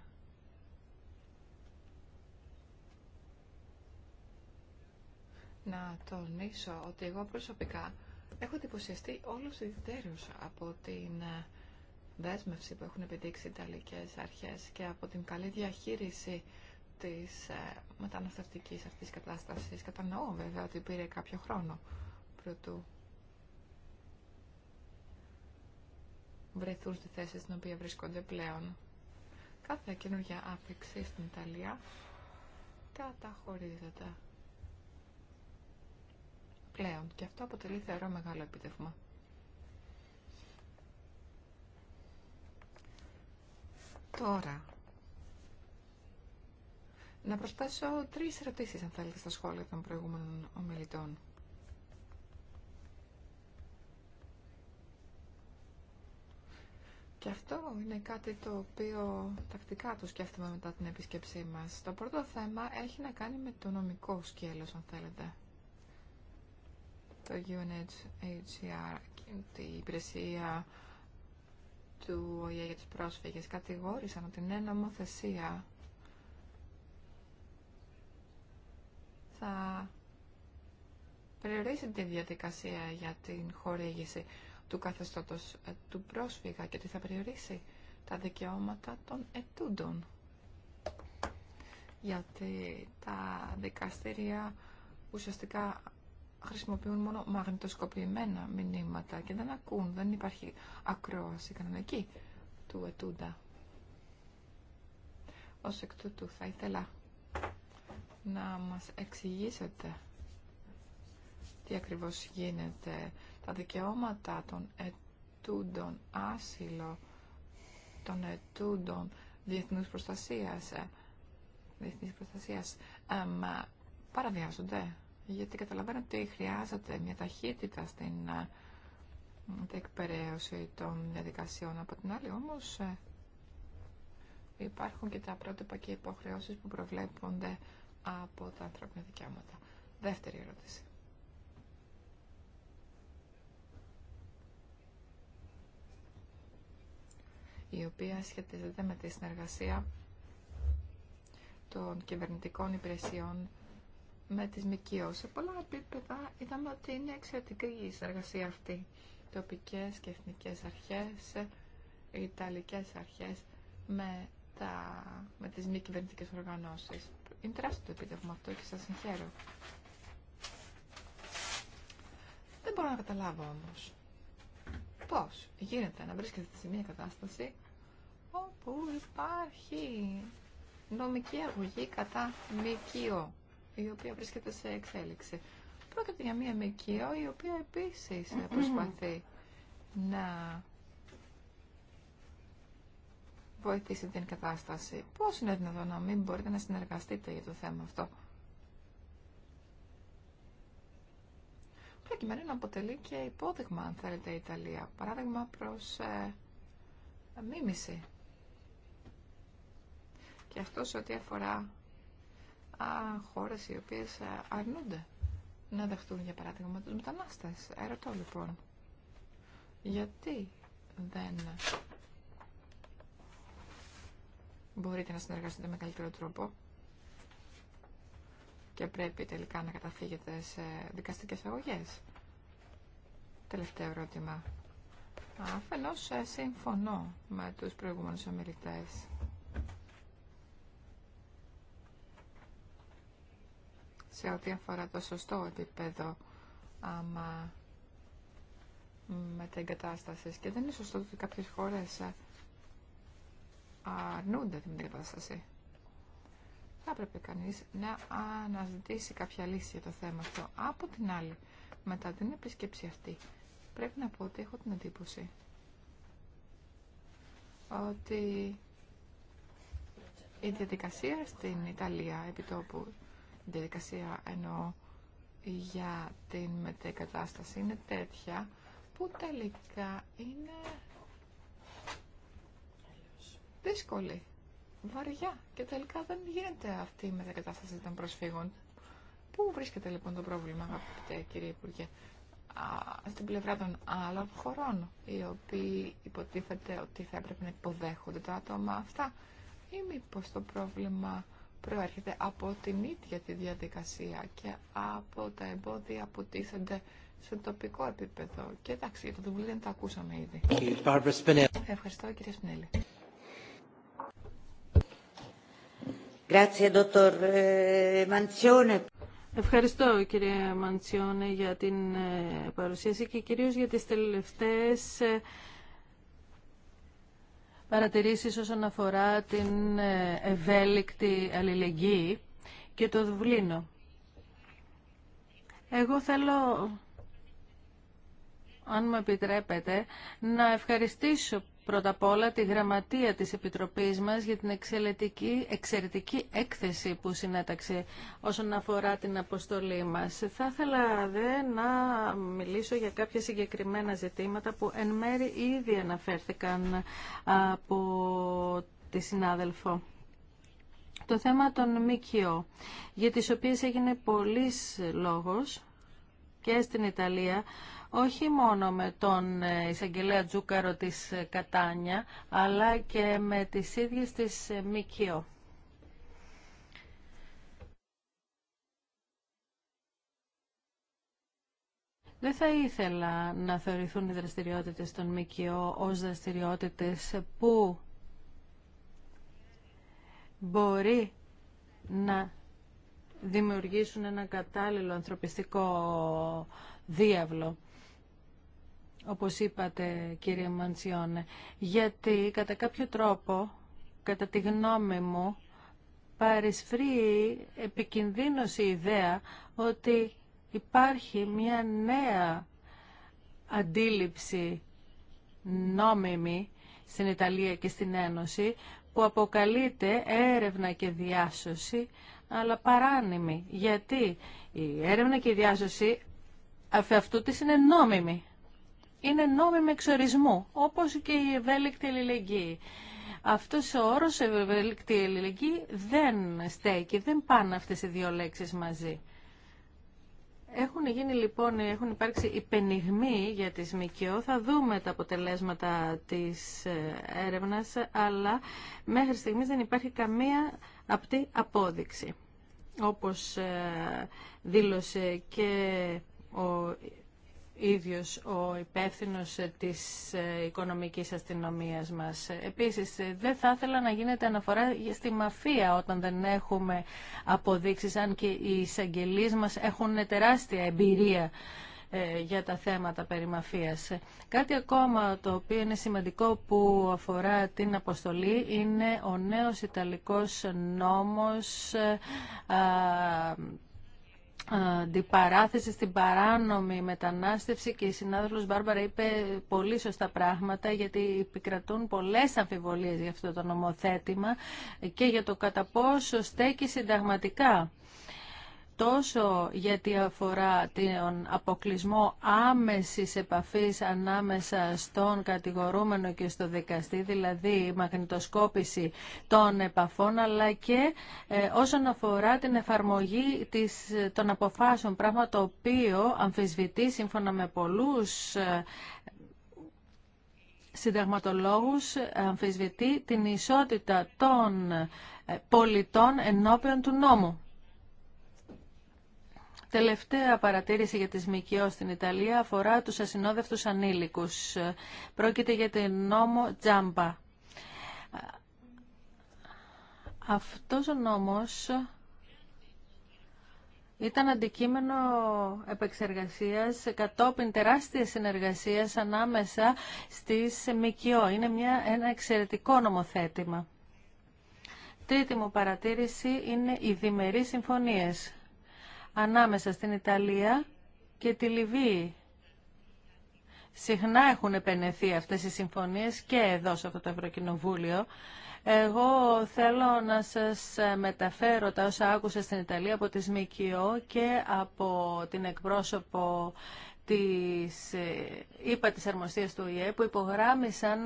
να τονίσω ότι εγώ προσωπικά έχω εντυπωσιαστεί όλους ιδιαίτερους από την ε, δέσμευση που έχουν επιδείξει οι Ιταλικές αρχές και από την καλή διαχείριση της ε, μεταναστευτικής αυτής κατάστασης. Κατανοώ βέβαια ότι πήρε κάποιο χρόνο πρωτού βρεθούν στη θέση στην οποία βρίσκονται πλέον. Κάθε καινούργια άφηξη στην Ιταλία καταχωρίζεται πλέον και αυτό αποτελεί θεωρώ μεγάλο επιτεύγμα. Τώρα, να προσθέσω τρεις ερωτήσεις αν θέλετε στα σχόλια των προηγούμενων ομιλητών. Και αυτό είναι κάτι το οποίο τακτικά το σκέφτομαι μετά την επίσκεψή μας. Το πρώτο θέμα έχει να κάνει με το νομικό σκέλος, αν θέλετε το UNHCR, την υπηρεσία του ΟΗΕ για τους πρόσφυγες, κατηγόρησαν ότι είναι νομοθεσία θα περιορίσει τη διαδικασία για την χορήγηση του καθεστώτος ε, του πρόσφυγα και ότι θα περιορίσει τα δικαιώματα των ετούντων. Γιατί τα δικαστήρια ουσιαστικά χρησιμοποιούν μόνο μαγνητοσκοπημένα μηνύματα και δεν ακούν, δεν υπάρχει ακρόαση κανονική του ετούντα. Ως εκ τούτου θα ήθελα να μας εξηγήσετε τι ακριβώς γίνεται τα δικαιώματα των ετούντων άσυλο, των ετούντων διεθνούς προστασίας, ε, διεθνής προστασίας εμ, παραβιάζονται γιατί καταλαβαίνω ότι χρειάζεται μια ταχύτητα στην ε, εκπαιρέωση των διαδικασιών. Από την άλλη όμως ε, υπάρχουν και τα πρότυπα και υποχρεώσεις που προβλέπονται από τα ανθρώπινα δικαιώματα. Δεύτερη ερώτηση. η οποία σχετίζεται με τη συνεργασία των κυβερνητικών υπηρεσιών με τις ΜΚΙΟ. Σε πολλά επίπεδα είδαμε ότι είναι εξαιρετική η συνεργασία αυτή. Τοπικές και εθνικές αρχές, ιταλικές αρχές με, τα, με τις μη κυβερνητικέ οργανώσεις. Είναι τεράστιο το επίτευγμα αυτό και σας συγχαίρω. Δεν μπορώ να καταλάβω όμως πώς γίνεται να βρίσκεται σε μια κατάσταση όπου υπάρχει νομική αγωγή κατά μικείο η οποία βρίσκεται σε εξέλιξη. Πρόκειται για μία μικείο η οποία επίσης προσπαθεί να βοηθήσει την κατάσταση. Πώς είναι δυνατόν να μην μπορείτε να συνεργαστείτε για το θέμα αυτό. Προκειμένου να αποτελεί και υπόδειγμα, αν θέλετε, η Ιταλία. Παράδειγμα προς ε, μίμηση. Και αυτό σε ό,τι αφορά χώρες οι οποίες ε, αρνούνται να δεχτούν για παράδειγμα τους μετανάστες. Ερωτώ λοιπόν, γιατί δεν μπορείτε να συνεργαστείτε με καλύτερο τρόπο και πρέπει τελικά να καταφύγετε σε δικαστικές αγωγές. Τελευταίο ερώτημα. Αφενός ε, συμφωνώ με τους προηγούμενους ομιλητές σε ό,τι αφορά το σωστό επίπεδο άμα Και δεν είναι σωστό ότι κάποιες χώρες αρνούνται την μετεγκατάσταση. Θα έπρεπε κανείς να αναζητήσει κάποια λύση για το θέμα αυτό. Από την άλλη, μετά την επίσκεψη αυτή, πρέπει να πω ότι έχω την εντύπωση ότι η διαδικασία στην Ιταλία επιτόπου διαδικασία εννοώ για την μετεκατάσταση είναι τέτοια που τελικά είναι δύσκολη, βαριά και τελικά δεν γίνεται αυτή η μετεκατάσταση των προσφύγων. Πού βρίσκεται λοιπόν το πρόβλημα, αγαπητέ κύριε Υπουργέ, στην πλευρά των άλλων χωρών, οι οποίοι υποτίθεται ότι θα έπρεπε να υποδέχονται τα άτομα αυτά, ή μήπω το πρόβλημα προέρχεται από την ίδια τη διαδικασία και από τα εμπόδια που τίθενται σε τοπικό επίπεδο. Και εντάξει, για το δουλειά τα ακούσαμε ήδη. Ευχαριστώ, κύριε Σπινέλη. Eh, Ευχαριστώ κύριε Μαντσιόνε για την ε, παρουσίαση και κυρίως για τις τελευταίες ε, παρατηρήσεις όσον αφορά την ε, ευέλικτη αλληλεγγύη και το Δουβλίνο. Εγώ θέλω αν μου επιτρέπετε, να ευχαριστήσω πρώτα απ' όλα τη γραμματεία της Επιτροπής μας για την εξαιρετική, εξαιρετική έκθεση που συνέταξε όσον αφορά την αποστολή μας. Θα ήθελα δε να μιλήσω για κάποια συγκεκριμένα ζητήματα που εν μέρη ήδη αναφέρθηκαν από τη συνάδελφο το θέμα των ΜΚΟ, για τις οποίες έγινε πολλής λόγος και στην Ιταλία, όχι μόνο με τον ε, εισαγγελέα Τζούκαρο της ε, Κατάνια, αλλά και με τις ίδιες της ε, ΜΚΙΟ. Δεν θα ήθελα να θεωρηθούν οι δραστηριότητες των ΜΚΟ ως δραστηριότητες που μπορεί να δημιουργήσουν ένα κατάλληλο ανθρωπιστικό διάβλο όπως είπατε κύριε Μαντσιόνε, γιατί κατά κάποιο τρόπο, κατά τη γνώμη μου, παρισφρεί επικινδύνωση η ιδέα ότι υπάρχει μια νέα αντίληψη νόμιμη στην Ιταλία και στην Ένωση που αποκαλείται έρευνα και διάσωση αλλά παράνομη. Γιατί η έρευνα και η διάσωση αφ' αυτού της είναι νόμιμη είναι νόμιμη εξορισμού, όπως και η ευέλικτη αλληλεγγύη. Αυτός ο όρος ευέλικτη αλληλεγγύη δεν στέκει, δεν πάνε αυτές οι δύο λέξεις μαζί. Έχουν γίνει λοιπόν, έχουν υπάρξει υπενιγμοί για τη ΜΚΟ, θα δούμε τα αποτελέσματα της ε, έρευνας, αλλά μέχρι στιγμής δεν υπάρχει καμία απτή απόδειξη. Όπως ε, δήλωσε και ο ίδιος ο υπεύθυνο της ε, οικονομικής αστυνομίας μας. Επίσης, ε, δεν θα ήθελα να γίνεται αναφορά στη μαφία όταν δεν έχουμε αποδείξεις, αν και οι εισαγγελείς μας έχουν τεράστια εμπειρία ε, για τα θέματα περί μαφίας. Κάτι ακόμα το οποίο είναι σημαντικό που αφορά την αποστολή είναι ο νέος Ιταλικός νόμος αντιπαράθεση στην παράνομη μετανάστευση και η συνάδελφος Μπάρμπαρα είπε πολύ σωστά πράγματα γιατί επικρατούν πολλές αμφιβολίες για αυτό το νομοθέτημα και για το κατά πόσο στέκει συνταγματικά τόσο γιατί αφορά τον αποκλεισμό άμεσης επαφής ανάμεσα στον κατηγορούμενο και στο δικαστή, δηλαδή η μαγνητοσκόπηση των επαφών, αλλά και ε, όσον αφορά την εφαρμογή της, των αποφάσεων, πράγμα το οποίο αμφισβητεί σύμφωνα με πολλούς ε, συνταγματολόγους αμφισβητεί την ισότητα των ε, πολιτών ενώπιον του νόμου. Τελευταία παρατήρηση για τις ΜΚΟ στην Ιταλία αφορά τους ασυνόδευτους ανήλικους. Πρόκειται για την νόμο Τζάμπα. Αυτός ο νόμος ήταν αντικείμενο επεξεργασίας κατόπιν τεράστια συνεργασίας ανάμεσα στις ΜΚΟ. Είναι μια, ένα εξαιρετικό νομοθέτημα. Τρίτη μου παρατήρηση είναι οι διμερείς συμφωνίες ανάμεσα στην Ιταλία και τη Λιβύη. Συχνά έχουν επενεθεί αυτές οι συμφωνίες και εδώ σε αυτό το Ευρωκοινοβούλιο. Εγώ θέλω να σας μεταφέρω τα όσα άκουσα στην Ιταλία από τη ΣΜΚΙΟ και από την εκπρόσωπο της ε, είπα της του ΙΕ που υπογράμμισαν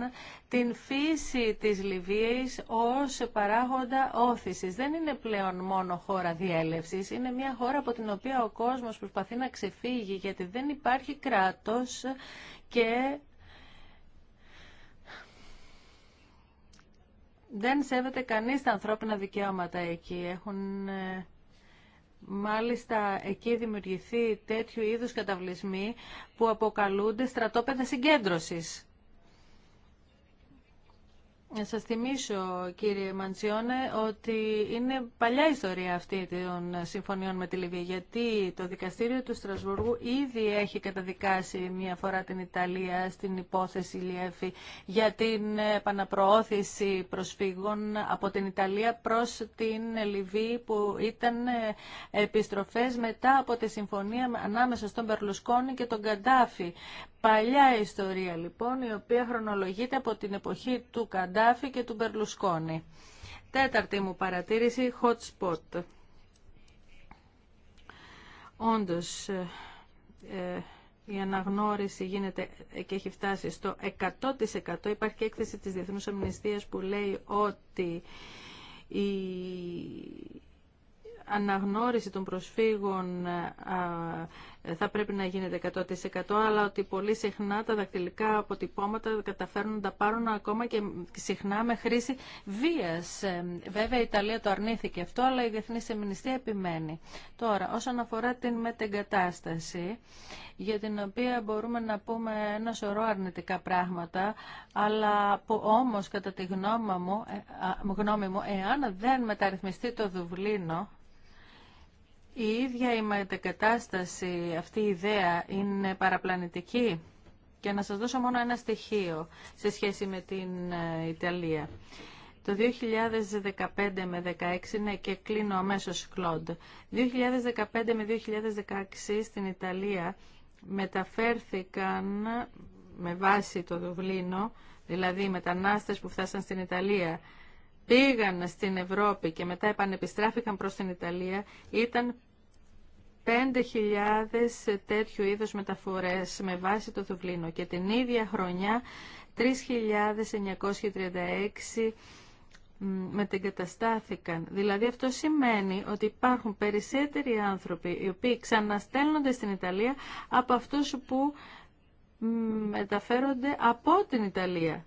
την φύση της Λιβύης ως παράγοντα όθησης. Δεν είναι πλέον μόνο χώρα διέλευσης, είναι μια χώρα από την οποία ο κόσμος προσπαθεί να ξεφύγει γιατί δεν υπάρχει κράτος και δεν σέβεται κανείς τα ανθρώπινα δικαιώματα εκεί. Έχουν ε, Μάλιστα, εκεί δημιουργηθεί τέτοιου είδους καταβλισμοί που αποκαλούνται στρατόπεδα συγκέντρωσης σας θυμίσω κύριε Μαντσιόνε ότι είναι παλιά ιστορία αυτή των συμφωνιών με τη Λιβύη γιατί το δικαστήριο του Στρασβουργού ήδη έχει καταδικάσει μια φορά την Ιταλία στην υπόθεση Λιέφη για την επαναπροώθηση προσφύγων από την Ιταλία προς την Λιβύη που ήταν επιστροφές μετά από τη συμφωνία ανάμεσα στον Περλουσκόνη και τον Καντάφη παλιά ιστορία λοιπόν η οποία χρονολογείται από την εποχή του Καντάφη και του Μπερλουσκόνη. Τέταρτη μου παρατήρηση, hot spot. Όντως, ε, ε, η αναγνώριση γίνεται και έχει φτάσει στο 100%. Υπάρχει και έκθεση της Διεθνούς Αμνηστίας που λέει ότι η αναγνώριση των προσφύγων θα πρέπει να γίνεται 100% αλλά ότι πολύ συχνά τα δακτυλικά αποτυπώματα καταφέρνουν να τα πάρουν ακόμα και συχνά με χρήση βίας. Ε, βέβαια η Ιταλία το αρνήθηκε αυτό αλλά η Διεθνή Σεμινιστή επιμένει. Τώρα όσον αφορά την μετεγκατάσταση για την οποία μπορούμε να πούμε ένα σωρό αρνητικά πράγματα αλλά που όμως κατά τη γνώμη μου, ε, γνώμη μου εάν δεν μεταρρυθμιστεί το Δουβλίνο η ίδια η μετακατάσταση αυτή η ιδέα είναι παραπλανητική. Και να σας δώσω μόνο ένα στοιχείο σε σχέση με την ε, Ιταλία. Το 2015 με 2016, ναι και κλείνω αμέσως Κλοντ. 2015 με 2016 στην Ιταλία μεταφέρθηκαν με βάση το Δουβλίνο, δηλαδή οι μετανάστες που φτάσαν στην Ιταλία πήγαν στην Ευρώπη και μετά επανεπιστράφηκαν προς την Ιταλία ήταν 5.000 τέτοιου είδους μεταφορές με βάση το Δουβλίνο και την ίδια χρονιά 3.936 μετεγκαταστάθηκαν. Δηλαδή αυτό σημαίνει ότι υπάρχουν περισσότεροι άνθρωποι οι οποίοι ξαναστέλνονται στην Ιταλία από αυτούς που μεταφέρονται από την Ιταλία.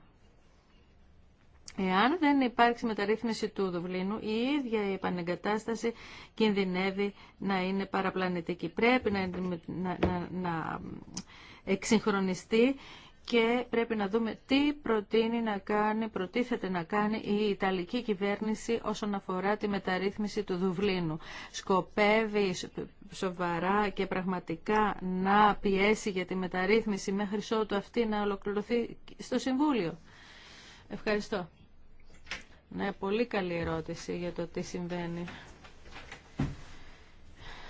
Εάν δεν υπάρξει μεταρρύθμιση του Δουβλίνου, η ίδια η επανεγκατάσταση κινδυνεύει να είναι παραπλανητική. Πρέπει να, να, να, εξυγχρονιστεί και πρέπει να δούμε τι προτείνει να κάνει, προτίθεται να κάνει η Ιταλική κυβέρνηση όσον αφορά τη μεταρρύθμιση του Δουβλίνου. Σκοπεύει σοβαρά και πραγματικά να πιέσει για τη μεταρρύθμιση μέχρι ότου αυτή να ολοκληρωθεί στο Συμβούλιο. Ευχαριστώ. Ναι, πολύ καλή ερώτηση για το τι συμβαίνει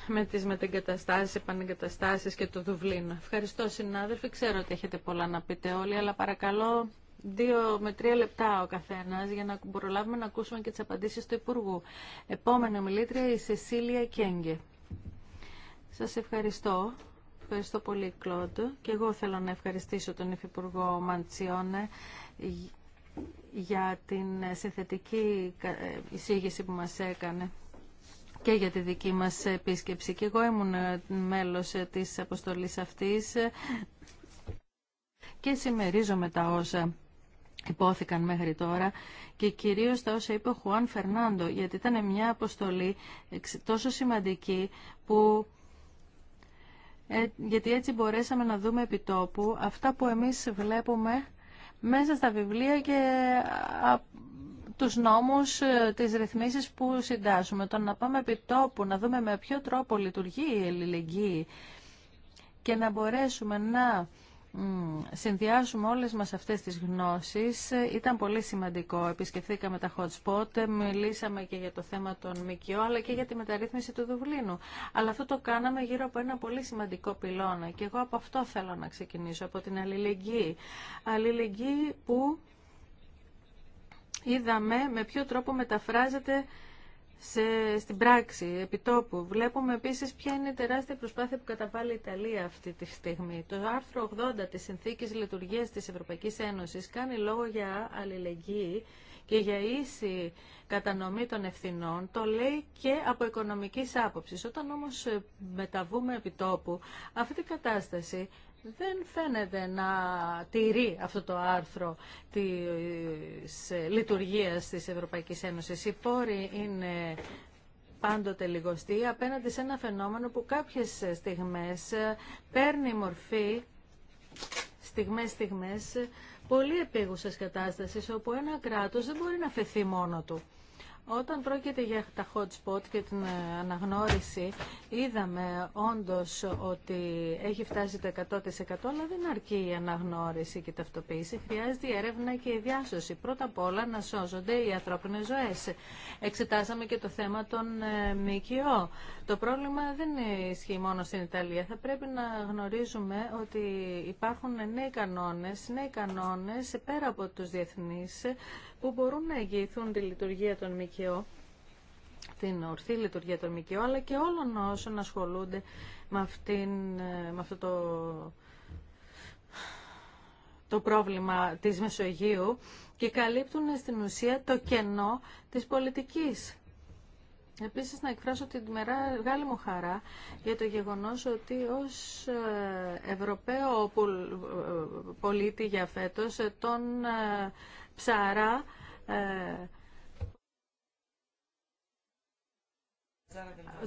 με τις μετεγκαταστάσεις, επανεγκαταστάσεις και το Δουβλίνο. Ευχαριστώ συνάδελφοι, ξέρω ότι έχετε πολλά να πείτε όλοι, αλλά παρακαλώ δύο με τρία λεπτά ο καθένας για να προλάβουμε να ακούσουμε και τις απαντήσεις του Υπουργού. Επόμενη μιλήτρια η Σεσίλια Κέγγε. Σας ευχαριστώ. Ευχαριστώ πολύ, Κλόντ. Και εγώ θέλω να ευχαριστήσω τον Υφυπουργό Μαντσιόνε για την συνθετική ε, εισήγηση που μας έκανε και για τη δική μας επίσκεψη. Και εγώ ήμουν ε, μέλος ε, της αποστολής αυτής και συμμερίζομαι τα όσα υπόθηκαν μέχρι τώρα και κυρίως τα όσα είπε ο Χουάν Φερνάντο, γιατί ήταν μια αποστολή τόσο σημαντική που γιατί έτσι μπορέσαμε να δούμε επιτόπου αυτά που εμείς βλέπουμε μέσα στα βιβλία και τους νόμους, ε, τις ρυθμίσεις που συντάσσουμε. Το να πάμε επί τόπου, να δούμε με ποιο τρόπο λειτουργεί η ελληνική και να μπορέσουμε να Συνδυάσουμε όλες μας αυτές τις γνώσεις. Ήταν πολύ σημαντικό. Επισκεφθήκαμε τα hot spot, μιλήσαμε και για το θέμα των ΜΚΟ, αλλά και για τη μεταρρύθμιση του Δουβλίνου. Αλλά αυτό το κάναμε γύρω από ένα πολύ σημαντικό πυλώνα. Και εγώ από αυτό θέλω να ξεκινήσω, από την αλληλεγγύη. Αλληλεγγύη που είδαμε με ποιο τρόπο μεταφράζεται σε, στην πράξη, επιτόπου. Βλέπουμε επίση ποια είναι η τεράστια προσπάθεια που καταβάλει η Ιταλία αυτή τη στιγμή. Το άρθρο 80 της Συνθήκης Λειτουργίας της Ευρωπαϊκής Ένωσης κάνει λόγο για αλληλεγγύη και για ίση κατανομή των ευθυνών, το λέει και από οικονομικής άποψης. Όταν όμως μεταβούμε επιτόπου, αυτή η κατάσταση δεν φαίνεται να τηρεί αυτό το άρθρο της ε, λειτουργίας της Ευρωπαϊκής Ένωσης. Οι πόροι είναι πάντοτε λιγοστοί απέναντι σε ένα φαινόμενο που κάποιες στιγμές ε, παίρνει μορφή στιγμές-στιγμές ε, πολύ επίγουσες κατάστασης όπου ένα κράτος δεν μπορεί να φεθεί μόνο του. Όταν πρόκειται για τα hot spot και την ε, αναγνώριση, είδαμε όντως ότι έχει φτάσει το 100% αλλά δεν αρκεί η αναγνώριση και η ταυτοποίηση. Χρειάζεται η έρευνα και η διάσωση. Πρώτα απ' όλα να σώζονται οι ανθρώπινες ζωές. Εξετάσαμε και το θέμα των ε, ΜΚΟ. Το πρόβλημα δεν ισχύει μόνο στην Ιταλία. Θα πρέπει να γνωρίζουμε ότι υπάρχουν νέοι κανόνες, νέοι κανόνες πέρα από τους διεθνείς που μπορούν να εγγυηθούν τη λειτουργία των ΜΚΟ την ορθή λειτουργία των ΜΚΟ, αλλά και όλων όσων ασχολούνται με, αυτήν, ε, με αυτό το, το πρόβλημα της Μεσογείου και καλύπτουν στην ουσία το κενό της πολιτικής. Επίσης να εκφράσω την μεγάλη μου χαρά για το γεγονός ότι ως ε, Ευρωπαίο ε, πολίτη για φέτος τον ψαρά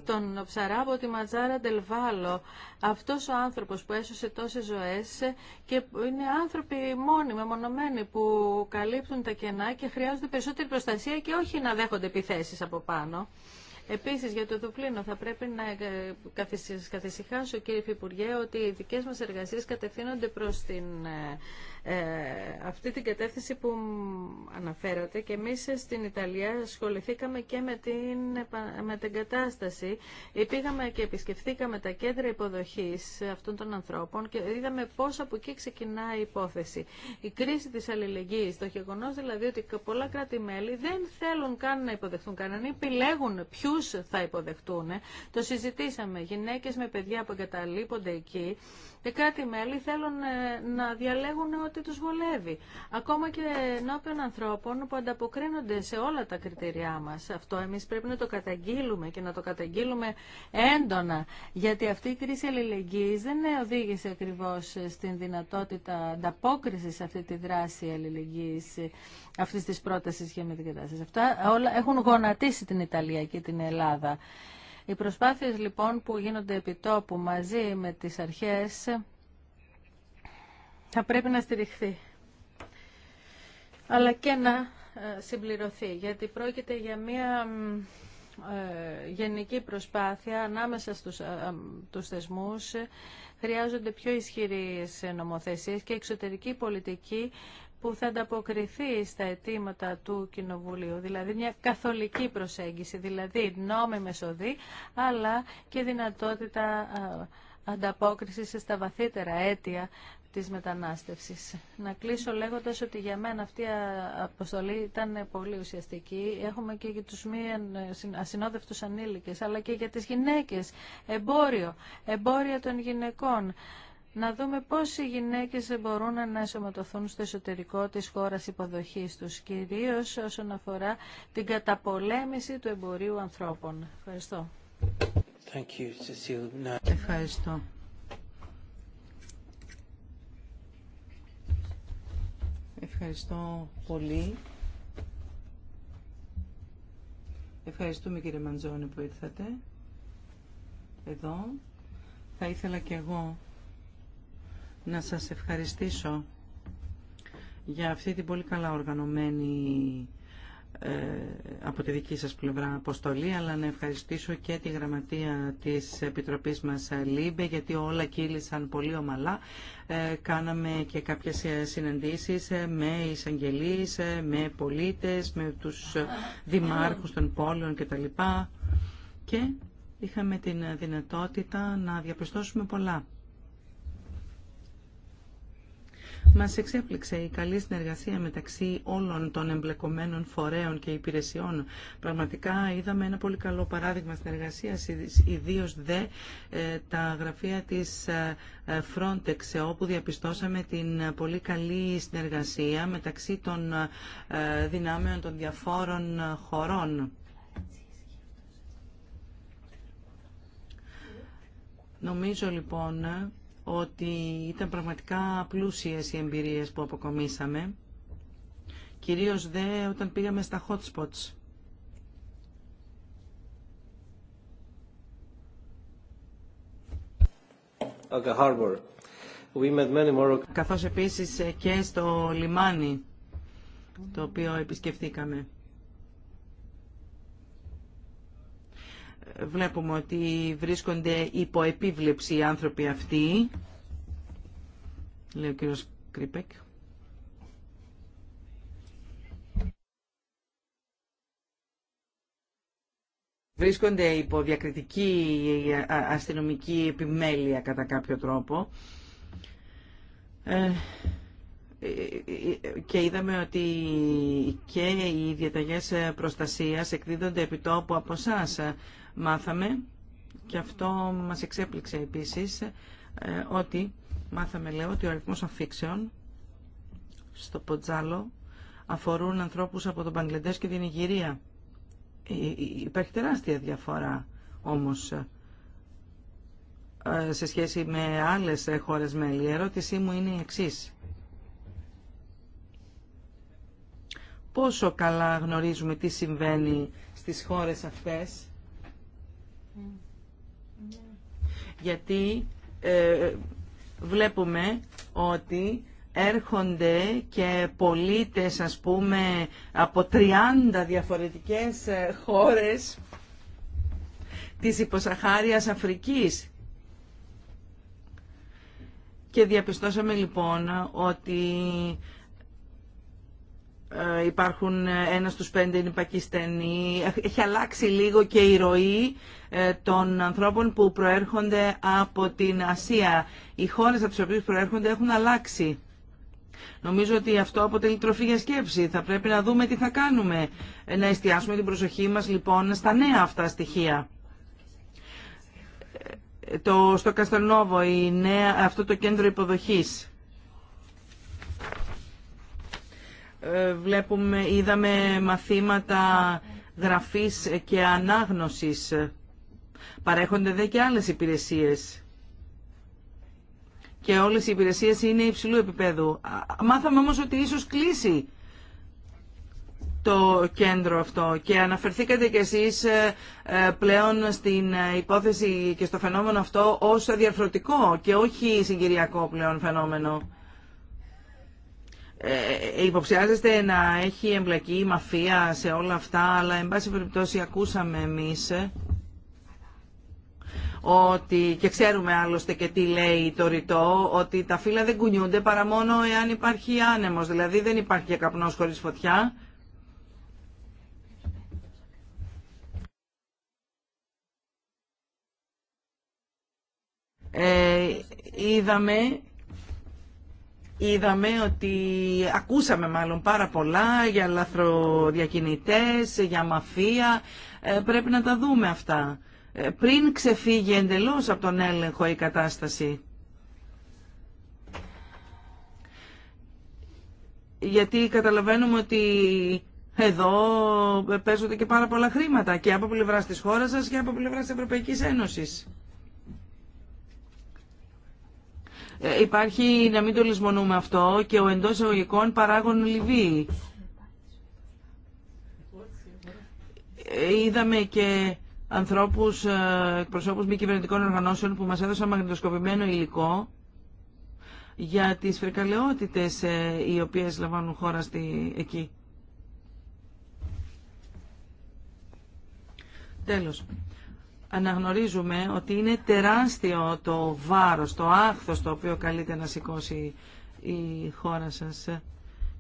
τον ψαρά από τη Ματζάρα Ντελβάλο. Αυτός ο άνθρωπος που έσωσε τόσες ζωές και είναι άνθρωποι μόνοι, μεμονωμένοι που καλύπτουν τα κενά και χρειάζονται περισσότερη προστασία και όχι να δέχονται επιθέσεις από πάνω. Επίσης για το Δουβλίνο θα πρέπει να ε, καθησυχάσω κύριε Υφυπουργέ ότι οι δικές μας εργασίες κατευθύνονται προς την ε, ε, αυτή την κατεύθυνση που αναφέρατε και εμείς στην Ιταλία ασχοληθήκαμε και με την, με την κατάσταση. Πήγαμε και επισκεφθήκαμε τα κέντρα υποδοχής αυτών των ανθρώπων και είδαμε πώς από εκεί ξεκινά η υπόθεση. Η κρίση της αλληλεγγύης, το γεγονό δηλαδή ότι πολλά κράτη-μέλη δεν θέλουν καν να υποδεχτούν κανέναν, επιλέγουν ποιου θα υποδεχτούν. Το συζητήσαμε, γυναίκες με παιδιά που εγκαταλείπονται εκεί. Τα κράτη-μέλη θέλουν ε, να διαλέγουν ό,τι τους βολεύει. Ακόμα και ενώπιον ανθρώπων που ανταποκρίνονται σε όλα τα κριτήριά μας. Αυτό εμείς πρέπει να το καταγγείλουμε και να το καταγγείλουμε έντονα. Γιατί αυτή η κρίση αλληλεγγύης δεν οδήγησε ακριβώς στην δυνατότητα ανταπόκρισης σε αυτή τη δράση αλληλεγγύης αυτής της πρότασης για κατάσταση. Αυτά όλα έχουν γονατίσει την Ιταλία και την Ελλάδα. Οι προσπάθειες λοιπόν που γίνονται επί τόπου μαζί με τις αρχές θα πρέπει να στηριχθεί αλλά και να ε, συμπληρωθεί γιατί πρόκειται για μια ε, γενική προσπάθεια ανάμεσα στους, ε, τους θεσμούς χρειάζονται πιο ισχυρές νομοθεσίες και εξωτερική πολιτική που θα ανταποκριθεί στα αιτήματα του Κοινοβουλίου, δηλαδή μια καθολική προσέγγιση, δηλαδή με σοδή, αλλά και δυνατότητα ανταπόκρισης στα βαθύτερα αίτια της μετανάστευσης. Να κλείσω λέγοντας ότι για μένα αυτή η αποστολή ήταν πολύ ουσιαστική. Έχουμε και για τους μη ασυνόδευτους ανήλικες, αλλά και για τις γυναίκες. Εμπόριο, εμπόρια των γυναικών. Να δούμε πώς οι γυναίκες μπορούν να ενσωματωθούν στο εσωτερικό της χώρας υποδοχής τους, κυρίως όσον αφορά την καταπολέμηση του εμπορίου ανθρώπων. Ευχαριστώ. Thank you, Ευχαριστώ. Ευχαριστώ πολύ. Ευχαριστούμε κύριε Μαντζόνη που ήρθατε εδώ. Θα ήθελα και εγώ να σας ευχαριστήσω για αυτή την πολύ καλά οργανωμένη ε, από τη δική σας πλευρά αποστολή, αλλά να ευχαριστήσω και τη γραμματεία της Επιτροπής μας ε, ΛΥΜΠΕ, γιατί όλα κύλησαν πολύ ομαλά. Ε, κάναμε και κάποιες συναντήσεις με εισαγγελείς, με πολίτες, με τους δημάρχους των πόλεων κτλ. Και είχαμε την δυνατότητα να διαπιστώσουμε πολλά. Μας εξέπληξε η καλή συνεργασία μεταξύ όλων των εμπλεκομένων φορέων και υπηρεσιών. Πραγματικά είδαμε ένα πολύ καλό παράδειγμα συνεργασίας, ιδίω δε ε, τα γραφεία της ε, ε, Frontex, όπου διαπιστώσαμε την πολύ καλή συνεργασία μεταξύ των δυνάμεων των διαφόρων χωρών. Νομίζω λοιπόν ότι ήταν πραγματικά πλούσιες οι εμπειρίες που αποκομίσαμε, κυρίως δε όταν πήγαμε στα hot spots. Okay, Καθώς επίσης και στο λιμάνι, το οποίο επισκεφθήκαμε. βλέπουμε ότι βρίσκονται υπό επίβλεψη οι άνθρωποι αυτοί. Λέει ο κύριος Κρυπέκ. Βρίσκονται υπό διακριτική αστυνομική επιμέλεια κατά κάποιο τρόπο. Ε, και είδαμε ότι και οι διαταγές προστασίας εκδίδονται επιτόπου τόπου από εσά Μάθαμε, και αυτό μας εξέπληξε επίσης, ε, ότι μάθαμε λέω ότι ο αριθμός αφήξεων στο Ποτζάλο αφορούν ανθρώπους από τον Παγκλεντές και την Ιγυρία. Ε, ε, υπάρχει τεράστια διαφορά όμως σε σχέση με άλλες χώρες μέλη. Η ερώτησή μου είναι η εξής. Πόσο καλά γνωρίζουμε τι συμβαίνει στις χώρες αυτές γιατί ε, βλέπουμε ότι έρχονται και πολίτες ας πούμε από 30 διαφορετικές ε, χώρες της υποσαχάριας Αφρικής. Και διαπιστώσαμε λοιπόν ότι ε, υπάρχουν ένα στους πέντε είναι Πακιστανοί. Έχει αλλάξει λίγο και η ροή ε, των ανθρώπων που προέρχονται από την Ασία. Οι χώρες από τις οποίες προέρχονται έχουν αλλάξει. Νομίζω ότι αυτό αποτελεί τροφή για σκέψη. Θα πρέπει να δούμε τι θα κάνουμε. Ε, να εστιάσουμε την προσοχή μας λοιπόν στα νέα αυτά στοιχεία. Το, στο Καστανόβο, η νέα, αυτό το κέντρο υποδοχής Ε, βλέπουμε, είδαμε μαθήματα γραφής και ανάγνωσης. Παρέχονται δε και άλλες υπηρεσίες. Και όλες οι υπηρεσίες είναι υψηλού επίπεδου. Μάθαμε όμως ότι ίσως κλείσει το κέντρο αυτό και αναφερθήκατε κι εσείς ε, ε, πλέον στην υπόθεση και στο φαινόμενο αυτό ως διαφορετικό και όχι συγκυριακό πλέον φαινόμενο. Ε, ε, υποψιάζεστε να έχει εμπλακεί η μαφία σε όλα αυτά, αλλά εν πάση περιπτώσει ακούσαμε εμείς ε, ότι, και ξέρουμε άλλωστε και τι λέει το ρητό, ότι τα φύλλα δεν κουνιούνται παρά μόνο εάν υπάρχει άνεμος, δηλαδή δεν υπάρχει καπνός χωρίς φωτιά. Ε, είδαμε Είδαμε ότι ακούσαμε μάλλον πάρα πολλά για λαθροδιακινητές, για μαφία. Ε, πρέπει να τα δούμε αυτά. Ε, πριν ξεφύγει εντελώς από τον έλεγχο η κατάσταση. Γιατί καταλαβαίνουμε ότι εδώ παίζονται και πάρα πολλά χρήματα και από πλευρά της χώρας σας και από πλευρά της Ευρωπαϊκής Ένωσης. υπάρχει, να μην το λησμονούμε αυτό, και ο εντός εγωγικών παράγων Λιβύη. Είδαμε και ανθρώπους, ε, εκπροσώπους μη κυβερνητικών οργανώσεων που μας έδωσαν μαγνητοσκοπημένο υλικό για τις φρικαλαιότητες ε, οι οποίες λαμβάνουν χώρα στη, εκεί. Τέλος αναγνωρίζουμε ότι είναι τεράστιο το βάρος, το άχθος το οποίο καλείται να σηκώσει η χώρα σας.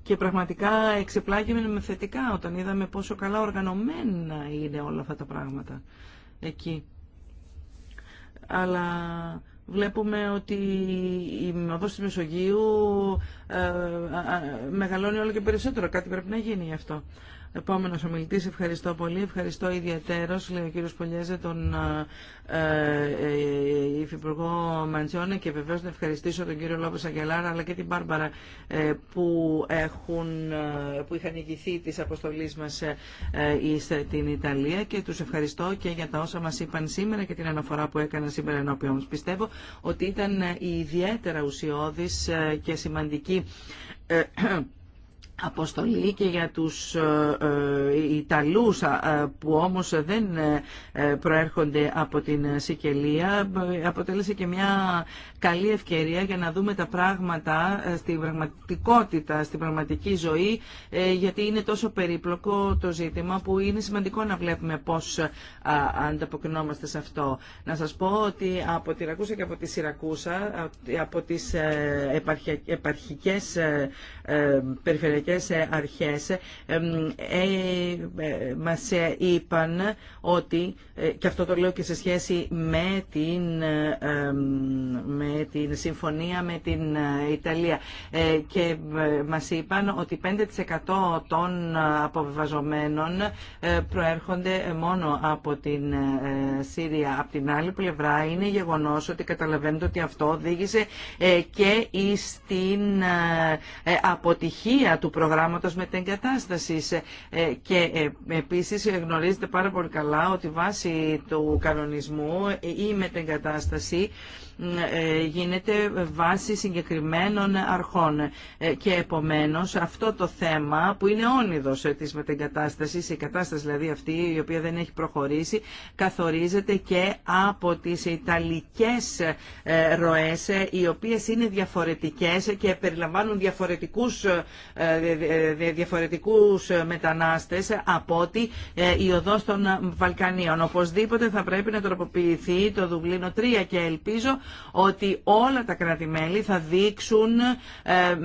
Και πραγματικά εξεπλάγιμε με θετικά όταν είδαμε πόσο καλά οργανωμένα είναι όλα αυτά τα πράγματα εκεί. Αλλά βλέπουμε ότι η οδός της Μεσογείου ε, μεγαλώνει όλο και περισσότερο. Κάτι πρέπει να γίνει γι' αυτό. Επόμενο ομιλητή, ευχαριστώ πολύ. Ευχαριστώ ιδιαίτερω, λέει ο κύριο Πολιέζε, τον ε, ε, υφυπουργό Μαντζιόνε και βεβαίω να ευχαριστήσω τον κύριο Λόπε Αγγελάρα αλλά και την Μπάρμπαρα ε, που, έχουν, που είχαν ηγηθεί τη αποστολή μα στην Ιταλία και του ευχαριστώ και για τα όσα μα είπαν σήμερα και την αναφορά που έκανα σήμερα ενώπιον μα. Πιστεύω ότι ήταν ιδιαίτερα ουσιώδη και σημαντική αποστολή και για τους ε, ε, Ιταλούς ε, που όμως δεν προέρχονται από την Σικελία αποτέλεσε και μια καλή ευκαιρία για να δούμε τα πράγματα στην πραγματικότητα, στην πραγματική ζωή γιατί είναι τόσο περίπλοκο το ζήτημα που είναι σημαντικό να βλέπουμε πώς ανταποκρινόμαστε σε αυτό. Να σας πω ότι από τη Ρακούσα και από τη Σιρακούσα από τις επαρχικές περιφερειακές σε αρχές ε, ε, μας ε, είπαν ότι, και αυτό το λέω και σε σχέση με την, με την συμφωνία με την Ιταλία, και μας είπαν ότι 5% των αποβεβαζομένων προέρχονται μόνο από την Σύρια. Από την άλλη πλευρά είναι γεγονός ότι καταλαβαίνετε ότι αυτό οδήγησε και στην αποτυχία του προγράμματος μετεγκατάσταση. Ε, και ε, επίσης γνωρίζετε πάρα πολύ καλά ότι βάσει του κανονισμού η μετεγκατάσταση ε, γίνεται βάσει συγκεκριμένων αρχών. Ε, και επομένως αυτό το θέμα που είναι όνειδος ε, της μετεγκατάστασης, η κατάσταση δηλαδή αυτή η οποία δεν έχει προχωρήσει, καθορίζεται και από τις ιταλικές ροές οι οποίες είναι διαφορετικές και περιλαμβάνουν διαφορετικούς, διαφορετικούς μετανάστες από ότι η οδός των Βαλκανίων. Οπωσδήποτε θα πρέπει να τροποποιηθεί το Δουβλίνο 3 και ελπίζω ότι όλα τα κράτη-μέλη θα δείξουν ε,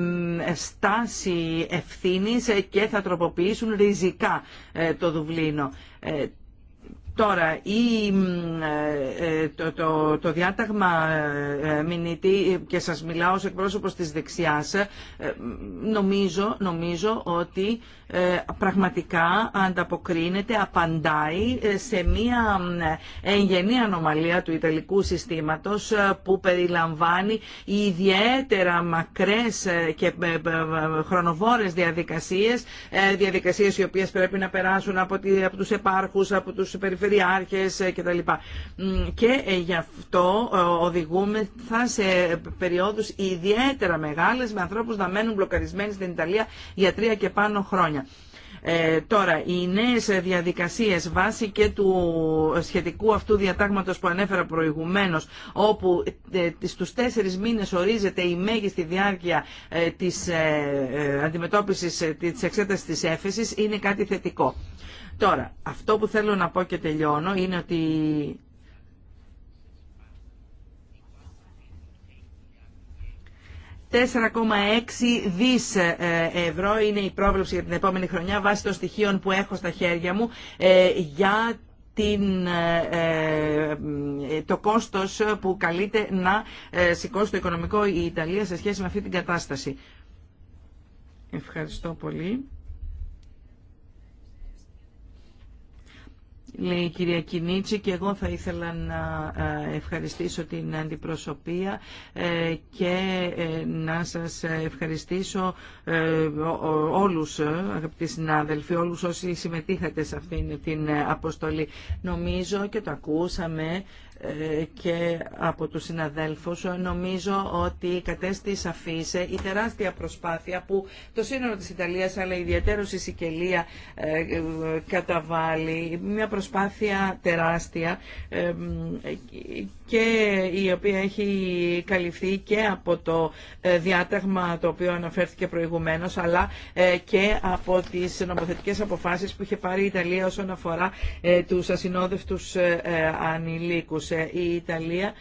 στάση ευθύνης και θα τροποποιήσουν ριζικά ε, το Δουβλίνο. Ε, Τώρα, η, ε, ε, το, το, διάταγμα ε, μηνύτη και σας μιλάω ως εκπρόσωπος της δεξιάς, νομίζω, νομίζω ότι πραγματικά ανταποκρίνεται, απαντάει σε μία εγγενή ανομαλία του Ιταλικού συστήματος που περιλαμβάνει ιδιαίτερα μακρές και χρονοβόρες διαδικασίες, διαδικασίες οι οποίες πρέπει να περάσουν από, από τους επάρχους, από τους περιφερειακούς, τα ε, κτλ. Και ε, γι' αυτό ε, οδηγούμε θα σε περιόδου ιδιαίτερα μεγάλες με ανθρώπου να μένουν μπλοκαρισμένοι στην Ιταλία για τρία και πάνω χρόνια. τώρα, οι νέε διαδικασίε βάσει και του σχετικού αυτού διατάγματο που ανέφερα προηγουμένω, όπου ε, στου τέσσερι μήνε ορίζεται η μέγιστη διάρκεια ε, τη αντιμετώπιση τη εξέταση τη έφεση, είναι κάτι θετικό. Τώρα, αυτό που θέλω να πω και τελειώνω είναι ότι ...4,6 δις ε, ευρώ είναι η πρόβλεψη για την επόμενη χρονιά... ...βάσει των στοιχείων που έχω στα χέρια μου ε, για την, ε, το κόστος που καλείται να σηκώσει το οικονομικό η Ιταλία... ...σε σχέση με αυτή την κατάσταση. Ευχαριστώ πολύ. λέει η κυρία Κινίτσι και εγώ θα ήθελα να ε, ευχαριστήσω την αντιπροσωπεία ε, και ε, να σας ευχαριστήσω όλους αγαπητοί συνάδελφοι, όλους όσοι συμμετείχατε σε αυτήν την αποστολή. Νομίζω και το ακούσαμε και από τους συναδέλφους νομίζω ότι κατέστη σαφής ε, η τεράστια προσπάθεια που το σύνολο της Ιταλίας αλλά ιδιαίτερως η Σικελία ε, ε, καταβάλει μια προσπάθεια τεράστια και η οποία έχει καλυφθεί και από το ε, διάταγμα το οποίο αναφέρθηκε προηγουμένως αλλά ε, και από τις νομοθετικές αποφάσεις που είχε πάρει η Ιταλία όσον αφορά ε, τους ασυνόδευτους ανηλίκους. Η Ιταλία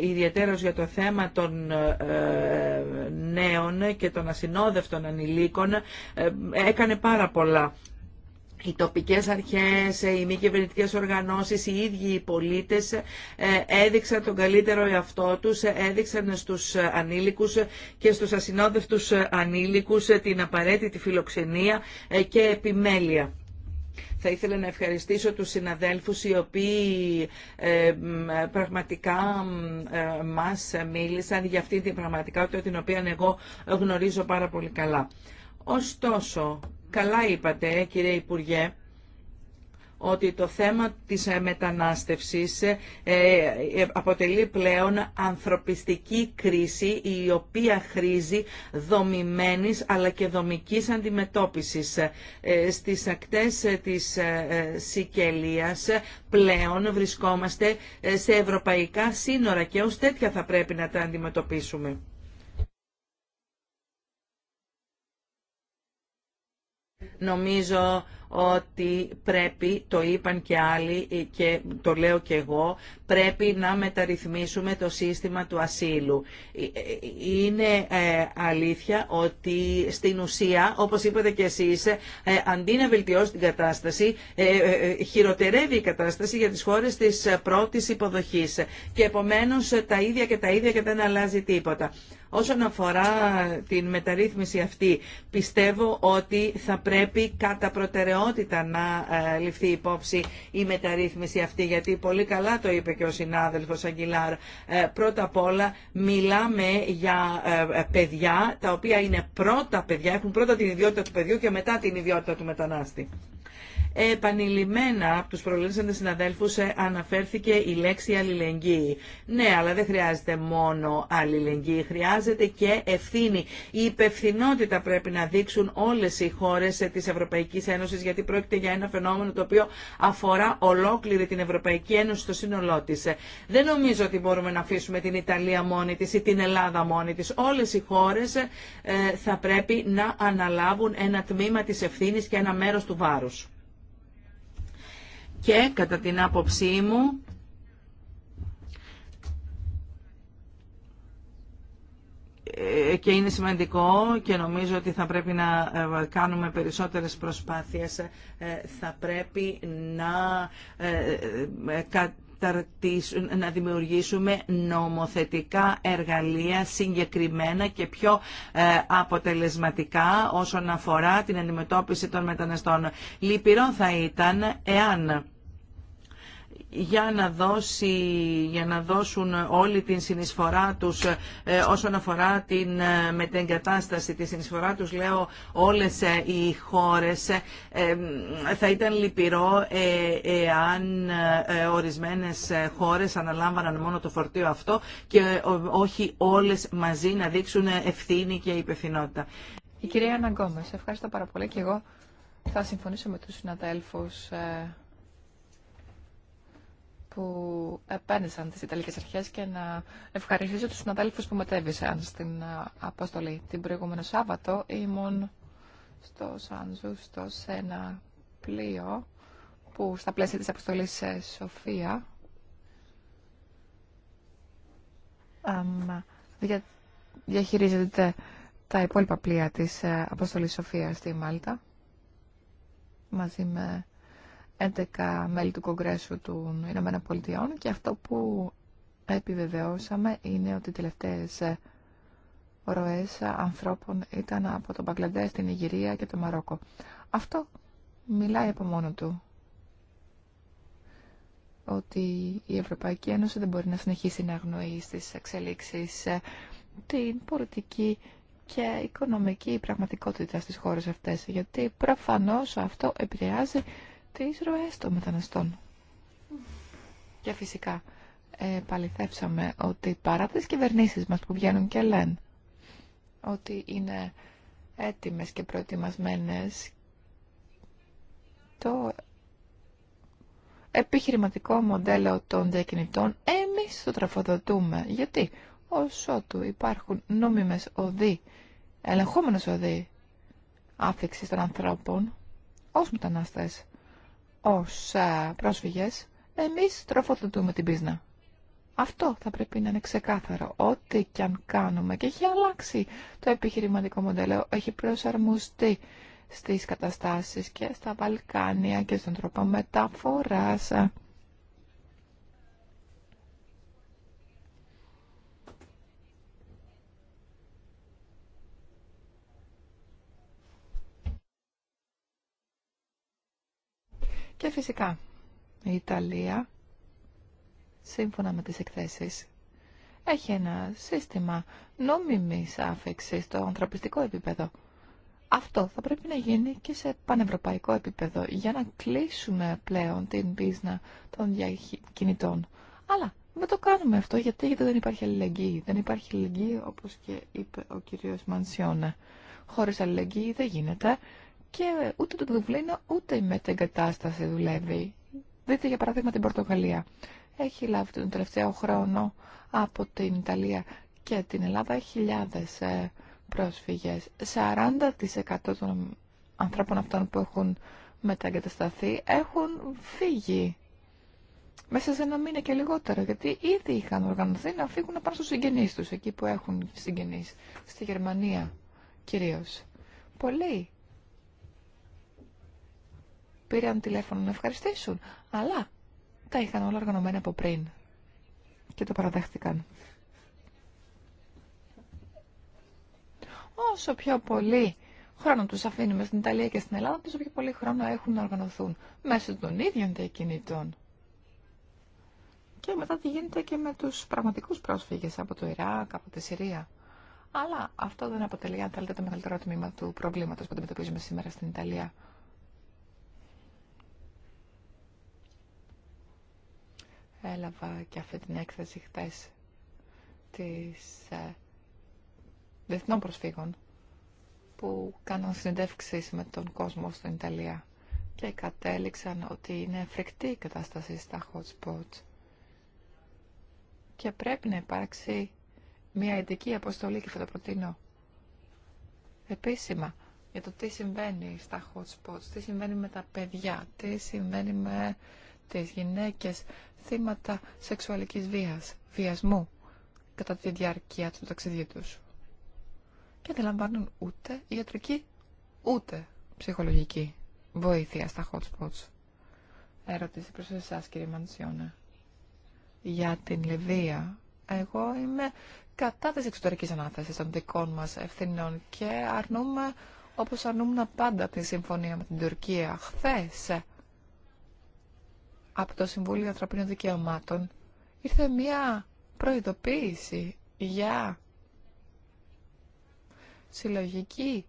ιδιαίτερος για το θέμα των νέων και των ασυνόδευτων ανηλίκων έκανε πάρα πολλά οι τοπικές αρχές, οι μη κυβερνητικές οργανώσεις, οι ίδιοι οι πολίτες ε, έδειξαν τον καλύτερο εαυτό τους, ε, έδειξαν στους ανήλικους και στους ασυνόδευτους ανήλικους ε, την απαραίτητη φιλοξενία και επιμέλεια. Θα ήθελα να ευχαριστήσω τους συναδέλφους οι οποίοι πραγματικά μας μίλησαν για αυτή την πραγματικότητα την οποία εγώ γνωρίζω πάρα πολύ καλά. Ωστόσο, Καλά είπατε κύριε Υπουργέ ότι το θέμα της ε, μετανάστευσης ε, ε, αποτελεί πλέον ανθρωπιστική κρίση η οποία χρήζει δομημένης αλλά και δομικής αντιμετώπισης. Στις ακτές της Σικελίας πλέον βρισκόμαστε σε ευρωπαϊκά σύνορα και ως τέτοια θα πρέπει να τα αντιμετωπίσουμε. Νομίζω ότι πρέπει, το είπαν και άλλοι και το λέω και εγώ, πρέπει να μεταρρυθμίσουμε το σύστημα του ασύλου. Είναι ε, αλήθεια ότι στην ουσία, όπως είπατε και εσείς, ε, αντί να βελτιώσει την κατάσταση, ε, χειροτερεύει η κατάσταση για τις χώρες της πρώτης υποδοχής. Και επομένως τα ίδια και τα ίδια και δεν αλλάζει τίποτα. Όσον αφορά την μεταρρύθμιση αυτή, πιστεύω ότι θα πρέπει κατά προτεραιότητα να ε, ληφθεί υπόψη η μεταρρύθμιση αυτή, γιατί πολύ καλά το είπε και ο συνάδελφος Αγγιλάρ. Ε, πρώτα απ' όλα μιλάμε για ε, παιδιά τα οποία είναι πρώτα παιδιά, έχουν πρώτα την ιδιότητα του παιδιού και μετά την ιδιότητα του μετανάστη επανειλημμένα από τους προλήσαντες συναδέλφους ε, αναφέρθηκε η λέξη αλληλεγγύη. Ναι, αλλά δεν χρειάζεται μόνο αλληλεγγύη, χρειάζεται και ευθύνη. Η υπευθυνότητα πρέπει να δείξουν όλες οι χώρες ε, της Ευρωπαϊκής Ένωσης, γιατί πρόκειται για ένα φαινόμενο το οποίο αφορά ολόκληρη την Ευρωπαϊκή Ένωση στο σύνολό της. Ε, δεν νομίζω ότι μπορούμε να αφήσουμε την Ιταλία μόνη της ή την Ελλάδα μόνη της. Όλες οι χώρες θα πρέπει να αναλάβουν ένα τμήμα της ευθύνης και ένα μέρος του βάρους και κατά την άποψή μου ε, και είναι σημαντικό και νομίζω ότι θα πρέπει να ε, κάνουμε περισσότερες προσπάθειες. Ε, θα πρέπει να να δημιουργήσουμε νομοθετικά εργαλεία συγκεκριμένα και πιο αποτελεσματικά όσον αφορά την αντιμετώπιση των μεταναστών. Λυπηρό θα ήταν εάν για να, δώσει, για να δώσουν όλη την συνεισφορά τους ε, όσον αφορά την ε, μετεγκατάσταση τη συνεισφορά τους λέω όλες ε, οι χώρες θα ήταν λυπηρό εάν ορισμένες χώρες αναλάμβαναν μόνο το φορτίο αυτό και όχι όλες μαζί να δείξουν ευθύνη και υπευθυνότητα. Η κυρία Αναγκόμες, ευχαριστώ πάρα πολύ και εγώ θα συμφωνήσω με τους συναδέλφους που επένδυσαν τις Ιταλικές Αρχές και να ευχαριστήσω τους συναδέλφους που μετέβησαν στην ε, αποστολή. Την προηγούμενο Σάββατο ήμουν στο Σάντζου, στο σε ένα πλοίο που στα πλαίσια της αποστολής σε Σοφία δια, διαχειρίζεται τα υπόλοιπα πλοία της ε, αποστολής Σοφία στη Μάλτα μαζί με 11 μέλη του Κογκρέσου των Ηνωμένων Πολιτειών και αυτό που επιβεβαιώσαμε είναι ότι οι τελευταίες ε, ροές ε, ανθρώπων ήταν από τον Παγκλαντές, την Ιγυρία και το Μαρόκο. Αυτό μιλάει από μόνο του ότι η Ευρωπαϊκή Ένωση δεν μπορεί να συνεχίσει να αγνοεί στις εξελίξεις ε, την πολιτική και οικονομική πραγματικότητα στις χώρες αυτές, γιατί προφανώς αυτό επηρεάζει τι ροές των μεταναστών. Και φυσικά παληθεύσαμε ότι παρά τις κυβερνήσεις μας που βγαίνουν και λένε ότι είναι έτοιμες και προετοιμασμένες το επιχειρηματικό μοντέλο των διακινητών εμείς το τραφοδοτούμε. Γιατί όσο του υπάρχουν νόμιμες οδοί, ελεγχόμενες οδοί άφηξης των ανθρώπων ως μετανάστες ως α, πρόσφυγες, εμείς τροφοδοτούμε την πίσνα. Αυτό θα πρέπει να είναι ξεκάθαρο. Ό,τι και αν κάνουμε και έχει αλλάξει το επιχειρηματικό μοντέλο, έχει προσαρμοστεί στις καταστάσεις και στα Βαλκάνια και στον τρόπο μεταφοράς Και φυσικά η Ιταλία, σύμφωνα με τις εκθέσεις, έχει ένα σύστημα νόμιμης άφηξης στο ανθρωπιστικό επίπεδο. Αυτό θα πρέπει να γίνει και σε πανευρωπαϊκό επίπεδο για να κλείσουμε πλέον την πίσνα των διακινητών. Αλλά δεν το κάνουμε αυτό γιατί, δεν υπάρχει αλληλεγγύη. Δεν υπάρχει αλληλεγγύη όπως και είπε ο κύριος Μανσιώνα. Χωρίς αλληλεγγύη δεν γίνεται και ούτε το Δουβλίνο ούτε η μετεγκατάσταση δουλεύει. Δείτε για παράδειγμα την Πορτογαλία. Έχει λάβει τον τελευταίο χρόνο από την Ιταλία και την Ελλάδα χιλιάδες ε, πρόσφυγες. 40% των ανθρώπων αυτών που έχουν μετεγκατασταθεί έχουν φύγει μέσα σε ένα μήνα και λιγότερο, γιατί ήδη είχαν οργανωθεί να φύγουν να στους συγγενείς τους, εκεί που έχουν συγγενείς, στη Γερμανία κυρίως. Πολλοί πήραν τηλέφωνο να ευχαριστήσουν, αλλά τα είχαν όλα οργανωμένα από πριν και το παραδέχτηκαν. Όσο πιο πολύ χρόνο τους αφήνουμε στην Ιταλία και στην Ελλάδα, τόσο πιο πολύ χρόνο έχουν να οργανωθούν μέσω των ίδιων διακινητών. Και μετά τι γίνεται και με τους πραγματικούς πρόσφυγες από το Ιράκ, από τη Συρία. Αλλά αυτό δεν αποτελεί, αν θέλετε, το μεγαλύτερο τμήμα του προβλήματος που αντιμετωπίζουμε σήμερα στην Ιταλία. Έλαβα και αυτή την έκθεση χθες της ε, διεθνών προσφύγων που κάναν συνεντεύξεις με τον κόσμο στην Ιταλία και κατέληξαν ότι είναι φρικτή η κατάσταση στα hot spots και πρέπει να υπάρξει μια ειδική αποστολή και θα το προτείνω επίσημα για το τι συμβαίνει στα hot spots, τι συμβαίνει με τα παιδιά, τι συμβαίνει με τις γυναίκες θύματα σεξουαλικής βίας, βιασμού κατά τη διάρκεια του ταξιδιού τους. Και δεν λαμβάνουν ούτε ιατρική, ούτε ψυχολογική βοήθεια στα hot spots. Ερώτηση προς εσάς κύριε Μαντσιώνα. Για την Λιβύα, εγώ είμαι κατά της εξωτερικής ανάθεσης των δικών μας ευθυνών και αρνούμε όπως αρνούμουν πάντα τη συμφωνία με την Τουρκία. Χθες από το Συμβούλιο Ανθρωπίνων Δικαιωμάτων ήρθε μία προειδοποίηση για συλλογική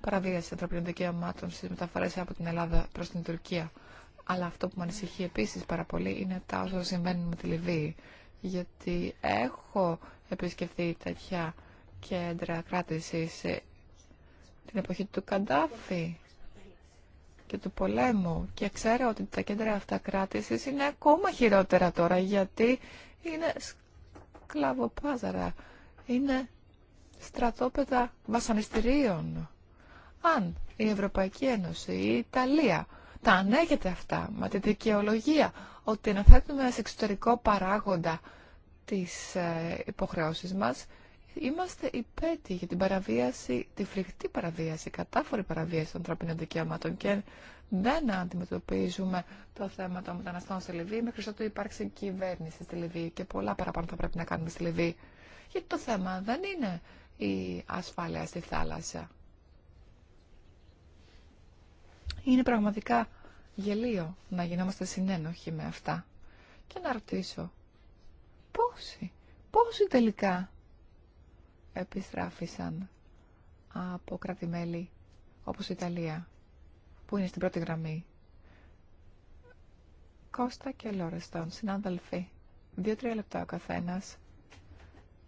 παραβίαση ανθρωπίνων δικαιωμάτων στις μεταφορές από την Ελλάδα προς την Τουρκία. Αλλά αυτό που με ανησυχεί επίσης πάρα πολύ είναι τα όσα συμβαίνουν με τη Λιβύη. Γιατί έχω επισκεφθεί τέτοια κέντρα κράτησης την εποχή του Καντάφη και του πολέμου και ξέρω ότι τα κέντρα αυτά κράτησης είναι ακόμα χειρότερα τώρα γιατί είναι σκλαβοπάζαρα, είναι στρατόπεδα βασανιστήριων. Αν η Ευρωπαϊκή Ένωση, η Ιταλία τα ανέχεται αυτά με τη δικαιολογία ότι αναθέτουμε σε εξωτερικό παράγοντα τις ε, υποχρεώσεις μας, είμαστε υπέτη για την παραβίαση, τη φρικτή παραβίαση, κατάφορη παραβίαση των ανθρωπίνων δικαιωμάτων και δεν αντιμετωπίζουμε το θέμα των μεταναστών στη Λιβύη μέχρι ότου υπάρξει κυβέρνηση στη Λιβύη και πολλά παραπάνω θα πρέπει να κάνουμε στη Λιβύη. Γιατί το θέμα δεν είναι η ασφάλεια στη θάλασσα. Είναι πραγματικά γελίο να γινόμαστε συνένοχοι με αυτά. Και να ρωτήσω, πόσοι, πόσοι τελικά επιστράφησαν από κράτη-μέλη όπως η Ιταλία, που είναι στην πρώτη γραμμή. Κώστα και Λόρεστον, συνάδελφοι, δύο-τρία λεπτά ο καθένας,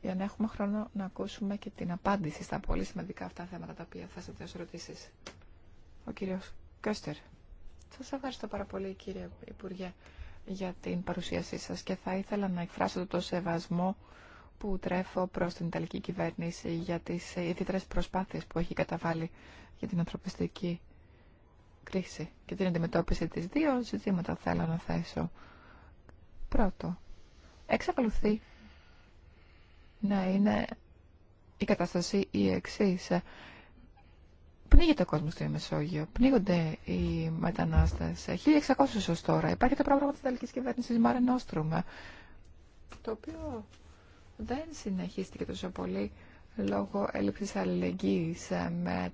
για να έχουμε χρόνο να ακούσουμε και την απάντηση στα πολύ σημαντικά αυτά θέματα τα οποία θέσατε δώσω ερωτήσεις. Ο κύριος Κέστερ. Σας ευχαριστώ πάρα πολύ κύριε Υπουργέ για την παρουσίασή σας και θα ήθελα να εκφράσω το σεβασμό που τρέφω προς την Ιταλική κυβέρνηση για τις ιδιαίτερες προσπάθειες που έχει καταβάλει για την ανθρωπιστική κρίση και την αντιμετώπιση της. Δύο ζητήματα θέλω να θέσω. Πρώτο, εξακολουθεί να είναι η κατάσταση η εξή. Πνίγεται ο κόσμο στο Μεσόγειο, πνίγονται οι μετανάστε. 1600 ω τώρα. Υπάρχει το πρόγραμμα τη Ιταλική κυβέρνηση Μάρεν το οποίο δεν συνεχίστηκε τόσο πολύ λόγω έλλειψης αλληλεγγύης ε, με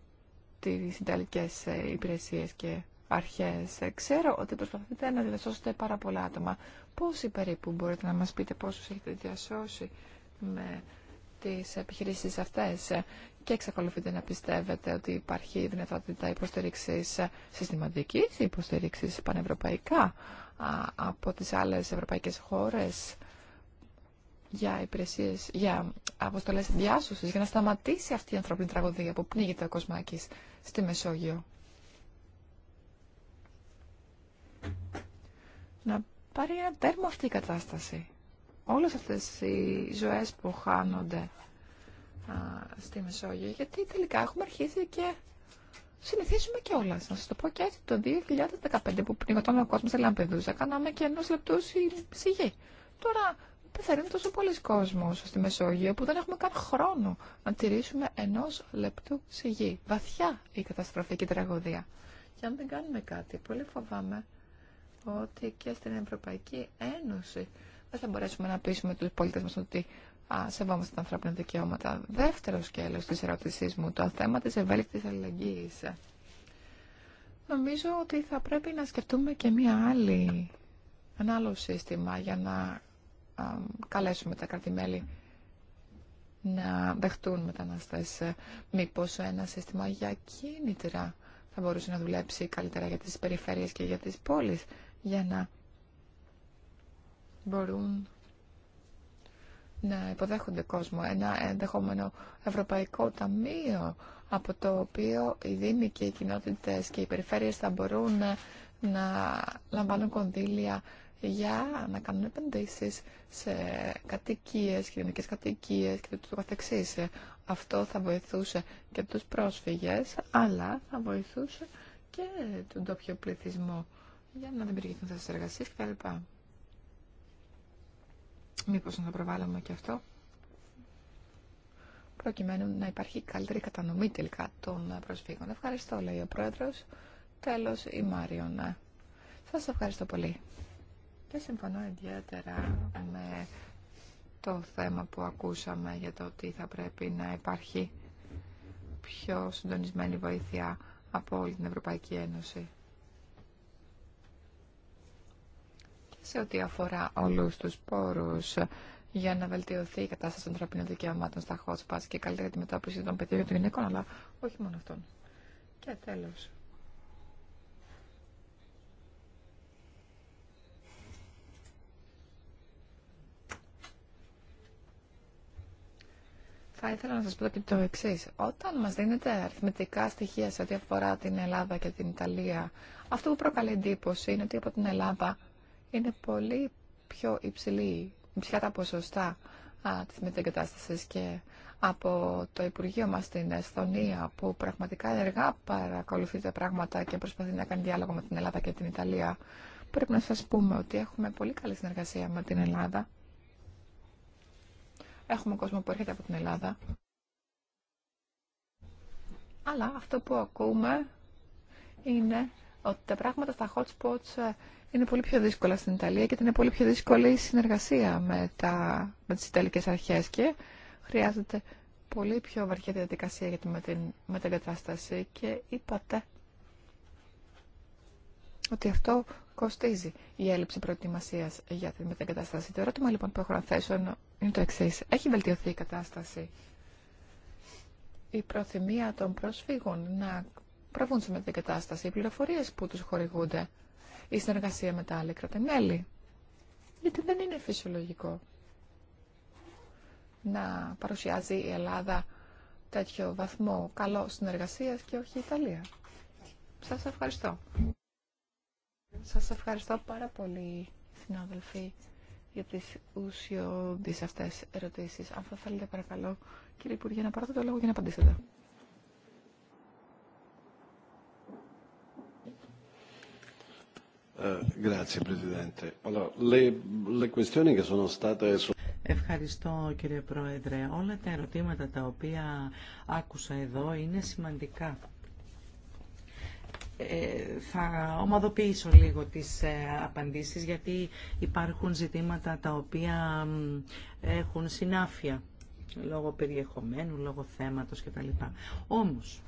τις Ιταλικές ε, υπηρεσίες και αρχές. Ε, ξέρω ότι προσπαθείτε να διασώσετε πάρα πολλά άτομα. Πόσοι περίπου μπορείτε να μας πείτε πόσους έχετε διασώσει με τις επιχειρήσεις αυτές και εξακολουθείτε να πιστεύετε ότι υπάρχει δυνατότητα υποστήριξης συστηματικής, υποστήριξης πανευρωπαϊκά από τις άλλες ευρωπαϊκές χώρες για υπηρεσίε για αποστολές διάσωσης, για να σταματήσει αυτή η ανθρώπινη τραγωδία που πνίγεται ο κοσμάκη στη Μεσόγειο. Να πάρει ένα τέρμα αυτή η κατάσταση. Όλε αυτέ οι ζωέ που χάνονται α, στη Μεσόγειο, γιατί τελικά έχουμε αρχίσει και συνηθίζουμε κιόλα. Να σα το πω και έτσι, το 2015 που πνιγόταν ο κόσμο σε Λαμπεδούζα, κάναμε και ενό λεπτού σιγή. Τώρα δεν θα είναι τόσο πολλοί κόσμο στη Μεσόγειο που δεν έχουμε καν χρόνο να τηρήσουμε ενό λεπτού σε γη. Βαθιά η καταστροφή και η τραγωδία. Και αν δεν κάνουμε κάτι, πολύ φοβάμαι ότι και στην Ευρωπαϊκή Ένωση δεν θα μπορέσουμε να πείσουμε του πολίτε μα ότι α, σεβόμαστε τα ανθρώπινα δικαιώματα. Δεύτερο σκέλο τη ερωτήσή μου, το θέμα τη ευέλικτη αλληλεγγύη. Νομίζω ότι θα πρέπει να σκεφτούμε και μία άλλη, ένα άλλο σύστημα για να καλέσουμε τα κρατημέλη να δεχτούν μεταναστές. Ε, μήπως ένα σύστημα για κίνητρα θα μπορούσε να δουλέψει καλύτερα για τις περιφέρειες και για τις πόλεις για να μπορούν να υποδέχονται κόσμο. Ένα ενδεχόμενο ευρωπαϊκό ταμείο από το οποίο οι δήμοι και οι κοινότητες και οι περιφέρειες θα μπορούν να λαμβάνουν κονδύλια για να κάνουν επενδύσει σε κατοικίε, κοινωνικέ κατοικίε και το Αυτό θα βοηθούσε και τους πρόσφυγες, αλλά θα βοηθούσε και τον τόπιο πληθυσμό για να δημιουργηθούν θέσει εργασία κτλ. Μήπως να το και αυτό προκειμένου να υπάρχει καλύτερη κατανομή τελικά των προσφύγων. Ευχαριστώ, λέει ο Πρόεδρος. Τέλος, η Μάριον. Σας ευχαριστώ πολύ. Και συμφωνώ ιδιαίτερα με το θέμα που ακούσαμε για το ότι θα πρέπει να υπάρχει πιο συντονισμένη βοήθεια από όλη την Ευρωπαϊκή Ένωση. Και σε ό,τι αφορά όλους τους πόρους για να βελτιωθεί η κατάσταση των ανθρωπίνων δικαιωμάτων στα spots και καλύτερη αντιμετώπιση των παιδιών και των γυναίκων, αλλά όχι μόνο αυτών. Και τέλος, θα ήθελα να σας πω και το εξή. Όταν μας δίνετε αριθμητικά στοιχεία σε ό,τι αφορά την Ελλάδα και την Ιταλία, αυτό που προκαλεί εντύπωση είναι ότι από την Ελλάδα είναι πολύ πιο υψηλή, υψηλά τα ποσοστά της μετεγκατάστασης και από το Υπουργείο μας στην Εσθονία που πραγματικά εργά παρακολουθεί τα πράγματα και προσπαθεί να κάνει διάλογο με την Ελλάδα και την Ιταλία. Πρέπει να σας πούμε ότι έχουμε πολύ καλή συνεργασία με την Ελλάδα Έχουμε κόσμο που έρχεται από την Ελλάδα. Αλλά αυτό που ακούμε είναι ότι τα πράγματα στα hot spots ε, είναι πολύ πιο δύσκολα στην Ιταλία και είναι πολύ πιο δύσκολη η συνεργασία με, τα, με τις Ιταλικές αρχές και χρειάζεται πολύ πιο βαριά διαδικασία για τη με την μετεγκατάσταση και είπατε ότι αυτό κοστίζει η έλλειψη προετοιμασίας για τη μετεγκατάσταση. Το ερώτημα λοιπόν που έχω να θέσω είναι το εξή. Έχει βελτιωθεί η κατάσταση. Η προθυμία των προσφύγων να προβούν σε την κατάσταση, οι πληροφορίε που του χορηγούνται, η συνεργασία με τα άλλα κρατεμέλη. Γιατί δεν είναι φυσιολογικό να παρουσιάζει η Ελλάδα τέτοιο βαθμό καλό συνεργασίας και όχι η Ιταλία. Σας ευχαριστώ. Σας ευχαριστώ πάρα πολύ, συνάδελφοι για τις ουσιώδεις αυτές ερωτήσεις. Αν θα θέλετε παρακαλώ, κύριε Υπουργέ, να πάρετε το λόγο για να απαντήσετε. Ευχαριστώ κύριε Πρόεδρε. Όλα τα ερωτήματα τα οποία άκουσα εδώ είναι σημαντικά. Ε, θα ομαδοποιήσω λίγο τις ε, απαντήσεις γιατί υπάρχουν ζητήματα τα οποία έχουν συνάφεια λόγω περιεχομένου, λόγω θέματος κτλ. Όμως,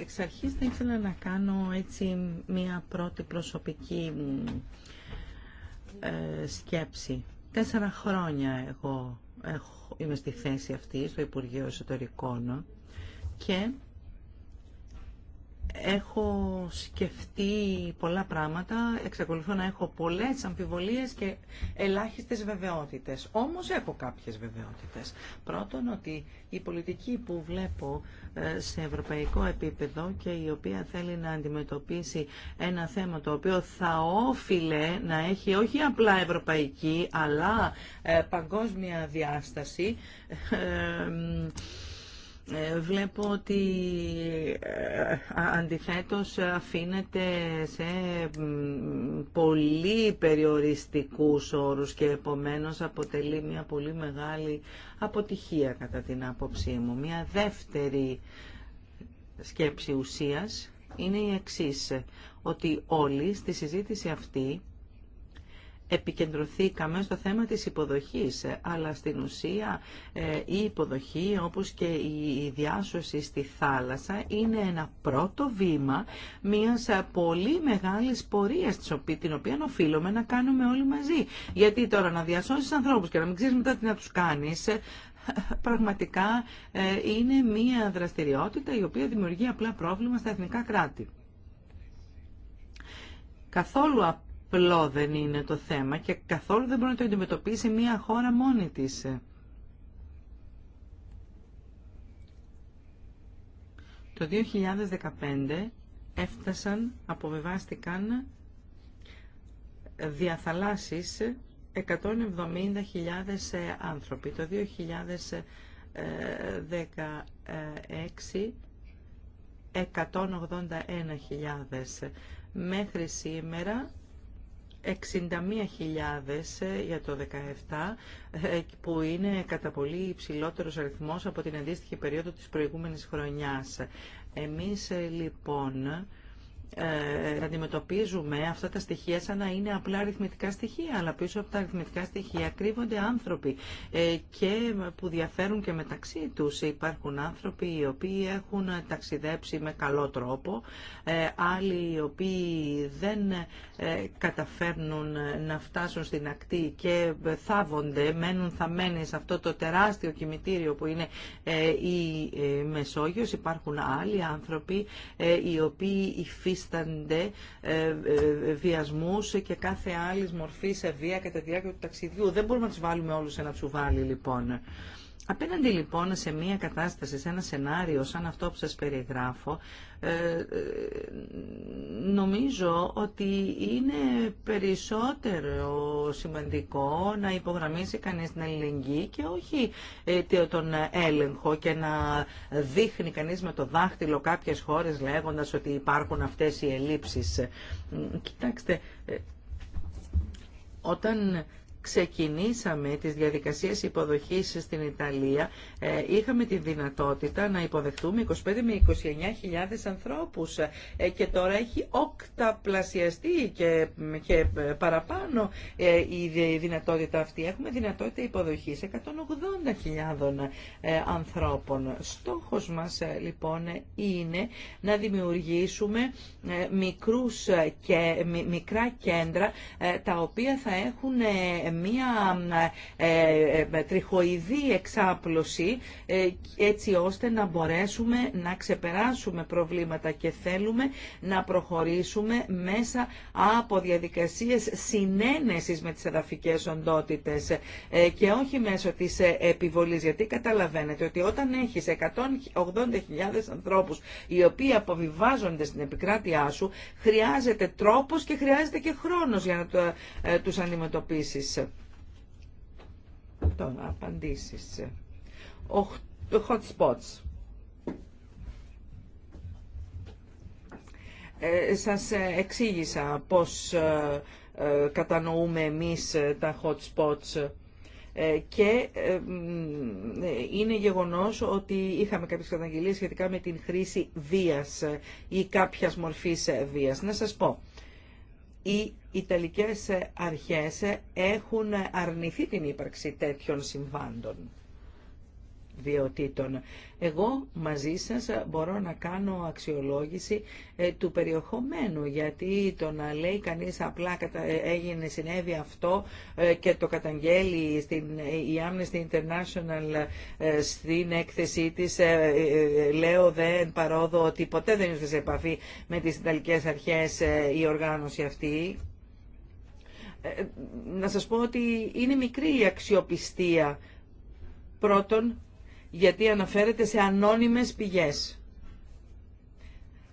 εξ αρχής θα ήθελα να κάνω έτσι μία πρώτη προσωπική ε, σκέψη. Τέσσερα χρόνια εγώ έχω, είμαι στη θέση αυτή στο Υπουργείο Εσωτερικών και έχω σκεφτεί πολλά πράγματα, εξακολουθώ να έχω πολλές αμφιβολίες και ελάχιστες βεβαιότητες. Όμως έχω κάποιες βεβαιότητες. Πρώτον ότι η πολιτική που βλέπω ε, σε ευρωπαϊκό επίπεδο και η οποία θέλει να αντιμετωπίσει ένα θέμα το οποίο θα όφιλε να έχει όχι απλά ευρωπαϊκή αλλά ε, παγκόσμια διάσταση ε, ε, βλέπω ότι ε, αντιθέτως αφήνεται σε πολύ περιοριστικούς όρους και επομένως αποτελεί μια πολύ μεγάλη αποτυχία κατά την άποψή μου. Μια δεύτερη σκέψη ουσίας είναι η εξής, ότι όλοι στη συζήτηση αυτή επικεντρωθήκαμε στο θέμα της υποδοχής, ε, αλλά στην ουσία ε, η υποδοχή όπως και η διάσωση στη θάλασσα είναι ένα πρώτο βήμα μιας ε, πολύ μεγάλης πορείας την οποία οφείλουμε να κάνουμε όλοι μαζί. Γιατί τώρα να διασώσεις ανθρώπους και να μην ξέρεις μετά τι να τους κάνεις, πραγματικά είναι μια δραστηριότητα η οποία δημιουργεί απλά πρόβλημα στα εθνικά κράτη. Καθόλου απλό δεν είναι το θέμα και καθόλου δεν μπορεί να το αντιμετωπίσει μία χώρα μόνη της. Το 2015 έφτασαν, αποβεβάστηκαν διαθαλάσσεις 170.000 ε, άνθρωποι. Το 2016 181.000. Μέχρι σήμερα 61.000 ε, για το 2017, ε, που είναι κατά πολύ υψηλότερος αριθμός από την αντίστοιχη περίοδο της προηγούμενης χρονιάς. Εμείς ε, λοιπόν ε, αντιμετωπίζουμε αυτά τα στοιχεία σαν να είναι απλά αριθμητικά στοιχεία, αλλά πίσω από τα αριθμητικά στοιχεία κρύβονται άνθρωποι ε, και που διαφέρουν και μεταξύ τους. Υπάρχουν άνθρωποι οι οποίοι έχουν ταξιδέψει με καλό τρόπο, ε, άλλοι οι οποίοι δεν ε, καταφέρνουν να φτάσουν στην ακτή και θάβονται, μένουν θαμμένοι σε αυτό το τεράστιο κημητήριο που είναι ε, η ε, Μεσόγειος. Υπάρχουν άλλοι άνθρωποι οι οποίοι υφίστανται ε, ε, βιασμούς και κάθε άλλη μορφή σε βία κατά τη διάρκεια του ταξιδιού. Δεν μπορούμε να του βάλουμε όλους σε ένα τσουβάλι λοιπόν. Απέναντι λοιπόν σε μια κατάσταση, σε ένα σενάριο σαν αυτό που σας περιγράφω, ε, ε, νομίζω ότι είναι περισσότερο σημαντικό να υπογραμμίσει κανείς την αλληλεγγύη και όχι ε, τον έλεγχο και να δείχνει κανείς με το δάχτυλο κάποιες χώρες λέγοντας ότι υπάρχουν αυτές οι ελλείψεις. Κοιτάξτε, όταν ξεκινήσαμε τις διαδικασίες υποδοχής στην Ιταλία, ε, είχαμε τη δυνατότητα να υποδεχτούμε 25 με 29 χιλιάδες ανθρώπους ε, και τώρα έχει οκταπλασιαστεί και, και παραπάνω ε, η δυνατότητα αυτή. Έχουμε δυνατότητα υποδοχής 180.000 ανθρώπων. Στόχος μας λοιπόν είναι να δημιουργήσουμε μικρούς και, μικρά κέντρα τα οποία θα έχουν μία ε, ε, τριχοειδή εξάπλωση ε, έτσι ώστε να μπορέσουμε να ξεπεράσουμε προβλήματα και θέλουμε να προχωρήσουμε μέσα από διαδικασίες συνένεσης με τις εδαφικές οντότητες και όχι μέσω της επιβολής. Γιατί καταλαβαίνετε ότι όταν έχεις 180.000 ανθρώπους οι οποίοι αποβιβάζονται στην επικράτειά σου, χρειάζεται τρόπος και χρειάζεται και χρόνος για να τους αντιμετωπίσεις. Τώρα απαντήσεις. Ο, hot Ε, σας ε, εξήγησα πώς ε, ε, κατανοούμε εμείς τα hot spots και είναι γεγονός ότι είχαμε κάποιες καταγγελίες σχετικά με την χρήση βίας ή κάποιας μορφής βίας. Να σας πω, οι Ιταλικές αρχές έχουν αρνηθεί την ύπαρξη τέτοιων συμβάντων. Εγώ μαζί σας μπορώ να κάνω αξιολόγηση ε, του περιεχομένου, γιατί το να λέει κανείς απλά ε, έγινε, συνέβη αυτό ε, και το καταγγέλει στην, η Amnesty International στην έκθεσή της, λέω δεν παρόδο ότι ποτέ δεν ήρθε σε επαφή με τις Ιταλικές αρχές η οργάνωση αυτή. Να σας πω ότι είναι μικρή η αξιοπιστία πρώτον γιατί αναφέρεται σε ανώνυμες πηγές.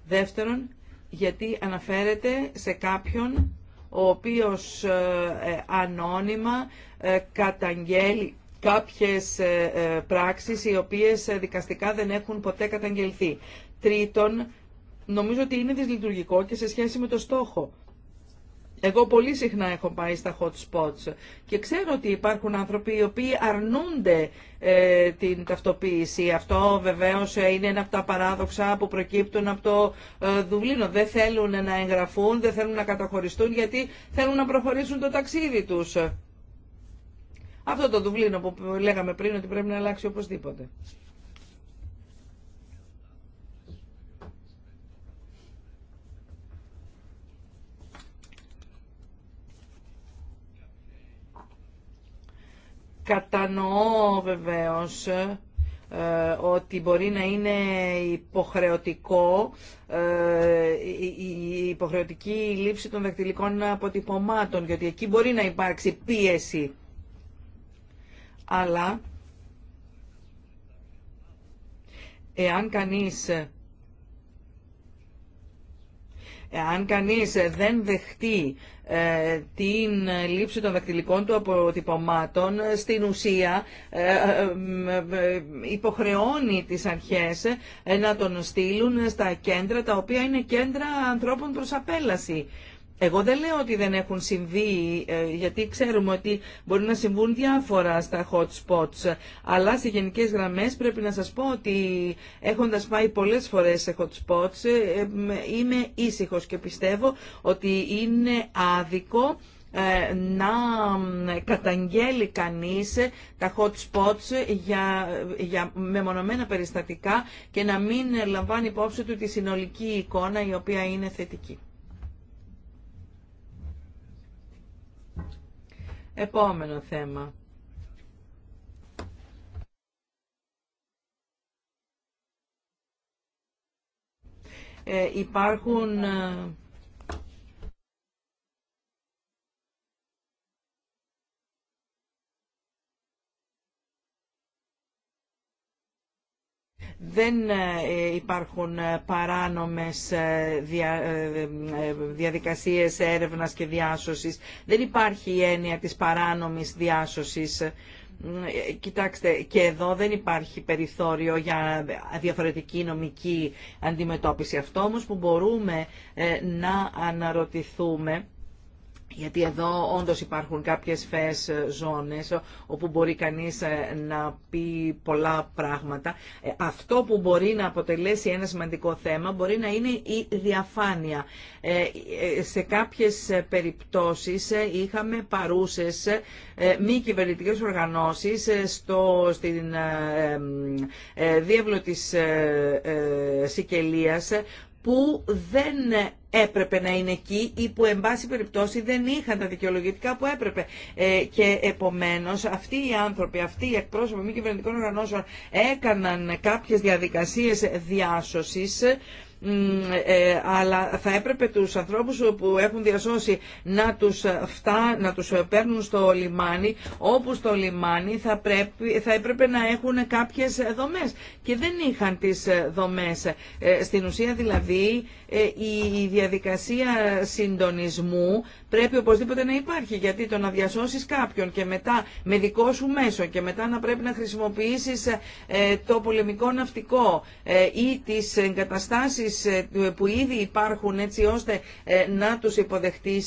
Δεύτερον, γιατί αναφέρεται σε κάποιον ο οποίος ε, ε, ανώνυμα ε, καταγγέλει κάποιες πράξεις οι οποίες δικαστικά δεν έχουν ποτέ καταγγελθεί. Τρίτον, νομίζω ότι είναι δυσλειτουργικό και σε σχέση με το στόχο. Εγώ πολύ συχνά έχω πάει στα hot spots και ξέρω ότι υπάρχουν άνθρωποι οι οποίοι αρνούνται ε, την ταυτοποίηση. Αυτό βεβαίως ε, είναι ένα από τα παράδοξα που προκύπτουν από το ε, Δουβλίνο. Δεν θέλουν να εγγραφούν, δεν θέλουν να καταχωριστούν γιατί θέλουν να προχωρήσουν το ταξίδι τους. Αυτό το Δουβλίνο που λέγαμε πριν ότι πρέπει να αλλάξει οπωσδήποτε. Κατανοώ βεβαίως ε, ότι μπορεί να είναι υποχρεωτικό ε, η υποχρεωτική λήψη των δακτυλικών αποτυπωμάτων, γιατί εκεί μπορεί να υπάρξει πίεση. Αλλά εάν κανείς αν κανείς δεν δεχτεί ε, την λήψη των δακτυλικών του αποτυπωμάτων στην ουσία ε, ε, υποχρεώνει τις αρχές να τον στείλουν στα κέντρα τα οποία είναι κέντρα ανθρώπων προς απέλαση. Εγώ δεν λέω ότι δεν έχουν συμβεί, ε, γιατί ξέρουμε ότι μπορεί να συμβούν διάφορα στα hot spots, αλλά σε γενικές γραμμές πρέπει να σας πω ότι έχοντας πάει πολλές φορές σε hot spots, ε, είμαι ήσυχος και πιστεύω ότι είναι άδικο ε, να καταγγέλει κανείς τα hot spots για, για μεμονωμένα περιστατικά και να μην λαμβάνει υπόψη του τη συνολική εικόνα η οποία είναι θετική. Επόμενο θέμα. Ε, υπάρχουν ε, δεν ε, υπάρχουν ε, παράνομες ε, διαδικασίες έρευνας και διάσωσης. Δεν υπάρχει η έννοια της παράνομης διάσωσης. Κοιτάξτε, και εδώ δεν υπάρχει περιθώριο για διαφορετική νομική αντιμετώπιση. Αυτό όμως που μπορούμε να αναρωτηθούμε γιατί εδώ όντως υπάρχουν κάποιες φαίες ζώνες όπου μπορεί κανείς ε, να πει πολλά πράγματα. Ε, αυτό που μπορεί να αποτελέσει ένα σημαντικό θέμα μπορεί να είναι η διαφάνεια. Ε, σε κάποιες περιπτώσεις είχαμε παρούσες μη κυβερνητικές οργανώσεις στο, στην διεύλο της Σικελίας που δεν έπρεπε να είναι εκεί ή που εν πάση περιπτώσει δεν είχαν τα δικαιολογητικά που έπρεπε. Ε, και επομένως αυτοί οι άνθρωποι, αυτοί οι εκπρόσωποι μη κυβερνητικών οργανώσεων έκαναν κάποιες διαδικασίες διάσωσης ε, αλλά θα έπρεπε τους ανθρώπους που έχουν διασώσει να τους, ε, φτά, να τους ε, παίρνουν στο λιμάνι, όπου στο λιμάνι θα, πρέπει, θα έπρεπε να έχουν κάποιες δομές. Και δεν είχαν τις δομές. Στην ουσία δηλαδή η διαδικασία συντονισμού πρέπει οπωσδήποτε να υπάρχει. Γιατί το να διασώσει κάποιον και μετά με δικό σου μέσο και μετά να πρέπει να χρησιμοποιήσει ε, ε, το πολεμικό ναυτικό ε, ή τι εγκαταστάσει που ήδη υπάρχουν έτσι ώστε να του υποδεχτεί,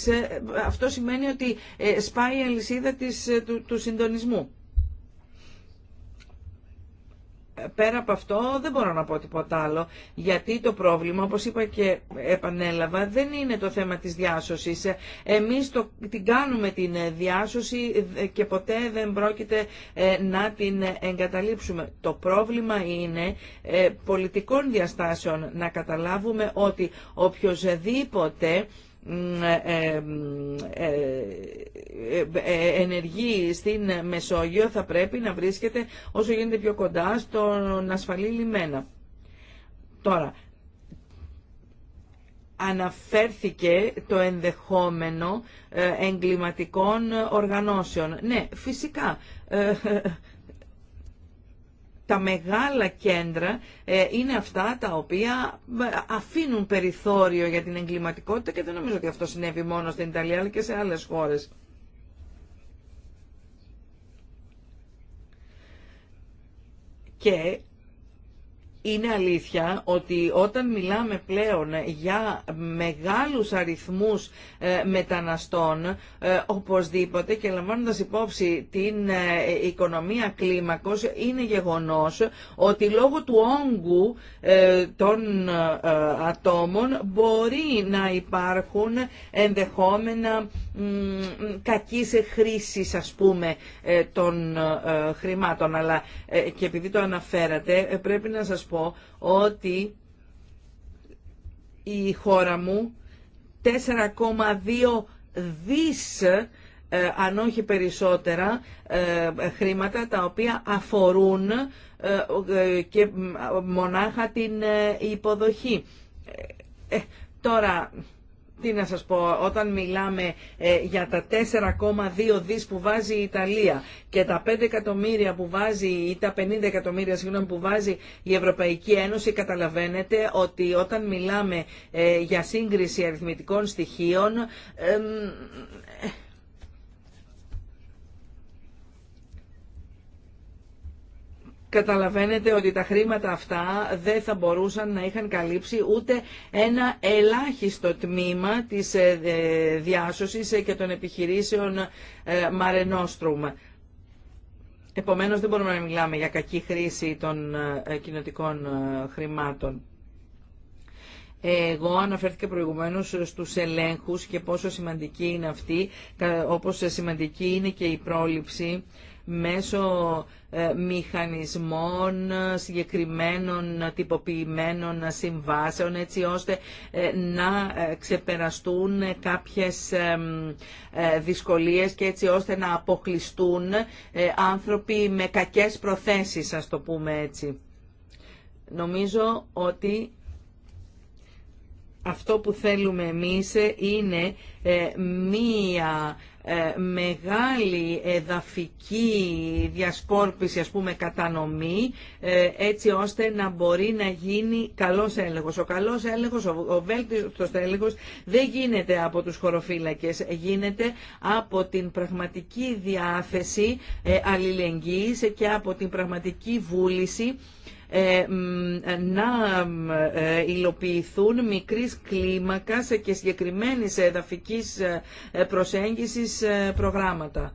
αυτό σημαίνει ότι σπάει η αλυσίδα της, του, του συντονισμού πέρα από αυτό δεν μπορώ να πω τίποτα άλλο, γιατί το πρόβλημα, όπως είπα και επανέλαβα, δεν είναι το θέμα της διάσωσης. Εμείς το, την κάνουμε την διάσωση και ποτέ δεν πρόκειται ε, να την εγκαταλείψουμε. Το πρόβλημα είναι ε, πολιτικών διαστάσεων να καταλάβουμε ότι οποιοδήποτε Ενεργεί στην Μεσόγειο θα πρέπει να βρίσκεται όσο γίνεται πιο κοντά στον ασφαλή λιμένα. Τώρα, αναφέρθηκε το ενδεχόμενο ε, εγκληματικών οργανώσεων. Ναι, φυσικά. Ε, τα μεγάλα κέντρα ε, είναι αυτά τα οποία ε, αφήνουν περιθώριο για την εγκληματικότητα και δεν νομίζω ότι αυτό συνέβη μόνο στην Ιταλία αλλά και σε άλλες χώρες. Και είναι αλήθεια ότι όταν μιλάμε πλέον για μεγάλους αριθμούς ε, μεταναστών, ε, οπωσδήποτε και λαμβάνοντας υπόψη την ε, οικονομία κλίμακος, είναι γεγονός ότι λόγω του όγκου των ατόμων μπορεί να υπάρχουν ενδεχόμενα κακής χρήσης ας πούμε ε, των ε, χρημάτων αλλά ε, και επειδή το αναφέρατε πρέπει να σας πω ότι η χώρα μου 4,2 δις αν όχι περισσότερα χρήματα τα οποία αφορούν και μονάχα την υποδοχή. Τώρα τι να σας πω, όταν μιλάμε ε, για τα 4,2 δις που βάζει η Ιταλία και τα 5 εκατομμύρια που βάζει ή τα 50 εκατομμύρια συγγνώμη, που βάζει η Ευρωπαϊκή Ένωση καταλαβαίνετε ότι όταν μιλάμε ε, για σύγκριση αριθμητικών στοιχείων καταλαβαίνετε ότι τα χρήματα αυτά δεν θα μπορούσαν να είχαν καλύψει ούτε ένα ελάχιστο τμήμα της ε, διάσωσης ε, και των επιχειρήσεων Μαρενόστρουμ. Επομένως δεν μπορούμε να μιλάμε για κακή χρήση των ε, κοινοτικών χρημάτων. Εγώ αναφέρθηκα προηγουμένως στους ελέγχους και πόσο σημαντική είναι αυτή, όπως σημαντική είναι και η πρόληψη μέσω ε, μηχανισμών συγκεκριμένων τυποποιημένων συμβάσεων έτσι ώστε ε, να ε, ξεπεραστούν κάποιες δυσκολίες και έτσι ώστε να αποκλειστούν άνθρωποι με κακές προθέσεις, ας το πούμε έτσι. Νομίζω ότι αυτό που θέλουμε εμείς είναι μία ε, μεγάλη εδαφική διασκόρπιση, ας πούμε, κατανομή, ε, έτσι ώστε να μπορεί να γίνει καλός έλεγχος. Ο καλός έλεγχος, ο βέλτιστος έλεγχος δεν γίνεται από τους χωροφύλακες, γίνεται από την πραγματική διάθεση ε, αλληλεγγύης και από την πραγματική βούληση ε, να ε, υλοποιηθούν μικρής κλίμακας και συγκεκριμένης εδαφικής ε, προσέγγισης προγράμματα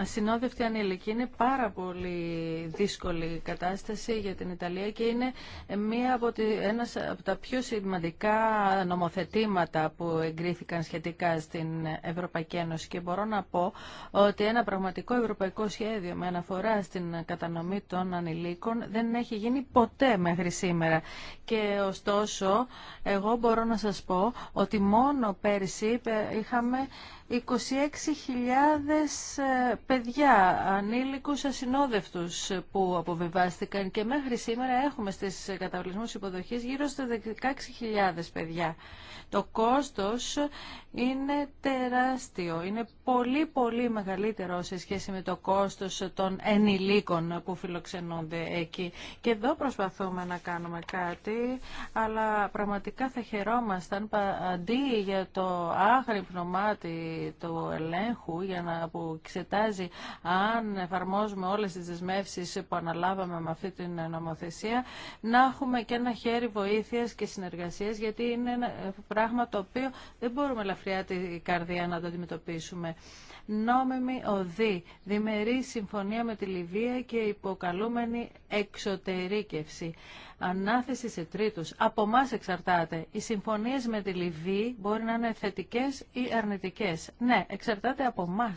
ασυνόδευτη ανηλίκη Είναι πάρα πολύ δύσκολη κατάσταση για την Ιταλία και είναι μία από, τη, ένας από τα πιο σημαντικά νομοθετήματα που εγκρίθηκαν σχετικά στην Ευρωπαϊκή Ένωση και μπορώ να πω ότι ένα πραγματικό ευρωπαϊκό σχέδιο με αναφορά στην κατανομή των ανηλίκων δεν έχει γίνει ποτέ μέχρι σήμερα. Και ωστόσο, εγώ μπορώ να σας πω ότι μόνο πέρσι ε, είχαμε 26.000 ε, παιδιά, ανήλικους ασυνόδευτους που αποβιβάστηκαν και μέχρι σήμερα έχουμε στις καταβλισμούς υποδοχής γύρω στα 16.000 παιδιά. Το κόστος είναι τεράστιο, είναι πολύ πολύ μεγαλύτερο σε σχέση με το κόστος των ενηλίκων που φιλοξενούνται εκεί. Και εδώ προσπαθούμε να κάνουμε κάτι, αλλά πραγματικά θα χαιρόμασταν αντί για το άγρυπνο μάτι του ελέγχου για να που εξετάζει αν εφαρμόζουμε όλες τις δεσμεύσεις που αναλάβαμε με αυτή την νομοθεσία να έχουμε και ένα χέρι βοήθειας και συνεργασίας γιατί είναι ένα πράγμα το οποίο δεν μπορούμε ελαφριά τη καρδία να το αντιμετωπίσουμε. Νόμιμη οδή, διμερή συμφωνία με τη Λιβύη και υποκαλούμενη εξωτερήκευση, ανάθεση σε τρίτους. Από εμά εξαρτάται. Οι συμφωνίες με τη Λιβύη μπορεί να είναι θετικές ή αρνητικές. Ναι, εξαρτάται από εμά.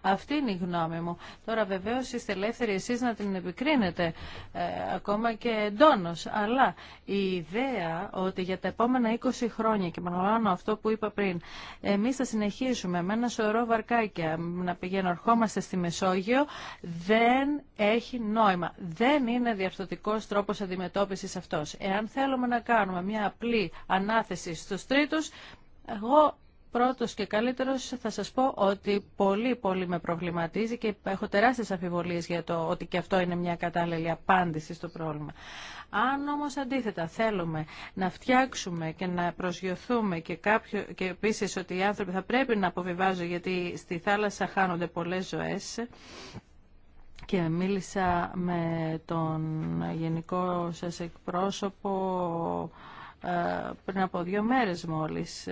Αυτή είναι η γνώμη μου. Τώρα βεβαίω είστε ελεύθεροι εσείς να την επικρίνετε, ε, ακόμα και εντόνως. Αλλά η ιδέα ότι για τα επόμενα 20 χρόνια, και παραλαμβάνω αυτό που είπα πριν, εμείς θα συνεχίσουμε με ένα σωρό βαρκάκια να πηγαίνουμε ερχόμαστε στη Μεσόγειο, δεν έχει νόημα. Δεν δεν είναι διαρθωτικός τρόπος αντιμετώπισης αυτός. Εάν θέλουμε να κάνουμε μια απλή ανάθεση στους τρίτους, εγώ πρώτος και καλύτερος θα σας πω ότι πολύ πολύ με προβληματίζει και έχω τεράστιες αφιβολίες για το ότι και αυτό είναι μια κατάλληλη απάντηση στο πρόβλημα. Αν όμως αντίθετα θέλουμε να φτιάξουμε και να προσγειωθούμε και, κάποιο, και επίσης ότι οι άνθρωποι θα πρέπει να αποβιβάζουν γιατί στη θάλασσα χάνονται πολλές ζωές, και μίλησα με τον γενικό σας εκπρόσωπο ε, πριν από δύο μέρες μόλις.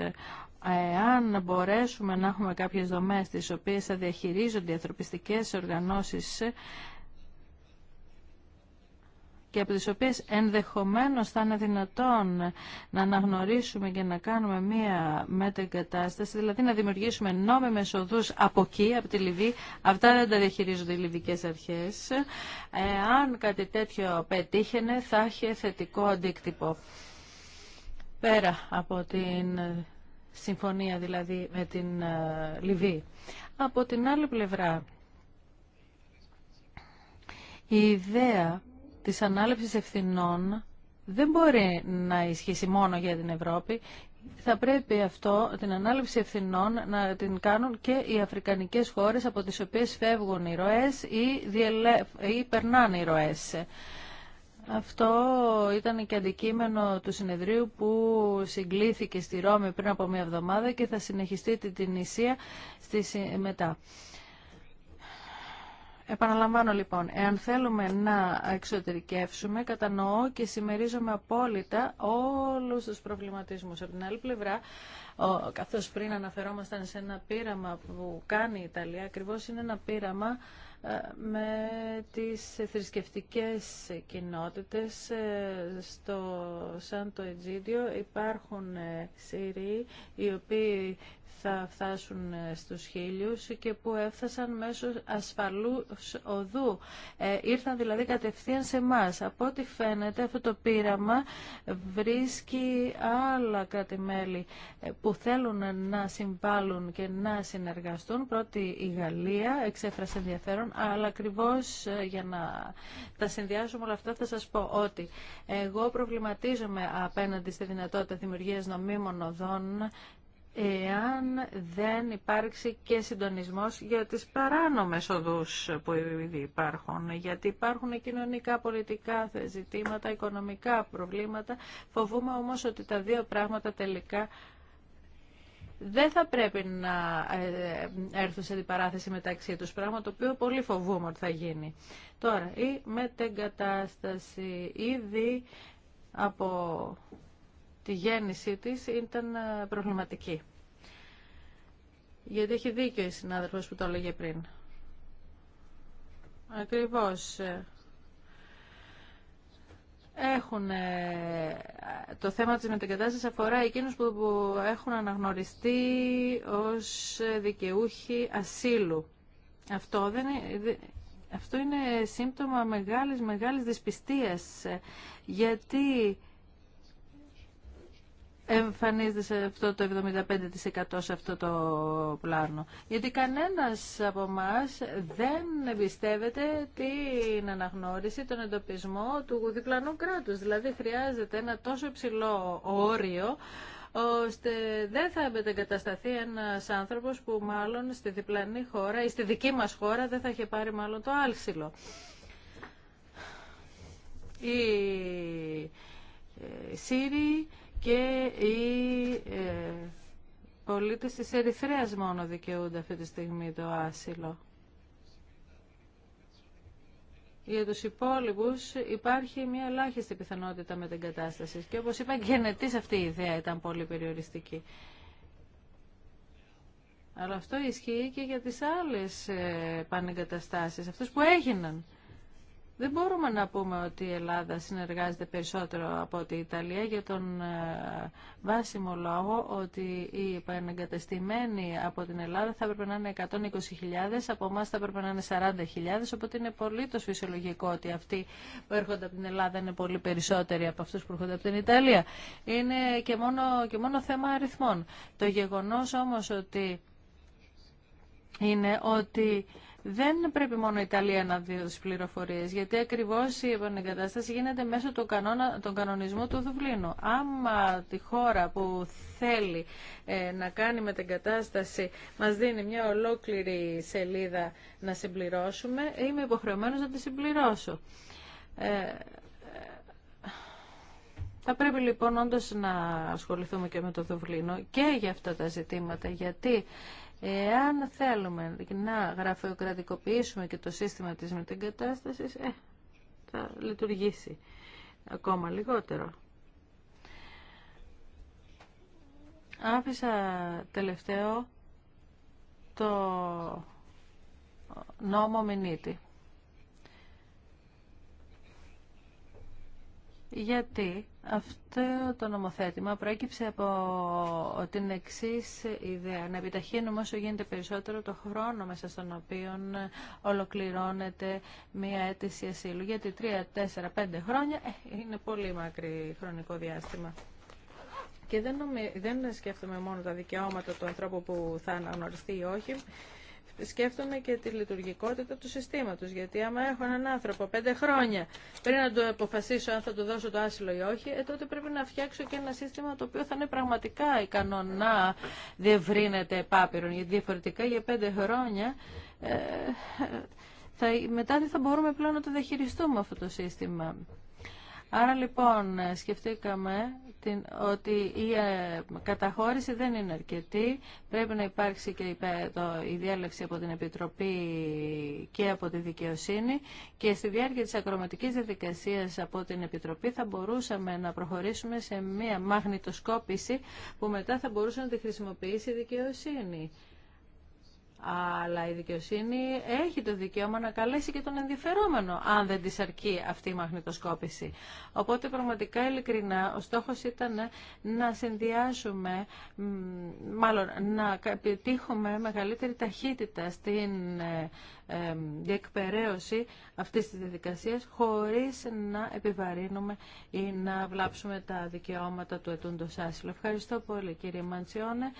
Εάν μπορέσουμε να έχουμε κάποιες δομές τις οποίες θα διαχειρίζονται οι ανθρωπιστικές οργανώσεις, και από τις οποίες ενδεχομένως θα είναι δυνατόν να αναγνωρίσουμε και να κάνουμε μία μετεγκατάσταση, δηλαδή να δημιουργήσουμε νόμιμες οδούς από εκεί, από τη Λιβύη. Αυτά δεν τα διαχειρίζονται οι λιβυκές αρχές. Ε, αν κάτι τέτοιο πετύχαινε θα είχε θετικό αντίκτυπο. Πέρα από την συμφωνία δηλαδή με την ε, Λιβύη. Από την άλλη πλευρά, η ιδέα της ανάληψης ευθυνών δεν μπορεί να ισχύσει μόνο για την Ευρώπη. Θα πρέπει αυτό, την ανάληψη ευθυνών, να την κάνουν και οι αφρικανικές χώρες από τις οποίες φεύγουν οι ροές ή, περνάνε οι ροές. Αυτό ήταν και αντικείμενο του συνεδρίου που συγκλήθηκε στη Ρώμη πριν από μία εβδομάδα και θα συνεχιστεί την Ισία μετά. Επαναλαμβάνω λοιπόν, εάν θέλουμε να εξωτερικεύσουμε, κατανοώ και συμμερίζομαι απόλυτα όλους τους προβληματισμούς. Από την άλλη πλευρά, καθώς πριν αναφερόμασταν σε ένα πείραμα που κάνει η Ιταλία, ακριβώς είναι ένα πείραμα ε, με τις θρησκευτικές κοινότητες ε, στο Σάντο Ετζίδιο υπάρχουν ε, Σύριοι οι οποίοι θα φτάσουν ε, στους χίλιους και που έφτασαν μέσω ασφαλού οδού. Ε, ήρθαν δηλαδή κατευθείαν σε εμά. Από ό,τι φαίνεται αυτό το πείραμα βρίσκει άλλα κράτη-μέλη ε, που θέλουν να συμβάλλουν και να συνεργαστούν. Πρώτη η Γαλλία εξέφρασε ενδιαφέρον, αλλά ακριβώς ε, για να τα συνδυάσουμε όλα αυτά θα σας πω ότι εγώ προβληματίζομαι απέναντι στη δυνατότητα δημιουργίας νομίμων οδών εάν δεν υπάρξει και συντονισμός για τις παράνομες οδούς που ήδη υπάρχουν, γιατί υπάρχουν κοινωνικά, πολιτικά ζητήματα, οικονομικά προβλήματα. Φοβούμε όμως ότι τα δύο πράγματα τελικά δεν θα πρέπει να ε, έρθουν σε αντιπαράθεση μεταξύ τους, πράγμα το οποίο πολύ φοβούμε ότι θα γίνει. Τώρα, η μετεγκατάσταση ήδη από τη γέννησή της ήταν ε, προβληματική. Γιατί έχει δίκιο η συνάδελφος που το έλεγε πριν. Ακριβώς. Ε, έχουν ε, το θέμα της μετεγκατάστασης αφορά εκείνους που έχουν αναγνωριστεί ως δικαιούχοι ασύλου. Αυτό, δεν, αυτό είναι σύμπτωμα μεγάλης, μεγάλης δυσπιστίας, γιατί εμφανίζεται αυτό το 75% σε αυτό το πλάνο. Γιατί κανένας από εμά δεν εμπιστεύεται την αναγνώριση, τον εντοπισμό του διπλανού κράτους. Δηλαδή χρειάζεται ένα τόσο υψηλό όριο ώστε δεν θα μετεγκατασταθεί ένας άνθρωπος που μάλλον στη διπλανή χώρα ή στη δική μας χώρα δεν θα είχε πάρει μάλλον το άλσιλο. Οι ε, Σύριοι και οι ε, πολίτες της Ερυθρέας μόνο δικαιούνται αυτή τη στιγμή το άσυλο. Για τους υπόλοιπους υπάρχει μια ελάχιστη πιθανότητα με την κατάσταση και όπως είπα γενετής αυτή η ιδέα ήταν πολύ περιοριστική. Αλλά αυτό ισχύει και για τις άλλες ε, πανεγκαταστάσεις, αυτές που έγιναν. Δεν μπορούμε να πούμε ότι η Ελλάδα συνεργάζεται περισσότερο από την Ιταλία για τον ε, βάσιμο λόγο ότι οι επαναγκαταστημένοι από την Ελλάδα θα έπρεπε να είναι 120.000, από εμά θα έπρεπε να είναι 40.000, οπότε είναι πολύ το φυσιολογικό ότι αυτοί που έρχονται από την Ελλάδα είναι πολύ περισσότεροι από αυτούς που έρχονται από την Ιταλία. Είναι και μόνο, και μόνο θέμα αριθμών. Το γεγονός όμως ότι είναι ότι δεν πρέπει μόνο η Ιταλία να δίνει τι πληροφορίες, γιατί ακριβώς η επανεγκατάσταση γίνεται μέσω του κανόνα, των κανονισμών του Δουβλίνου. Άμα τη χώρα που θέλει ε, να κάνει κατάσταση μας δίνει μια ολόκληρη σελίδα να συμπληρώσουμε, είμαι υποχρεωμένο να τη συμπληρώσω. Ε, θα πρέπει λοιπόν όντως να ασχοληθούμε και με το Δουβλίνο και για αυτά τα ζητήματα, γιατί Εάν θέλουμε να γραφειοκρατικοποιήσουμε και το σύστημα της μετεγκατάστασης, ε, θα λειτουργήσει ακόμα λιγότερο. Άφησα τελευταίο το νόμο Μινίτη. γιατί αυτό το νομοθέτημα προέκυψε από την εξή ιδέα, να επιταχύνουμε όσο γίνεται περισσότερο το χρόνο μέσα στον οποίο ολοκληρώνεται μία αίτηση ασύλου, γιατί τρία, τέσσερα, πέντε χρόνια ε, είναι πολύ μακρύ χρονικό διάστημα. Και δεν, νομι... δεν σκέφτομαι μόνο τα δικαιώματα του ανθρώπου που θα αναγνωριστεί ή όχι, σκέφτομαι και τη λειτουργικότητα του συστήματος. Γιατί άμα έχω έναν άνθρωπο πέντε χρόνια πριν να το αποφασίσω αν θα του δώσω το άσυλο ή όχι, ε, τότε πρέπει να φτιάξω και ένα σύστημα το οποίο θα είναι πραγματικά ικανό να διευρύνεται επάπειρον. Γιατί διαφορετικά για πέντε χρόνια... Ε, μετά δεν θα μπορούμε πλέον να το διαχειριστούμε αυτό το σύστημα. Άρα λοιπόν ε, σκεφτήκαμε ότι η ε, καταχώρηση δεν είναι αρκετή. Πρέπει να υπάρξει και η διάλεξη από την Επιτροπή και από τη Δικαιοσύνη και στη διάρκεια της ακροματικής διαδικασίας από την Επιτροπή θα μπορούσαμε να προχωρήσουμε σε μία μαγνητοσκόπηση που μετά θα μπορούσε να τη χρησιμοποιήσει η δικαιοσύνη αλλά η δικαιοσύνη έχει το δικαίωμα να καλέσει και τον ενδιαφερόμενο, αν δεν τη αρκεί αυτή η μαγνητοσκόπηση. Οπότε πραγματικά ειλικρινά ο στόχος ήταν να συνδυάσουμε, μάλλον να επιτύχουμε μεγαλύτερη ταχύτητα στην ε, ε, διεκπαιρέωση αυτής της διαδικασία χωρίς να επιβαρύνουμε ή να βλάψουμε τα δικαιώματα του ετούντος άσυλο. Ευχαριστώ πολύ κύριε Μαντσιώνε.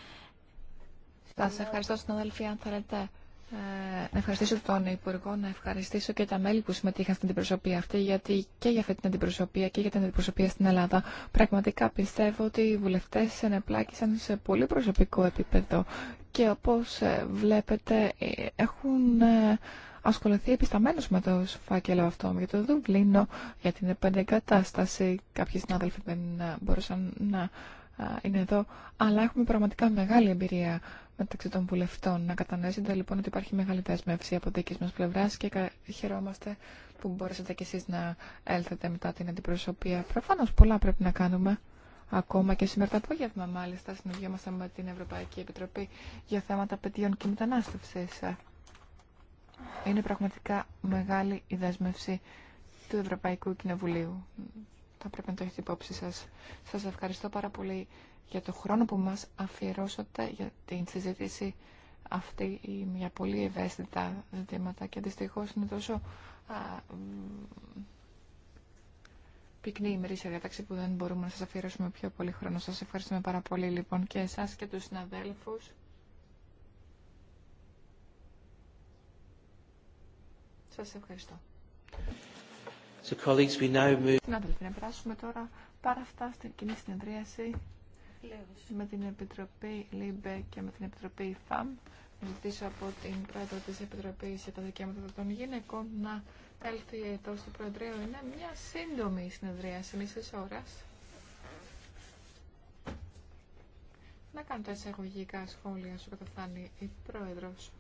Σας ευχαριστώ συναδέλφοι αν θέλετε ε, να ευχαριστήσω τον Υπουργό, να ευχαριστήσω και τα μέλη που συμμετείχαν στην αντιπροσωπεία αυτή, γιατί και για αυτή την αντιπροσωπεία και για την αντιπροσωπεία στην Ελλάδα πραγματικά πιστεύω ότι οι βουλευτέ ενεπλάκησαν σε πολύ προσωπικό επίπεδο και όπω ε, βλέπετε ε, έχουν ασχοληθεί επισταμμένω με το φάκελο αυτό, για το Δουβλίνο, για την επενεγκατάσταση. Κάποιοι συνάδελφοι δεν μπορούσαν να είναι εδώ, αλλά έχουμε πραγματικά μεγάλη εμπειρία μεταξύ των βουλευτών. Να κατανοήσετε λοιπόν ότι υπάρχει μεγάλη δέσμευση από δική μα πλευρά και χαιρόμαστε που μπορέσατε κι εσεί να έλθετε μετά την αντιπροσωπεία. Προφανώ πολλά πρέπει να κάνουμε. Ακόμα και σήμερα το απόγευμα, μάλιστα, συνεργόμαστε με την Ευρωπαϊκή Επιτροπή για θέματα παιδιών και μετανάστευση. Είναι πραγματικά μεγάλη η δέσμευση του Ευρωπαϊκού Κοινοβουλίου θα πρέπει να το έχετε υπόψη σας. Σας ευχαριστώ πάρα πολύ για το χρόνο που μας αφιερώσατε για την συζήτηση αυτή για πολύ ευαίσθητα ζητήματα και δυστυχώ είναι τόσο α, πυκνή ημερήσια διάταξη που δεν μπορούμε να σας αφιερώσουμε πιο πολύ χρόνο. Σας ευχαριστούμε πάρα πολύ λοιπόν και εσάς και τους συναδέλφους. Σας ευχαριστώ. So colleagues, Συνάδελφοι, να περάσουμε τώρα πάρα αυτά στην κοινή συνεδρίαση με την Επιτροπή ΛΥΜΠΕ και με την Επιτροπή ΦΑΜ. Να ζητήσω από την Πρόεδρο της Επιτροπής για τα δικαιώματα των γυναικών να έλθει εδώ στο Προεδρείο. Είναι μια σύντομη συνεδρίαση μισής ώρας. Να κάνω τα εισαγωγικά σχόλια σου καταφθάνει η Πρόεδρος.